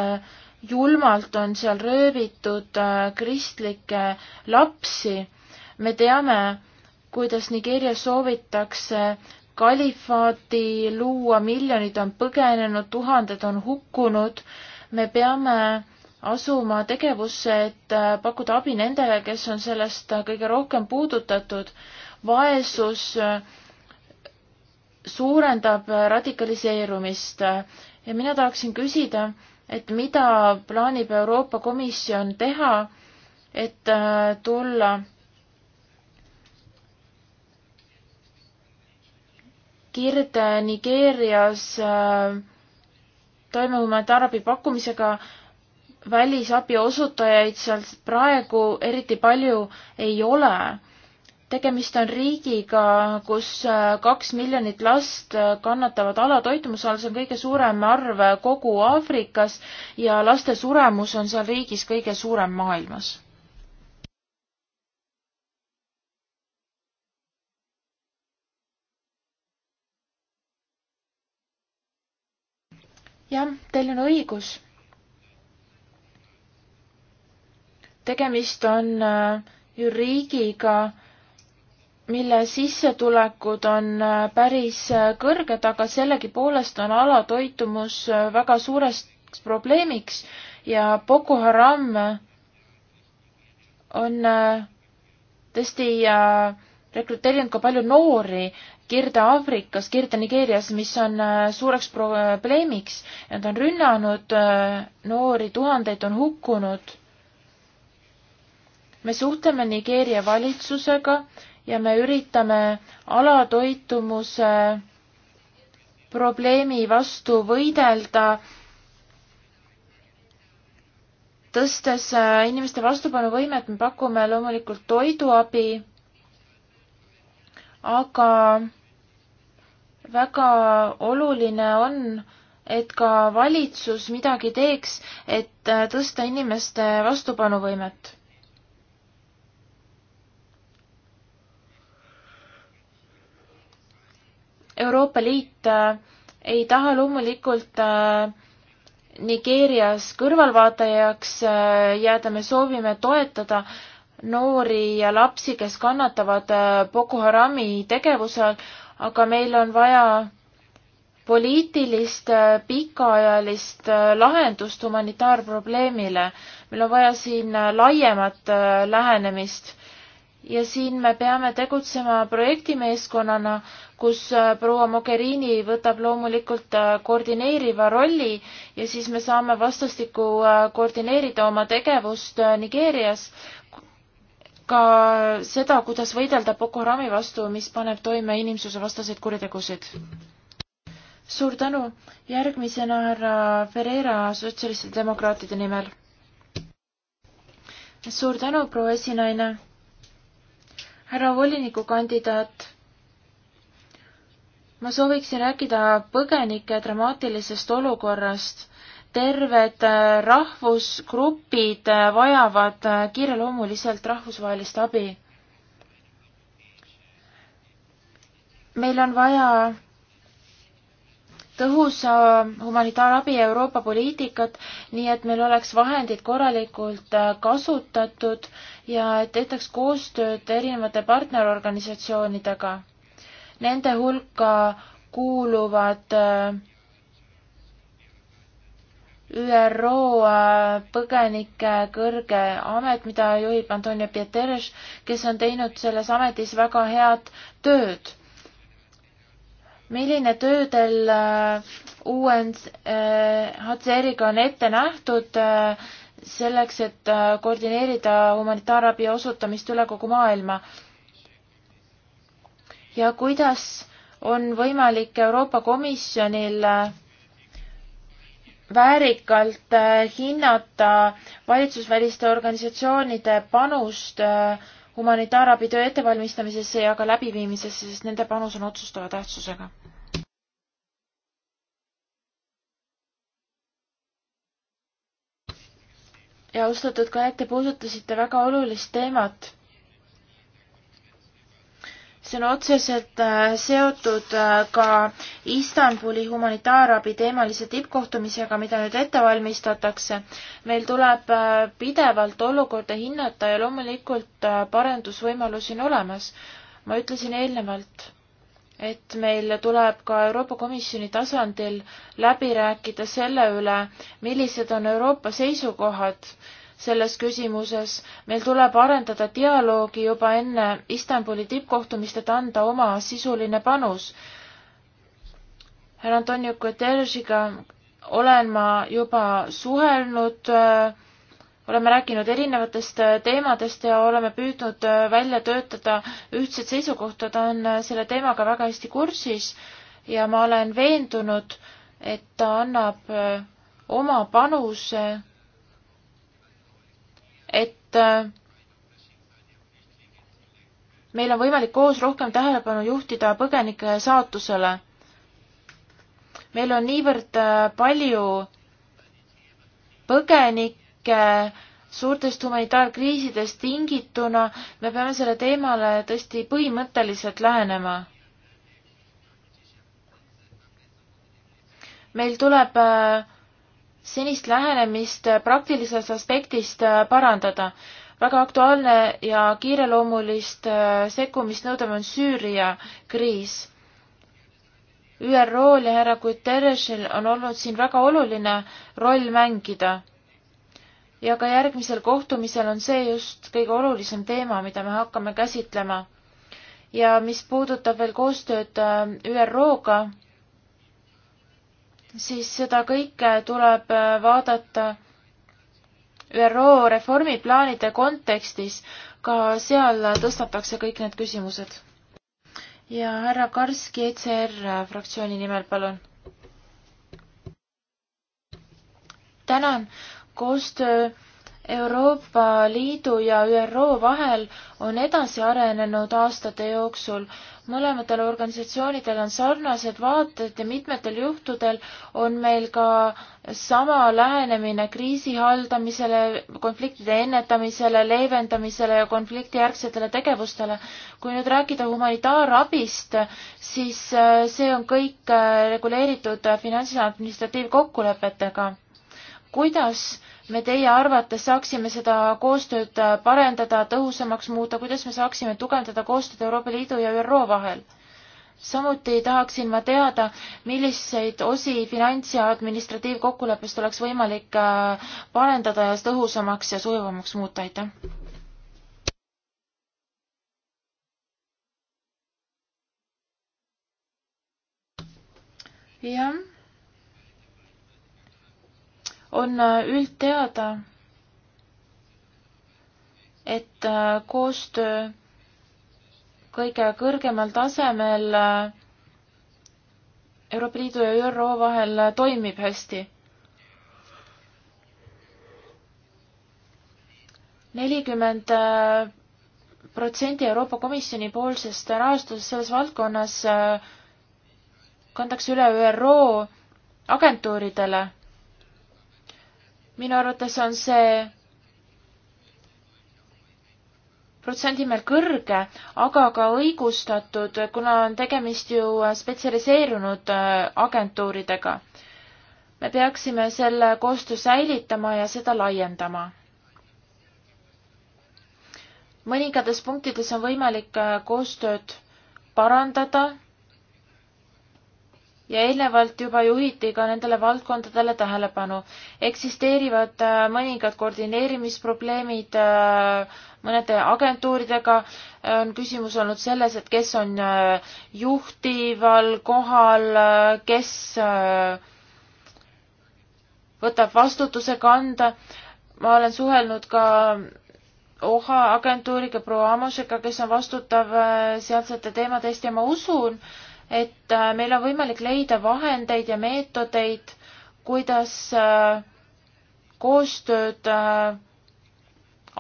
julmalt on seal röövitud kristlikke lapsi. me teame, kuidas Nigeerias soovitakse kalifaati luua, miljonid on põgenenud, tuhanded on hukkunud. me peame asuma tegevusse, et äh, pakkuda abi nendele, kes on sellest äh, kõige rohkem puudutatud. vaesus äh, suurendab radikaliseerumist ja mina tahaksin küsida, et mida plaanib Euroopa Komisjon teha, et tulla kirde Nigeerias äh, toime humanitaarabi pakkumisega välisabi osutajaid seal praegu eriti palju ei ole. tegemist on riigiga, kus äh, kaks miljonit last äh, kannatavad alatoitumuse all, see on kõige suurem arv kogu Aafrikas ja laste suremus on seal riigis kõige suurem maailmas jah, teil on õigus. tegemist on äh, ju riigiga, mille sissetulekud on äh, päris äh, kõrged, aga sellegipoolest on alatoitumus väga suureks probleemiks ja Boko Haram on tõesti rekruteerinud ka palju noori Kirde-Aafrikas, Kirde-Nigeerias, mis on äh, suureks probleemiks. Nad on rünnanud äh, noori, tuhandeid on hukkunud. me suhtleme Nigeeria valitsusega ja me üritame alatoitumuse probleemi vastu võidelda, tõstes äh, inimeste vastupanuvõimet, me pakume loomulikult toiduabi, aga väga oluline on, et ka valitsus midagi teeks, et äh, tõsta inimeste vastupanuvõimet. Euroopa Liit äh, ei taha loomulikult äh, Nigeerias kõrvalvaatajaks jääda, me soovime toetada noori ja lapsi, kes kannatavad Boko Harami tegevuse all, aga meil on vaja poliitilist äh, pikaajalist äh, lahendust humanitaarprobleemile. meil on vaja siin äh, laiemat lähenemist ja siin me peame tegutsema projektimeeskonnana, kus proua Mogherini võtab loomulikult koordineeriva rolli ja siis me saame vastastikku koordineerida oma tegevust Nigeerias, ka seda, kuidas võidelda Boko Harami vastu, mis paneb toime inimsusevastaseid kuritegusid. suur tänu, järgmisena härra Ferreira sotsialistide demokraatide nimel. suur tänu, proua esinaine. härra volinikukandidaat, ma sooviksin rääkida põgenike dramaatilisest olukorrast terved äh, rahvusgrupid äh, vajavad äh, kiireloomuliselt rahvusvahelist abi. meil on vaja tõhusa humanitaarabi Euroopa poliitikat, nii et meil oleks vahendid korralikult kasutatud ja tehtaks koostööd erinevate partnerorganisatsioonidega. Nende hulka kuuluvad äh, ÜRO äh, põgenike kõrge amet, mida juhib Antonio Pieteres, kes on teinud selles ametis väga head tööd. milline töö teil äh, UNHCR-iga äh, on ette nähtud selleks, et koordineerida humanitaarabi osutamist üle kogu maailma? ja kuidas on võimalik Euroopa Komisjonil väärikalt äh, hinnata valitsusväliste organisatsioonide panust äh, humanitaarabitöö ettevalmistamisesse ja ka läbiviimisesse, sest nende panus on otsustava tähtsusega. ja austatud Kanet, te puudutasite väga olulist teemat see on otseselt äh, seotud äh, ka Istanbuli humanitaarabi teemalise tippkohtumisega, mida nüüd ette valmistatakse. meil tuleb äh, pidevalt olukorda hinnata ja loomulikult parendusvõimalusi on olemas. ma ütlesin eelnevalt, et meil tuleb ka Euroopa Komisjoni tasandil läbi rääkida selle üle, millised on Euroopa seisukohad selles küsimuses. meil tuleb arendada dialoogi juba enne Istanbuli tippkohtumist, et anda oma sisuline panus. härra Antonio Guterresiga olen ma juba suhelnud, äh, oleme rääkinud erinevatest äh, teemadest ja oleme püüdnud äh, välja töötada ühtset seisukohta, ta on selle teemaga väga hästi kursis ja ma olen veendunud, et ta annab oma panuse et äh, meil on võimalik koos rohkem tähelepanu juhtida põgenike saatusele. meil on niivõrd äh, palju põgenikke suurtest humanitaarkriisidest tingituna, me peame selle teemale tõesti põhimõtteliselt lähenema. meil tuleb äh, senist lähenemist praktilisest aspektist äh, parandada. väga aktuaalne ja kiireloomulist äh, sekkumist nõudev on Süüria kriis. ÜRO-l ja härra Guterresil on olnud siin väga oluline roll mängida. ja ka järgmisel kohtumisel on see just kõige olulisem teema, mida me hakkame käsitlema. ja mis puudutab veel koostööd äh, ÜRO-ga, siis seda kõike tuleb äh, vaadata ÜRO reformiplaanide kontekstis, ka seal tõstatakse kõik need küsimused. ja härra Karski ECR äh, fraktsiooni nimel, palun. tänan, koostöö Euroopa Liidu ja ÜRO vahel on edasi arenenud aastate jooksul mõlematel organisatsioonidel on sarnased vaated ja mitmetel juhtudel on meil ka sama lähenemine kriisi haldamisele, konfliktide ennetamisele, leevendamisele ja konfliktijärgsetele tegevustele. kui nüüd rääkida humanitaarabist, siis äh, see on kõik äh, reguleeritud äh, finants- ja administratiivkokkulepetega. kuidas me teie arvates saaksime seda koostööd äh, parendada, tõhusamaks muuta, kuidas me saaksime tugevdada koostööd Euroopa Liidu ja ÜRO vahel? samuti tahaksin ma teada, milliseid osi finants- ja administratiivkokkuleppest oleks võimalik äh, parendada ja tõhusamaks ja sujuvamaks muuta, aitäh! jah on äh, üldteada, et äh, koostöö kõige kõrgemal tasemel äh, Euroopa Liidu ja ÜRO vahel toimib hästi. nelikümmend protsendi Euroopa Komisjoni poolsest rahastusest selles valdkonnas kantakse üle ÜRO agentuuridele minu arvates on see protsendimäär kõrge, aga ka õigustatud, kuna on tegemist ju spetsialiseerunud äh, agentuuridega. me peaksime selle koostöö säilitama ja seda laiendama. mõningates punktides on võimalik äh, koostööd parandada ja eelnevalt juba juhiti ka nendele valdkondadele tähelepanu. eksisteerivad äh, mõningad koordineerimisprobleemid äh, mõnede agentuuridega, äh, on küsimus olnud selles, et kes on juhtival kohal, kes võtab vastutuse kanda. ma olen suhelnud ka OHA agentuuriga proua Amosega, kes on vastutav sealsete teemade eest ja ma usun, et äh, meil on võimalik leida vahendeid ja meetodeid, kuidas äh, koostööd äh,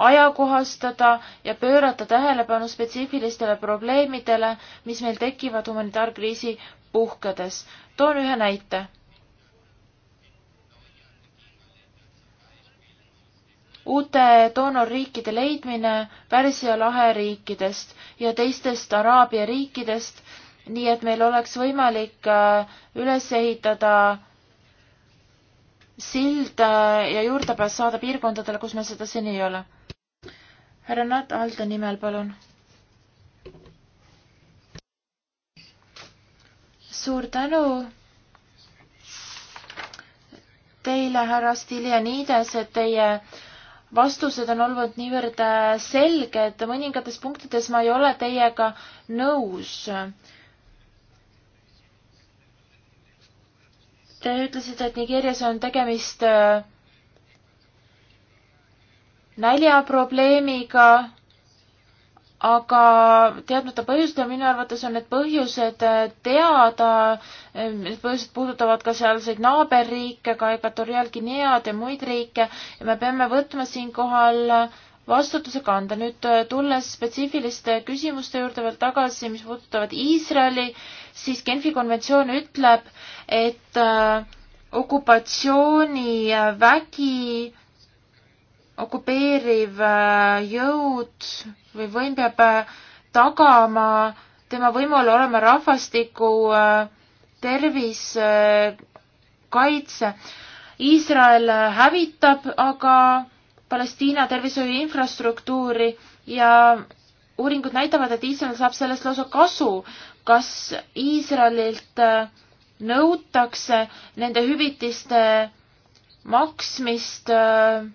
ajakohastada ja pöörata tähelepanu spetsiifilistele probleemidele, mis meil tekivad humanitaarkriisi puhkedes. toon ühe näite. uute doonorriikide leidmine Pärsia lahe riikidest ja teistest Araabia riikidest nii et meil oleks võimalik äh, üles ehitada sild äh, ja juurdepääs saada piirkondadele, kus meil seda seni ei ole. härra Nat Alde nimel, palun. suur tänu teile, härra Stiljanides, et teie vastused on olnud niivõrd äh, selged, mõningates punktides ma ei ole teiega nõus Te ütlesite, et Nigeerias on tegemist äh, näljaprobleemiga, aga teadmata põhjustel minu arvates on need põhjused äh, teada, äh, need põhjused puudutavad ka sealseid naaberriike, ka Ekvatoriaalguinead ja muid riike ja me peame võtma siinkohal äh, vastutuse kanda. nüüd äh, tulles spetsiifiliste küsimuste juurde veel tagasi, mis puudutavad Iisraeli, siis Genfi konventsioon ütleb, et äh, okupatsioonivägi, äh, okupeeriv jõud või võim peab tagama tema võimul olema rahvastiku tervise kaitse. Iisrael hävitab aga Palestiina tervishoiu infrastruktuuri ja uuringud näitavad, et Iisrael saab sellest lausa kasu. kas Iisraelilt äh, nõutakse nende hüvitiste maksmist äh,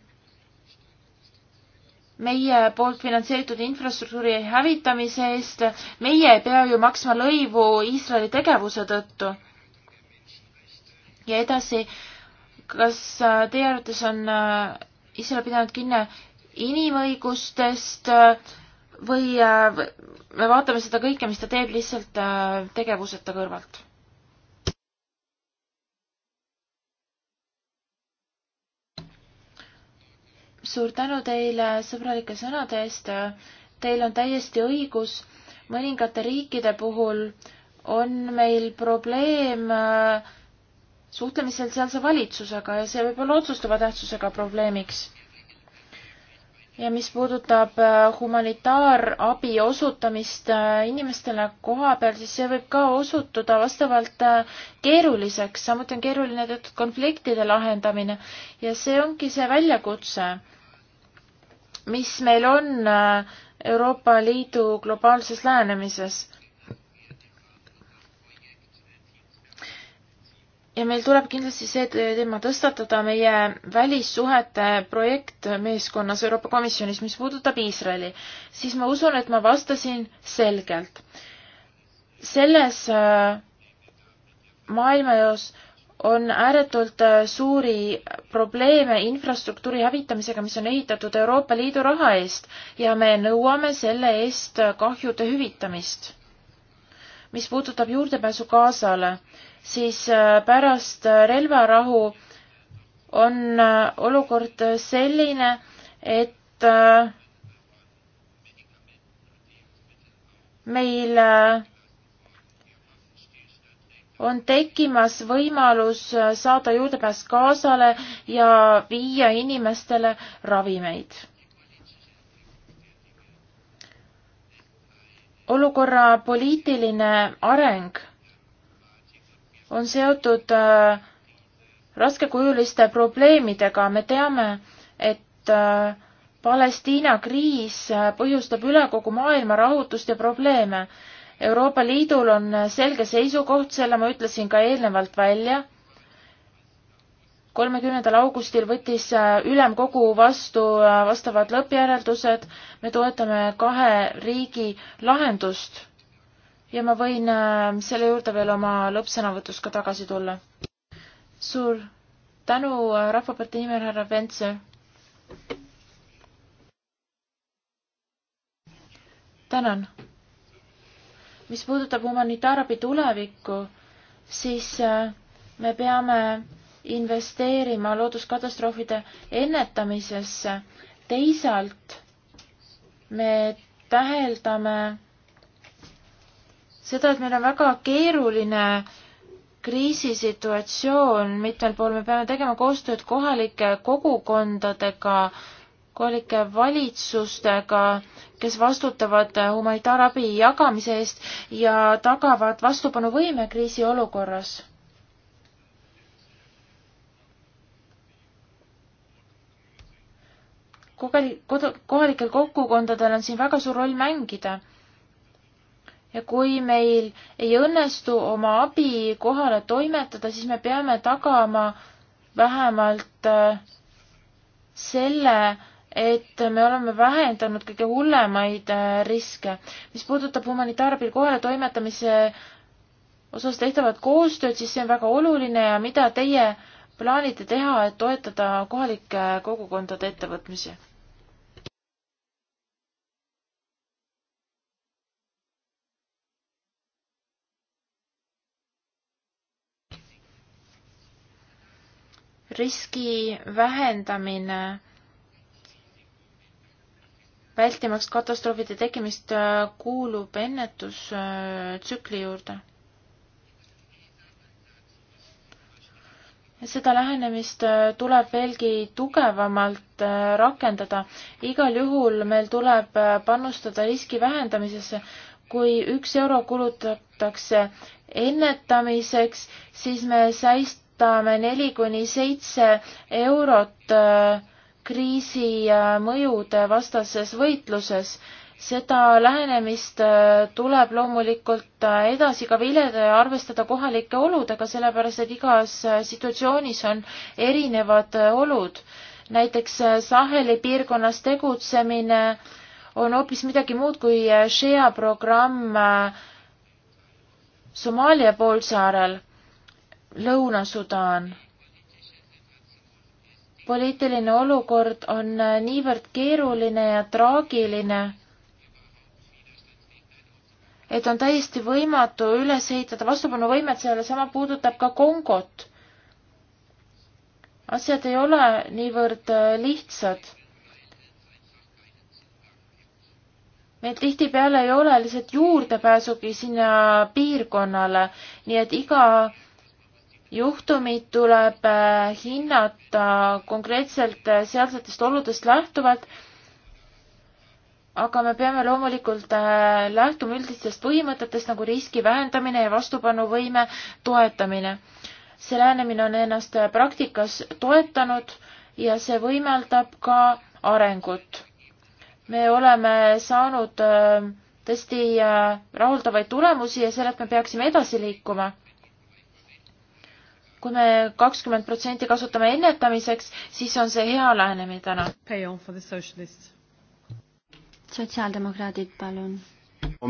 meie poolt finantseeritud infrastruktuuri hävitamise eest, meie ei pea ju maksma lõivu Iisraeli tegevuse tõttu. ja edasi, kas äh, teie arvates on ise pidanud kinni inimõigustest äh, äh, või me vaatame seda kõike, mis ta teeb lihtsalt äh, tegevuseta kõrvalt? suur tänu teile sõbralike sõnade eest. Teil on täiesti õigus, mõningate riikide puhul on meil probleem äh, suhtlemisel sealse valitsusega ja see võib olla otsustava tähtsusega probleemiks. ja mis puudutab äh, humanitaarabi osutamist äh, inimestele koha peal, siis see võib ka osutuda vastavalt äh, keeruliseks, samuti on keeruline teatud konfliktide lahendamine ja see ongi see väljakutse, mis meil on Euroopa Liidu globaalses lähenemises ja meil tuleb kindlasti see teema tõstatada meie välissuhete projekt meeskonnas Euroopa Komisjonis, mis puudutab Iisraeli, siis ma usun, et ma vastasin selgelt. selles äh, maailmajaos on ääretult äh, suuri probleeme infrastruktuuri hävitamisega, mis on ehitatud Euroopa Liidu raha eest ja me nõuame selle eest kahjude hüvitamist. mis puudutab juurdepääsu Gazale, siis äh, pärast äh, relvarahu on äh, olukord selline, et meil on tekkimas võimalus saada juurdepääs gaasale ja viia inimestele ravimeid. olukorra poliitiline areng on seotud äh, raskekujuliste probleemidega. me teame, et äh, Palestiina kriis äh, põhjustab üle kogu maailma rahutust ja probleeme. Euroopa Liidul on selge seisukoht, selle ma ütlesin ka eelnevalt välja kolmekümnendal augustil võttis ülemkogu vastu vastavad lõppjäreldused. me toetame kahe riigi lahendust ja ma võin äh, selle juurde veel oma lõppsõnavõtus ka tagasi tulla. suur tänu äh, Rahvapartei nimel, härra Ventse. tänan. mis puudutab humanitaarabi tulevikku, siis äh, me peame investeerima looduskatastroofide ennetamisesse. teisalt me täheldame seda, et meil on väga keeruline kriisisituatsioon mitmel pool, me peame tegema koostööd kohalike kogukondadega, kohalike valitsustega, kes vastutavad humanitaarabi jagamise eest ja tagavad vastupanuvõime kriisiolukorras. kohalikel kogukondadel on siin väga suur roll mängida ja kui meil ei õnnestu oma abi kohale toimetada, siis me peame tagama vähemalt äh, selle, et me oleme vähendanud kõige hullemaid äh, riske. mis puudutab humanitaarabil kohale toimetamise äh, osas tehtavat koostööd, siis see on väga oluline ja mida teie plaanite teha, et toetada kohalike kogukondade ettevõtmisi? riski vähendamine, vältimaks katastroofide tekkimist, äh, kuulub ennetustsükli juurde. seda lähenemist äh, tuleb veelgi tugevamalt äh, rakendada. igal juhul meil tuleb panustada riski vähendamisesse, kui üks euro kulutatakse ennetamiseks, siis me säist-, võtame neli kuni seitse eurot äh, kriisi äh, mõjude vastases võitluses. seda lähenemist äh, tuleb loomulikult edasi ka viljeleda ja arvestada kohalike oludega, sellepärast et igas situatsioonis on erinevad olud. näiteks Saheli piirkonnas tegutsemine on hoopis midagi muud kui Shea programm Somaalia poolsaarel Lõuna-Sudaan. poliitiline olukord on äh, niivõrd keeruline ja traagiline, et on täiesti võimatu üles ehitada vastupanuvõimet sellele, sama puudutab ka Kongot. asjad ei ole niivõrd äh, lihtsad. meil tihtipeale ei ole lihtsalt juurdepääsugi sinna piirkonnale, nii et iga juhtumid tuleb äh, hinnata konkreetselt äh, sealsetest oludest lähtuvalt, aga me peame loomulikult äh, lähtuma üldistest põhimõtetest nagu riski vähendamine ja vastupanuvõime toetamine. see lähenemine on ennast praktikas toetanud ja see võimaldab ka arengut. me oleme saanud tõesti rahuldavaid tulemusi ja sellelt me peaksime edasi liikuma kui me kakskümmend protsenti kasutame ennetamiseks, siis on see hea lähenemine täna. sotsiaaldemokraadid, palun. Oh,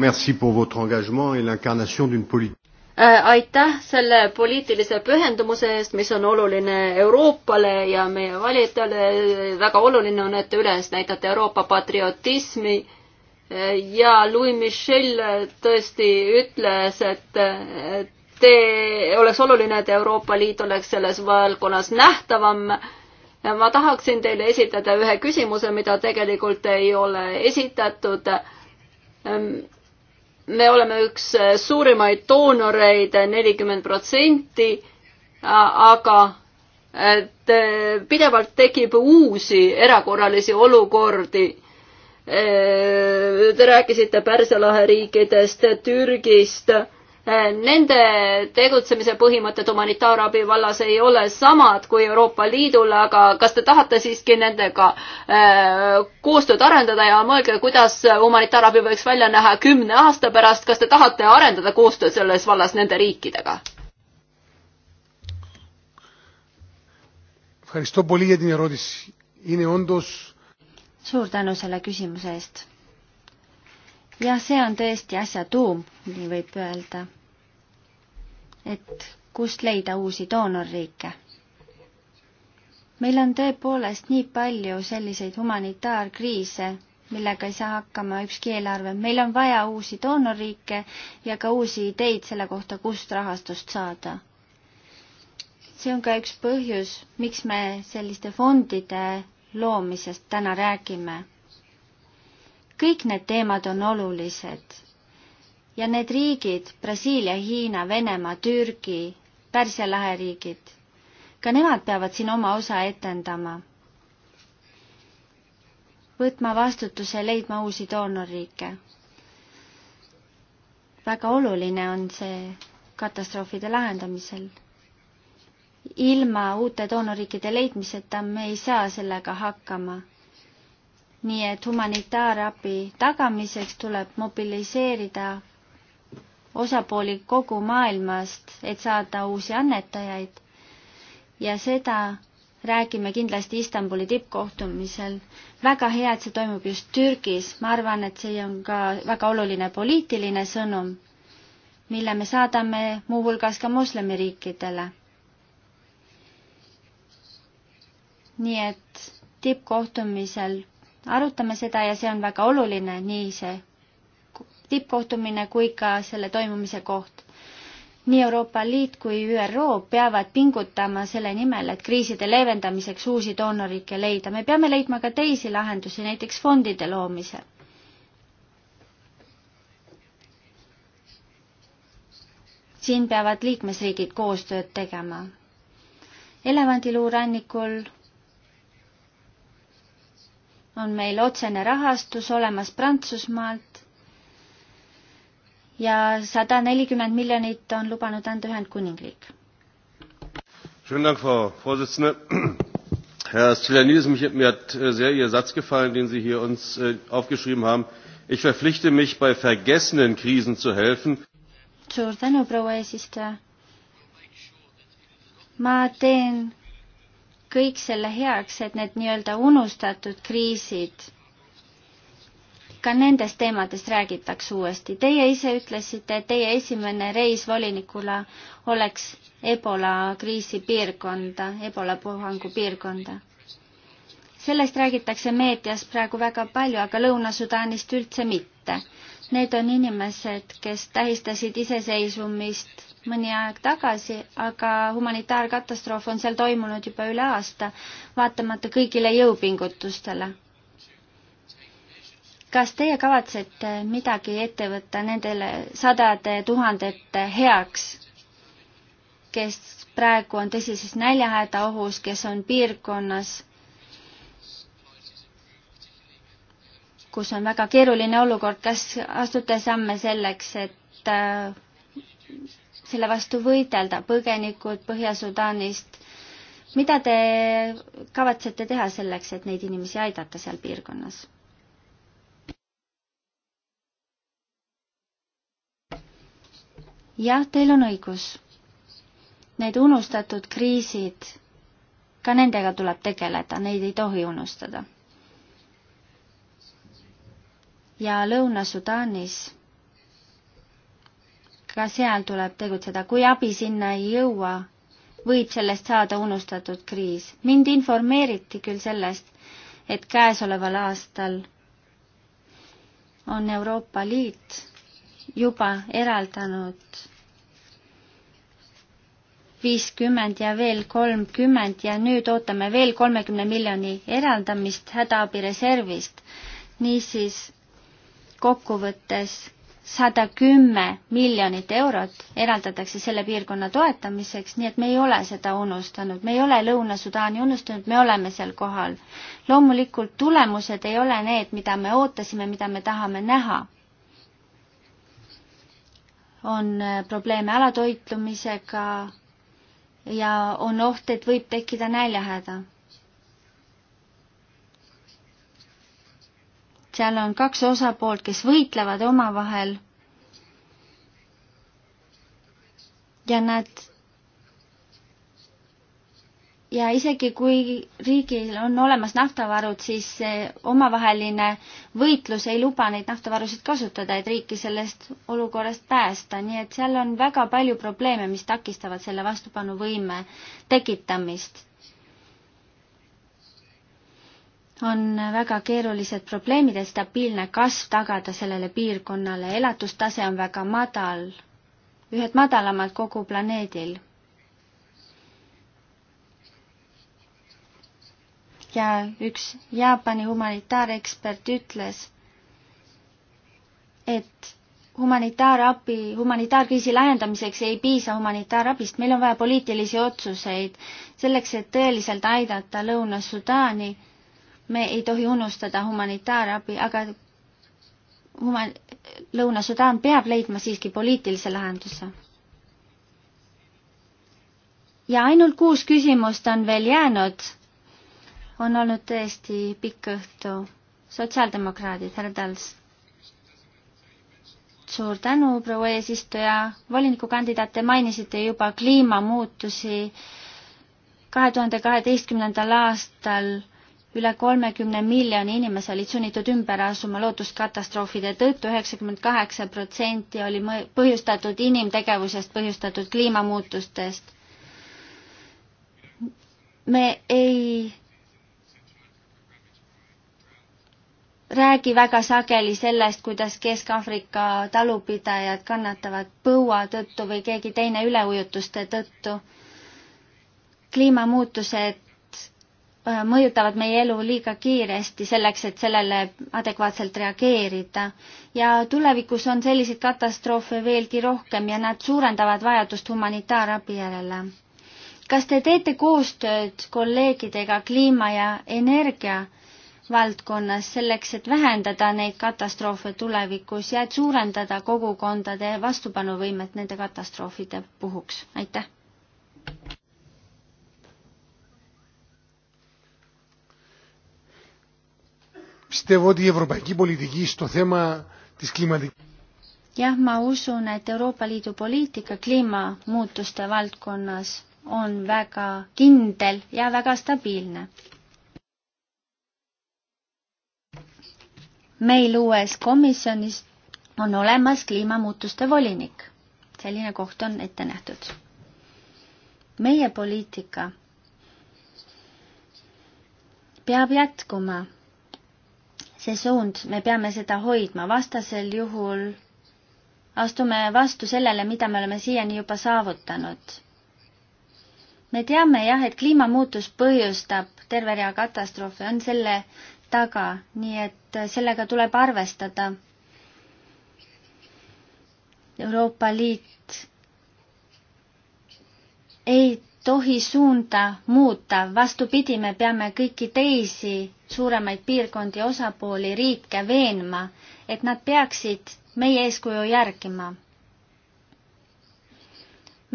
äh, aitäh selle poliitilise pühendumuse eest, mis on oluline Euroopale ja meie valijatele. väga oluline on, et te üles näitate Euroopa patriotismi äh, ja Louis Michel tõesti ütles, et tee, oleks oluline, et Euroopa Liit oleks selles valdkonnas nähtavam. ma tahaksin teile esitada ühe küsimuse, mida tegelikult ei ole esitatud. Ehm, me oleme üks suurimaid doonoreid, nelikümmend protsenti, aga et pidevalt tekib uusi erakorralisi olukordi e, Te rääkisite Pärsia lahe riikidest, Türgist, Äh, nende tegutsemise põhimõtted humanitaarabi vallas ei ole samad kui Euroopa Liidul, aga kas te tahate siiski nendega äh, koostööd arendada ja mõelge, kuidas humanitaarabi võiks välja näha kümne aasta pärast, kas te tahate arendada koostööd selles vallas nende riikidega? suur tänu selle küsimuse eest ja see on tõesti asja tuum, nii võib öelda. et kust leida uusi doonorriike. meil on tõepoolest nii palju selliseid humanitaarkriise, millega ei saa hakkama ükski eelarve. meil on vaja uusi doonorriike ja ka uusi ideid selle kohta, kust rahastust saada. see on ka üks põhjus, miks me selliste fondide loomisest täna räägime kõik need teemad on olulised ja need riigid, Brasiilia, Hiina, Venemaa, Türgi, Pärsia lahe riigid, ka nemad peavad siin oma osa etendama, võtma vastutuse, leidma uusi doonorriike. väga oluline on see katastroofide lahendamisel. ilma uute doonorriikide leidmiseta me ei saa sellega hakkama nii et humanitaarabi tagamiseks tuleb mobiliseerida osapooli kogu maailmast, et saada uusi annetajaid ja seda räägime kindlasti Istanbuli tippkohtumisel. väga hea, et see toimub just Türgis, ma arvan, et see on ka väga oluline poliitiline sõnum, mille me saadame muuhulgas ka moslemiriikidele. nii et tippkohtumisel arutame seda ja see on väga oluline, nii see tippkohtumine kui ka selle toimumise koht. nii Euroopa Liit kui ÜRO peavad pingutama selle nimel, et kriiside leevendamiseks uusi doonoriike leida. me peame leidma ka teisi lahendusi, näiteks fondide loomise. siin peavad liikmesriigid koostööd tegema. elevandiluurannikul on meil otsene rahastus olemas Prantsusmaalt ja sada nelikümmend miljonit on lubanud anda Ühendkuningriik. Herr Stylianides, mir hat äh, sehr Ihr Satz gefallen, den Sie hier uns äh, aufgeschrieben haben. Ich verpflichte mich, bei vergessenen Krisen zu helfen. Suur tänu, proua eesistuja. ma teen kõik selle heaks, et need nii-öelda unustatud kriisid, ka nendest teemadest räägitakse uuesti. Teie ise ütlesite, et teie esimene reis volinikuna oleks Ebola kriisi piirkonda, Ebola puhangu piirkonda. sellest räägitakse meedias praegu väga palju, aga Lõuna-Sudaanist üldse mitte. Need on inimesed, kes tähistasid iseseisvumist mõni aeg tagasi, aga humanitaarkatastroof on seal toimunud juba üle aasta, vaatamata kõigile jõupingutustele. kas teie kavatsete midagi ette võtta nendele sadade tuhandete heaks, kes praegu on tõsises näljahäda ohus, kes on piirkonnas, kus on väga keeruline olukord, kas astute samme selleks, et äh, selle vastu võidelda, põgenikud Põhja-Sudaanist. mida te kavatsete teha selleks, et neid inimesi aidata seal piirkonnas? jah, teil on õigus. Need unustatud kriisid, ka nendega tuleb tegeleda, neid ei tohi unustada. ja Lõuna-Sudaanis ka seal tuleb tegutseda, kui abi sinna ei jõua, võib sellest saada unustatud kriis. mind informeeriti küll sellest, et käesoleval aastal on Euroopa Liit juba eraldanud viiskümmend ja veel kolmkümmend ja nüüd ootame veel kolmekümne miljoni eraldamist hädaabireservist. niisiis kokkuvõttes sada kümme miljonit eurot eraldatakse selle piirkonna toetamiseks, nii et me ei ole seda unustanud, me ei ole Lõuna-Sudaani unustanud, me oleme seal kohal. loomulikult tulemused ei ole need, mida me ootasime, mida me tahame näha. on probleeme alatoitlumisega ja on oht, et võib tekkida näljahäda seal on kaks osapoolt, kes võitlevad omavahel. ja nad ja isegi kui riigil on olemas naftavarud, siis omavaheline võitlus ei luba neid naftavarusid kasutada, et riiki sellest olukorrast päästa, nii et seal on väga palju probleeme, mis takistavad selle vastupanuvõime tekitamist on väga keerulised probleemid, et stabiilne kasv tagada sellele piirkonnale, elatustase on väga madal, ühed madalamad kogu planeedil. ja üks Jaapani humanitaarekspert ütles, et humanitaarabi, humanitaarkriisi lahendamiseks ei piisa humanitaarabist, meil on vaja poliitilisi otsuseid selleks, et tõeliselt aidata Lõuna-Sudaani me ei tohi unustada humanitaarabi, aga human-, Lõuna-Sudaan peab leidma siiski poliitilise lahenduse. ja ainult kuus küsimust on veel jäänud. on olnud tõesti pikk õhtu. sotsiaaldemokraadid, härra Tals. suur tänu, proua eesistuja. volinikukandidaat, te mainisite juba kliimamuutusi. kahe tuhande kaheteistkümnendal aastal üle kolmekümne miljoni inimese olid sunnitud ümber asuma looduskatastroofide tõttu, üheksakümmend kaheksa protsenti oli põhjustatud inimtegevusest põhjustatud kliimamuutustest. me ei räägi väga sageli sellest, kuidas Kesk-Aafrika talupidajad kannatavad põua tõttu või keegi teine üleujutuste tõttu. kliimamuutused Äh, mõjutavad meie elu liiga kiiresti selleks, et sellele adekvaatselt reageerida. ja tulevikus on selliseid katastroofe veelgi rohkem ja nad suurendavad vajadust humanitaarabi järele. kas te teete koostööd kolleegidega kliima ja energia valdkonnas selleks, et vähendada neid katastroofe tulevikus ja et suurendada kogukondade vastupanuvõimet nende katastroofide puhuks? aitäh! Πιστεύω ότι η ευρωπαϊκή πολιτική στο θέμα της κλιματικής... jah, ma usun, et Euroopa Liidu poliitika kliimamuutuste valdkonnas on väga kindel ja väga stabiilne. meil uues komisjonis on olemas kliimamuutuste volinik. selline koht on ette nähtud. meie poliitika peab jätkuma see suund, me peame seda hoidma, vastasel juhul astume vastu sellele, mida me oleme siiani juba saavutanud. me teame jah, et kliimamuutus põhjustab terve rea katastroofe, on selle taga, nii et sellega tuleb arvestada. Euroopa Liit ei tohi suunda muuta, vastupidi, me peame kõiki teisi suuremaid piirkondi, osapooli, riike veenma, et nad peaksid meie eeskuju järgima.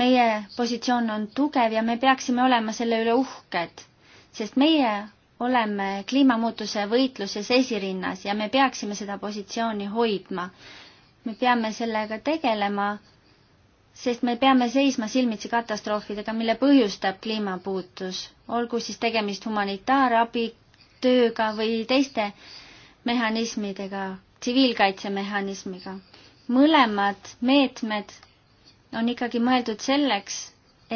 meie positsioon on tugev ja me peaksime olema selle üle uhked, sest meie oleme kliimamuutuse võitluses esirinnas ja me peaksime seda positsiooni hoidma. me peame sellega tegelema sest me peame seisma silmitsi katastroofidega, mille põhjustab kliimapuutus, olgu siis tegemist humanitaarabi, tööga või teiste mehhanismidega, tsiviilkaitsemehhanismiga. mõlemad meetmed on ikkagi mõeldud selleks,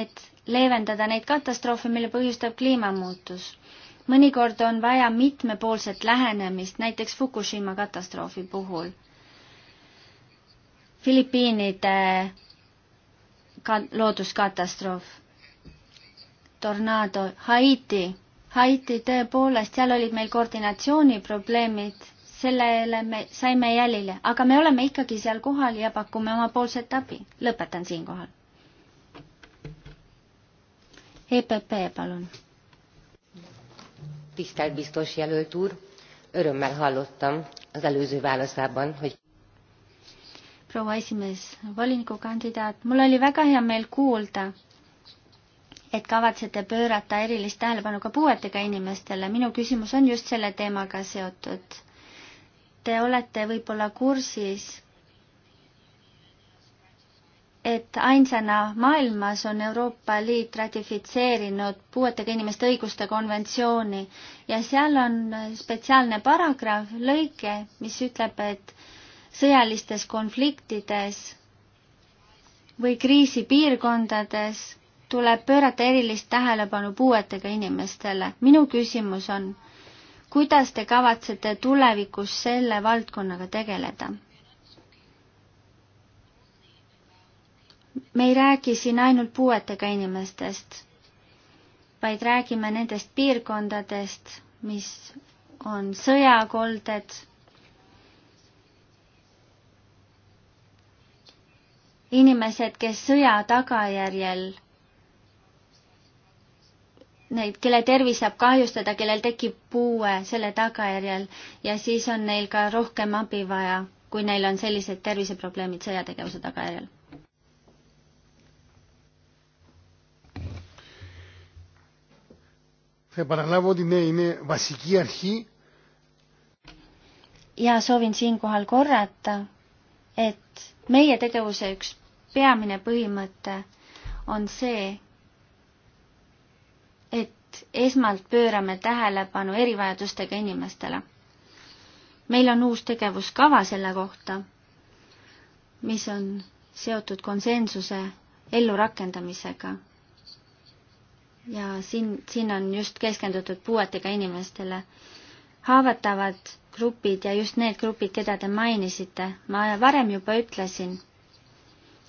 et leevendada neid katastroofe, mille põhjustab kliimamuutus. mõnikord on vaja mitmepoolset lähenemist, näiteks Fukushima katastroofi puhul. Filipiinide looduskatastroof, tornaado, Haiti. Haiti tõepoolest, seal olid meil koordinatsiooniprobleemid, sellele me saime jälile, aga me oleme ikkagi seal kohal ja pakume omapoolset abi. lõpetan siinkohal. EPP, palun. tisztelt biztos jelölt úr, örömmel hallottam az előző válaszában, hogy proua esimees, volinikukandidaat, mul oli väga hea meel kuulda, et kavatsete pöörata erilist tähelepanu ka puuetega inimestele. minu küsimus on just selle teemaga seotud. Te olete võib-olla kursis, et ainsana maailmas on Euroopa Liit ratifitseerinud puuetega inimeste õiguste konventsiooni ja seal on spetsiaalne paragrahv, lõike, mis ütleb, et sõjalistes konfliktides või kriisipiirkondades tuleb pöörata erilist tähelepanu puuetega inimestele. minu küsimus on, kuidas te kavatsete tulevikus selle valdkonnaga tegeleda? me ei räägi siin ainult puuetega inimestest, vaid räägime nendest piirkondadest, mis on sõjakolded inimesed, kes sõja tagajärjel neid, kelle tervis saab kahjustada, kellel tekib puue selle tagajärjel ja siis on neil ka rohkem abi vaja, kui neil on sellised terviseprobleemid sõjategevuse tagajärjel. ja soovin siinkohal korrata, et meie tegevuse üks peamine põhimõte on see, et esmalt pöörame tähelepanu erivajadustega inimestele. meil on uus tegevuskava selle kohta, mis on seotud konsensuse ellurakendamisega. ja siin, siin on just keskendutud puuetega inimestele. haavatavad grupid ja just need grupid, keda te mainisite, ma varem juba ütlesin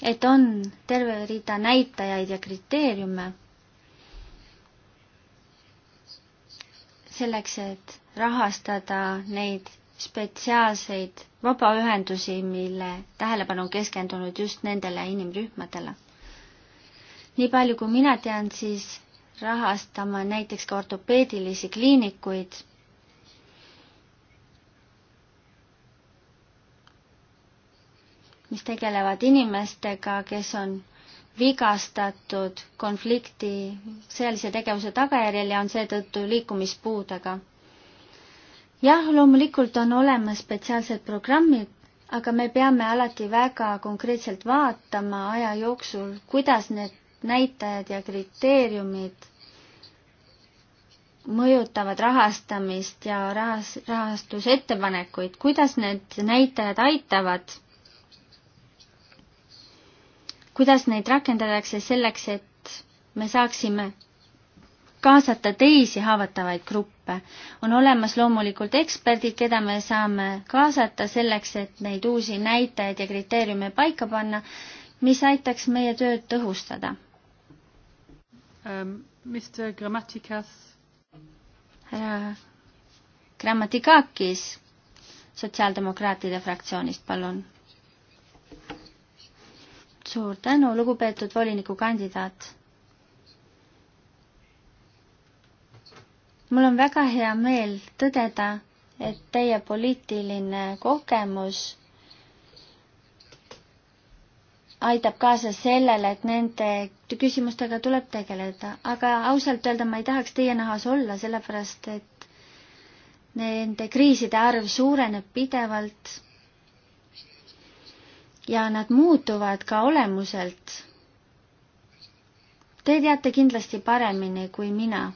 et on terve rida näitajaid ja kriteeriume selleks, et rahastada neid spetsiaalseid vabaühendusi, mille tähelepanu on keskendunud just nendele inimrühmadele. nii palju, kui mina tean, siis rahastama näiteks ka ortopeedilisi kliinikuid mis tegelevad inimestega, kes on vigastatud konflikti sõjalise tegevuse tagajärjel ja on seetõttu liikumispuudega. jah, loomulikult on olemas spetsiaalsed programmid, aga me peame alati väga konkreetselt vaatama aja jooksul, kuidas need näitajad ja kriteeriumid mõjutavad rahastamist ja rahas, rahastusettepanekuid, kuidas need näitajad aitavad kuidas neid rakendatakse selleks, et me saaksime kaasata teisi haavatavaid gruppe. on olemas loomulikult eksperdid, keda me saame kaasata selleks, et neid uusi näitajaid ja kriteeriume paika panna, mis aitaks meie tööd tõhustada um,. Ähm, Mr Grammatikas. härra Grammatikakis sotsiaaldemokraatide fraktsioonist, palun suur tänu, lugupeetud volinikukandidaat. mul on väga hea meel tõdeda, et teie poliitiline kogemus aitab kaasa sellele, et nende küsimustega tuleb tegeleda, aga ausalt öelda ma ei tahaks teie nahas olla, sellepärast et nende kriiside arv suureneb pidevalt ja nad muutuvad ka olemuselt. Te teate kindlasti paremini kui mina,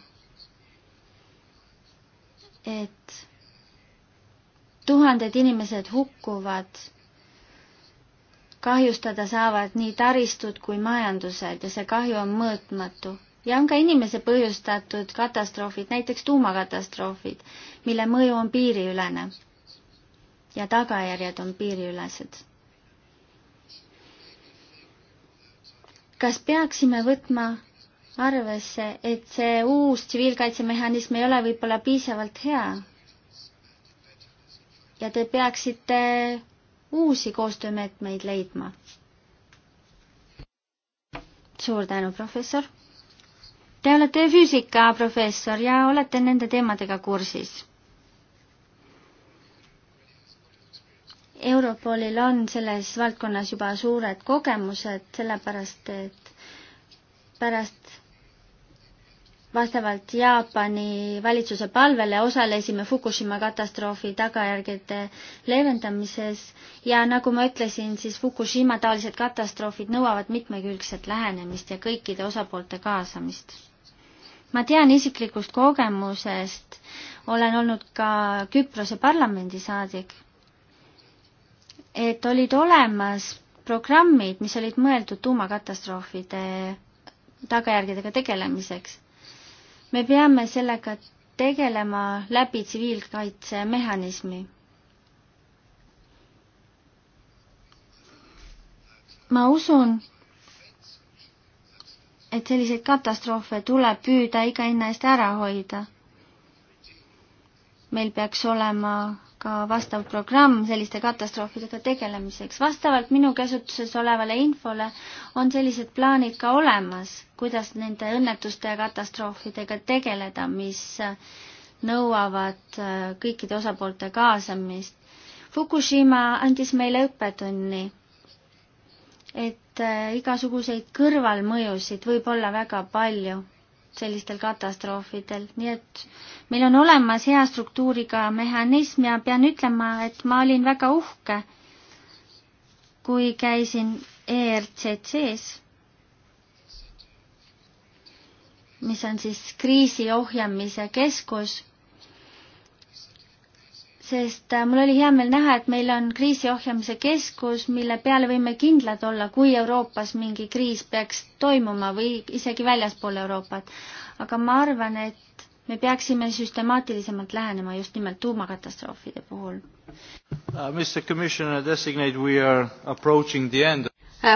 et tuhanded inimesed hukkuvad, kahjustada saavad nii taristud kui majandused ja see kahju on mõõtmatu ja on ka inimese põhjustatud katastroofid, näiteks tuumakatastroofid, mille mõju on piiriülene ja tagajärjed on piiriülesed kas peaksime võtma arvesse, et see uus tsiviilkaitsemehhanism ei ole võib-olla piisavalt hea? ja te peaksite uusi koostöömeetmeid leidma. suur tänu, professor. Te olete füüsikaprofessor ja olete nende teemadega kursis Europolil on selles valdkonnas juba suured kogemused, sellepärast et pärast vastavalt Jaapani valitsuse palvele osalesime Fukushima katastroofi tagajärgede leevendamises ja nagu ma ütlesin, siis Fukushima taolised katastroofid nõuavad mitmekülgset lähenemist ja kõikide osapoolte kaasamist. ma tean isiklikust kogemusest, olen olnud ka Küprose parlamendi saadik et olid olemas programmid, mis olid mõeldud tuumakatastroofide tagajärgedega tegelemiseks. me peame sellega tegelema läbi tsiviilkaitsemehhanismi. ma usun, et selliseid katastroofe tuleb püüda iga hinna eest ära hoida. meil peaks olema ka vastav programm selliste katastroofidega tegelemiseks. vastavalt minu käsutuses olevale infole on sellised plaanid ka olemas, kuidas nende õnnetuste ja katastroofidega tegeleda, mis nõuavad äh, kõikide osapoolte kaasamist. Fukushima andis meile õppetunni, et äh, igasuguseid kõrvalmõjusid võib olla väga palju sellistel katastroofidel, nii et meil on olemas hea struktuuriga mehhanism ja pean ütlema, et ma olin väga uhke, kui käisin ERCC-s, mis on siis kriisi ohjamise keskus sest äh, mul oli hea meel näha, et meil on kriisiohjamise keskus, mille peale võime kindlad olla, kui Euroopas mingi kriis peaks toimuma või isegi väljaspool Euroopat. aga ma arvan, et me peaksime süstemaatilisemalt lähenema just nimelt tuumakatastroofide puhul uh,. uh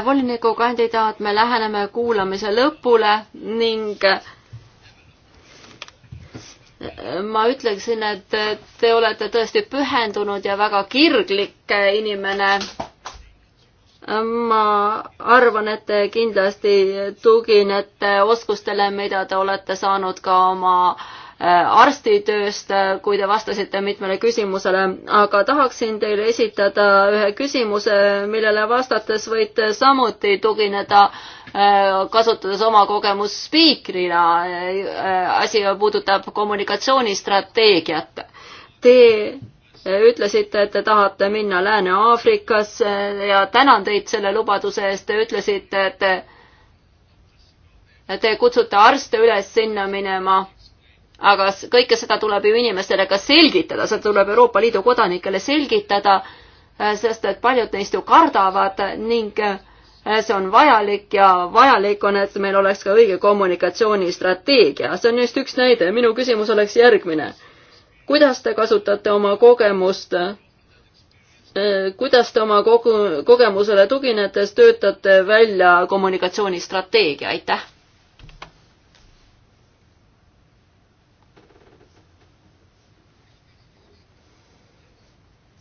voliniku kandidaat, me läheneme kuulamise lõpule ning ma ütleksin, et te olete tõesti pühendunud ja väga kirglik inimene. ma arvan, et te kindlasti tuginete oskustele, mida te olete saanud ka oma äh, Äh, arstitööst, äh, kui te vastasite mitmele küsimusele, aga tahaksin teile esitada ühe küsimuse, millele vastates võite samuti tugineda, äh, kasutades oma kogemust spiikrina. asi puudutab kommunikatsioonistrateegiat. Te ütlesite, et te tahate minna Lääne-Aafrikasse ja tänan teid selle lubaduse eest, te ütlesite, et te kutsute arste üles sinna minema aga kõike seda tuleb ju inimestele ka selgitada, seda tuleb Euroopa Liidu kodanikele selgitada, äh, sest et paljud neist ju kardavad ning äh, see on vajalik ja vajalik on, et meil oleks ka õige kommunikatsioonistrateegia. see on just üks näide. minu küsimus oleks järgmine. kuidas te kasutate oma kogemust, äh, kuidas te oma kogu, kogemusele tuginedes töötate välja kommunikatsioonistrateegia? aitäh!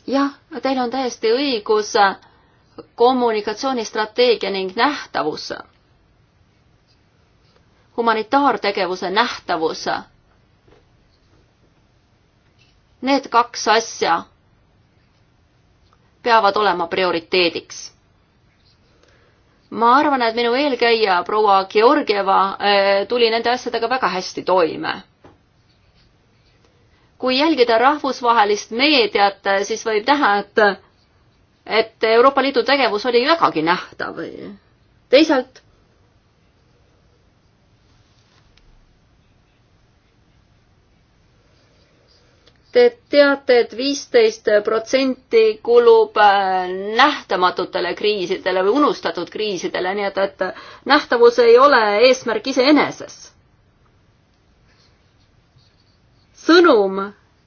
jah, teil on täiesti õigus, kommunikatsioonistrateegia ning nähtavus, humanitaartegevuse nähtavus. Need kaks asja peavad olema prioriteediks ma arvan, et minu eelkäija proua Georgieva eh, tuli nende asjadega väga hästi toime kui jälgida rahvusvahelist meediat, siis võib näha, et, et Euroopa Liidu tegevus oli vägagi nähtav. teisalt Te teate et, et viisteist protsenti kulub äh, nähtamatutele kriisidele või unustatud kriisidele, nii et, et nähtavus ei ole eesmärk iseeneses sõnum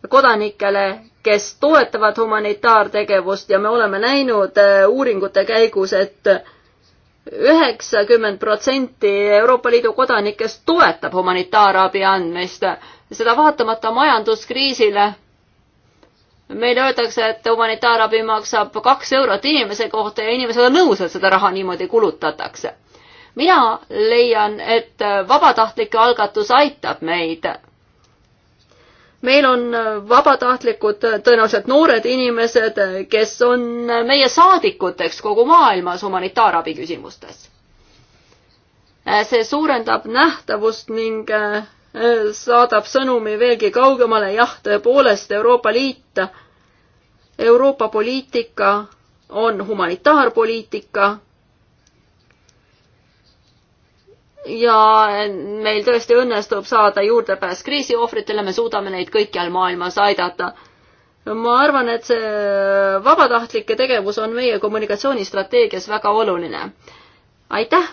kodanikele, kes toetavad humanitaartegevust ja me oleme näinud äh, uuringute käigus et, et üheksakümmend protsenti Euroopa Liidu kodanikest toetab humanitaarabi andmist, seda vaatamata majanduskriisile. meile öeldakse, et humanitaarabi maksab kaks eurot inimese kohta ja inimesed on nõus, et seda raha niimoodi kulutatakse. mina leian, et vabatahtlik algatus aitab meid meil on äh, vabatahtlikud, äh, tõenäoliselt noored inimesed, äh, kes on meie saadikuteks kogu maailmas humanitaarabi küsimustes. see suurendab nähtavust ning saadab sõnumi veelgi kaugemale, jah, tõepoolest Euroopa Liit, Euroopa poliitika on humanitaarpoliitika ja meil tõesti õnnestub saada juurdepääs kriisiohvritele, me suudame neid kõikjal maailmas aidata. ma arvan, et see vabatahtlike tegevus on meie kommunikatsioonistrateegias väga oluline. aitäh!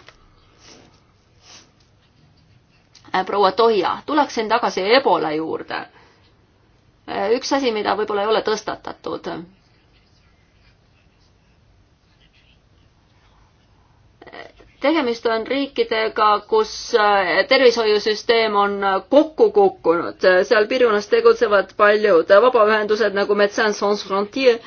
proua Toia, tuleksin tagasi Ebola juurde. üks asi, mida võib-olla ei ole tõstatatud tegemist on riikidega, kus äh, tervishoiusüsteem on äh, kokku kukkunud, seal piirkonnas tegutsevad paljud vabaühendused nagu Médecins Sans Frontières,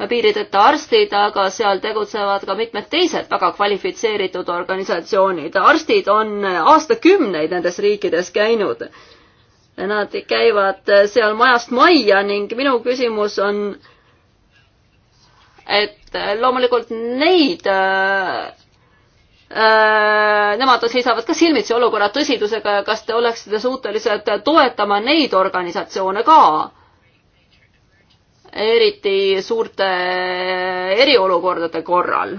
äh, piirideta arstid, aga seal tegutsevad ka mitmed teised väga kvalifitseeritud organisatsioonid. arstid on aastakümneid nendes riikides käinud. Nad käivad seal majast majja ning minu küsimus on, et loomulikult neid äh, Äh, nemad seisavad ka silmitsi olukorra tõsidusega ja kas te oleksite suutelised toetama neid organisatsioone ka? eriti suurte eriolukordade korral.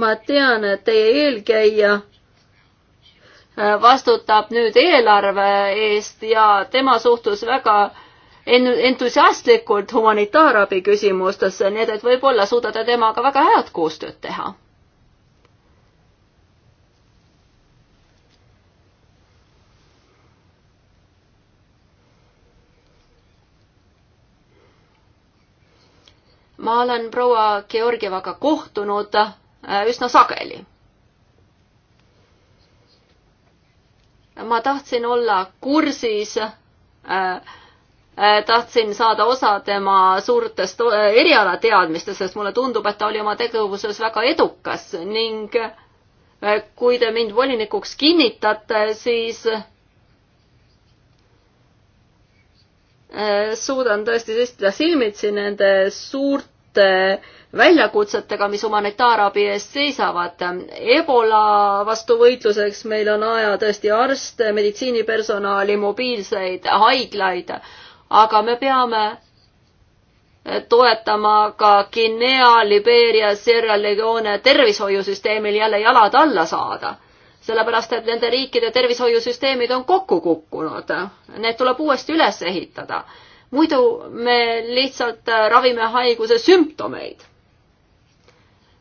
ma tean, et teie eelkäija äh, vastutab nüüd eelarve eest ja tema suhtus väga entusiastlikult humanitaarabi küsimustesse, nii et, et võib-olla suudate temaga väga head koostööd teha ma olen proua Georgievaga kohtunud äh, üsna sageli. ma tahtsin olla kursis, äh, äh, tahtsin saada osa tema suurtest erialateadmistest, sest mulle tundub, et ta oli oma tegevuses väga edukas ning kui te mind volinikuks kinnitate, siis Äh, suudan tõesti seista silmitsi nende suurte väljakutsetega, mis humanitaarabi eest seisavad. Ebola vastu võitluseks meil on vaja tõesti arste, meditsiinipersonali, mobiilseid haiglaid, aga me peame äh, toetama ka Guinea, Libeeria, Sierra Leone tervishoiusüsteemil jälle jalad alla saada sellepärast et nende riikide tervishoiusüsteemid on kokku kukkunud. Need tuleb uuesti üles ehitada. muidu me lihtsalt äh, ravime haiguse sümptomeid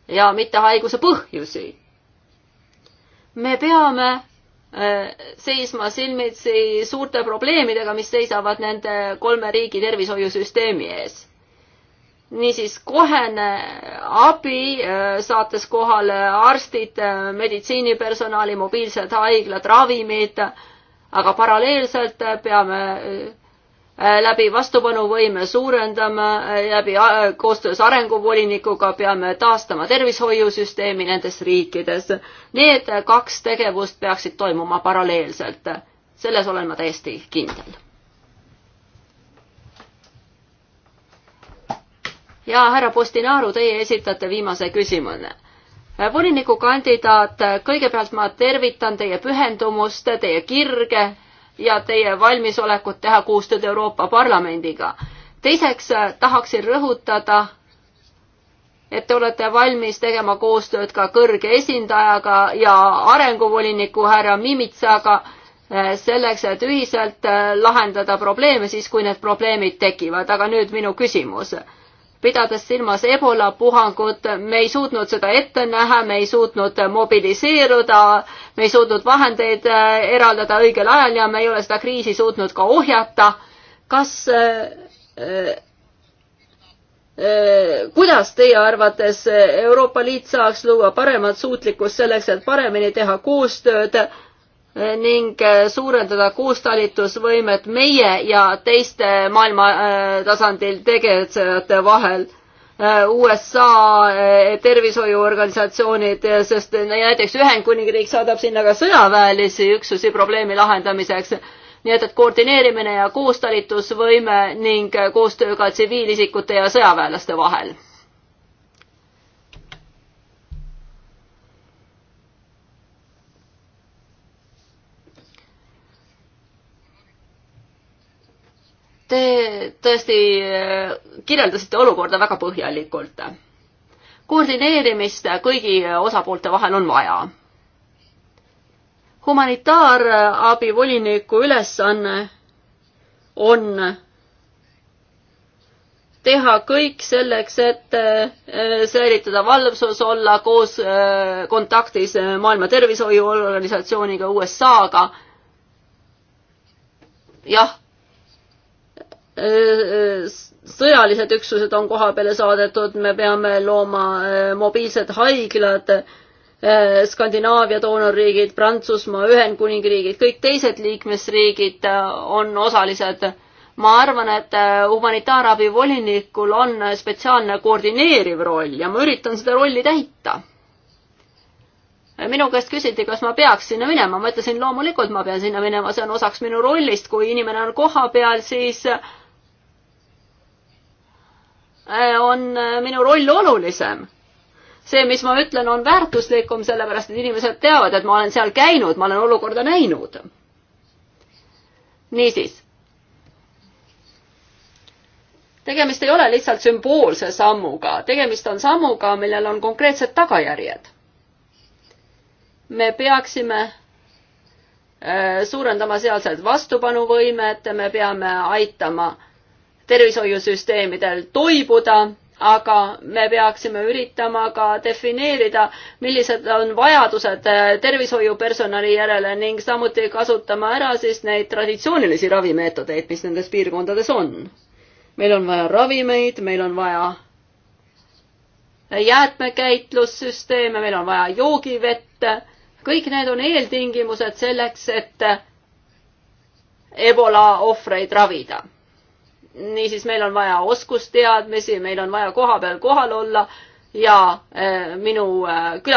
ja mitte haiguse põhjusi. me peame äh, seisma silmitsi suurte probleemidega, mis seisavad nende kolme riigi tervishoiusüsteemi ees niisiis kohene abi, äh, saates kohale arstid, äh, meditsiinipersonali, mobiilsed haiglad, ravimid, aga paralleelselt äh, peame läbi vastupanuvõime suurendama, läbi koostöös arenguvolinikuga peame taastama tervishoiusüsteemi nendes riikides. Need kaks tegevust peaksid toimuma paralleelselt. selles olen ma täiesti kindel ja härra Postinaru, teie esitate viimase küsimuse. Äh, volinikukandidaat, äh, kõigepealt ma tervitan teie pühendumust, teie kirge ja teie valmisolekut teha koostööd Euroopa Parlamendiga. teiseks äh, tahaksin rõhutada, et te olete valmis tegema koostööd ka kõrge esindajaga ja arenguvoliniku härra Mimitsaga selleks, et ühiselt lahendada probleeme siis, kui need probleemid tekivad. aga nüüd minu küsimus pidades silmas Ebola puhangut, me ei suutnud seda ette näha, me ei suutnud mobiliseeruda, me ei suutnud vahendeid äh, eraldada õigel ajal ja me ei ole seda kriisi suutnud ka ohjata. kas äh, äh, kuidas teie arvates Euroopa Liit saaks luua paremat suutlikkust selleks, et paremini teha koostööd ning äh, suurendada koostalitusvõimet meie ja teiste maailma äh, tasandil tegutsejate vahel. Äh, USA tervishoiuorganisatsioonid, sest näiteks Ühendkuningriik saadab sinna ka sõjaväelisi üksusi probleemi lahendamiseks. nii et, et koordineerimine ja koostalitusvõime ning koostöö ka tsiviilisikute ja sõjaväelaste vahel Te tõesti äh, kirjeldasite olukorda väga põhjalikult. koordineerimist kõigi osapoolte vahel on vaja. humanitaarabi voliniku ülesanne on, on teha kõik selleks, et äh, säilitada valvsus, olla koos äh, kontaktis Maailma Tervishoiuorganisatsiooniga, USA-ga. jah, sõjalised üksused on koha peale saadetud, me peame looma äh, mobiilsed haiglad, äh, Skandinaavia doonorriigid, Prantsusmaa, Ühendkuningriigid, kõik teised liikmesriigid äh, on osalised. ma arvan, et humanitaarabi volinikul on spetsiaalne koordineeriv roll ja ma üritan seda rolli täita minu käest küsiti, kas ma peaks sinna minema, ma ütlesin loomulikult ma pean sinna minema, see on osaks minu rollist, kui inimene on kohapeal, siis äh, Äh, on äh, minu roll olulisem. see, mis ma ütlen, on väärtuslikum, sellepärast et inimesed teavad, et ma olen seal käinud, ma olen olukorda näinud. niisiis tegemist ei ole lihtsalt sümboolse sammuga, tegemist on sammuga, millel on konkreetsed tagajärjed. me peaksime äh, suurendama sealset vastupanuvõimet, me peame aitama äh, tervishoiusüsteemidel toibuda, aga me peaksime üritama ka defineerida, millised on vajadused äh, tervishoiupersonali järele ning samuti kasutama ära siis neid traditsioonilisi ravimeetodeid, mis nendes piirkondades on. meil on vaja ravimeid, meil on vaja jäätmekäitlussüsteeme, meil on vaja joogivett, kõik need on eeltingimused selleks, et ebola ohvreid ravida niisiis meil on vaja oskusteadmisi, meil on vaja kohapeal kohal olla ja eh, minu eh, küla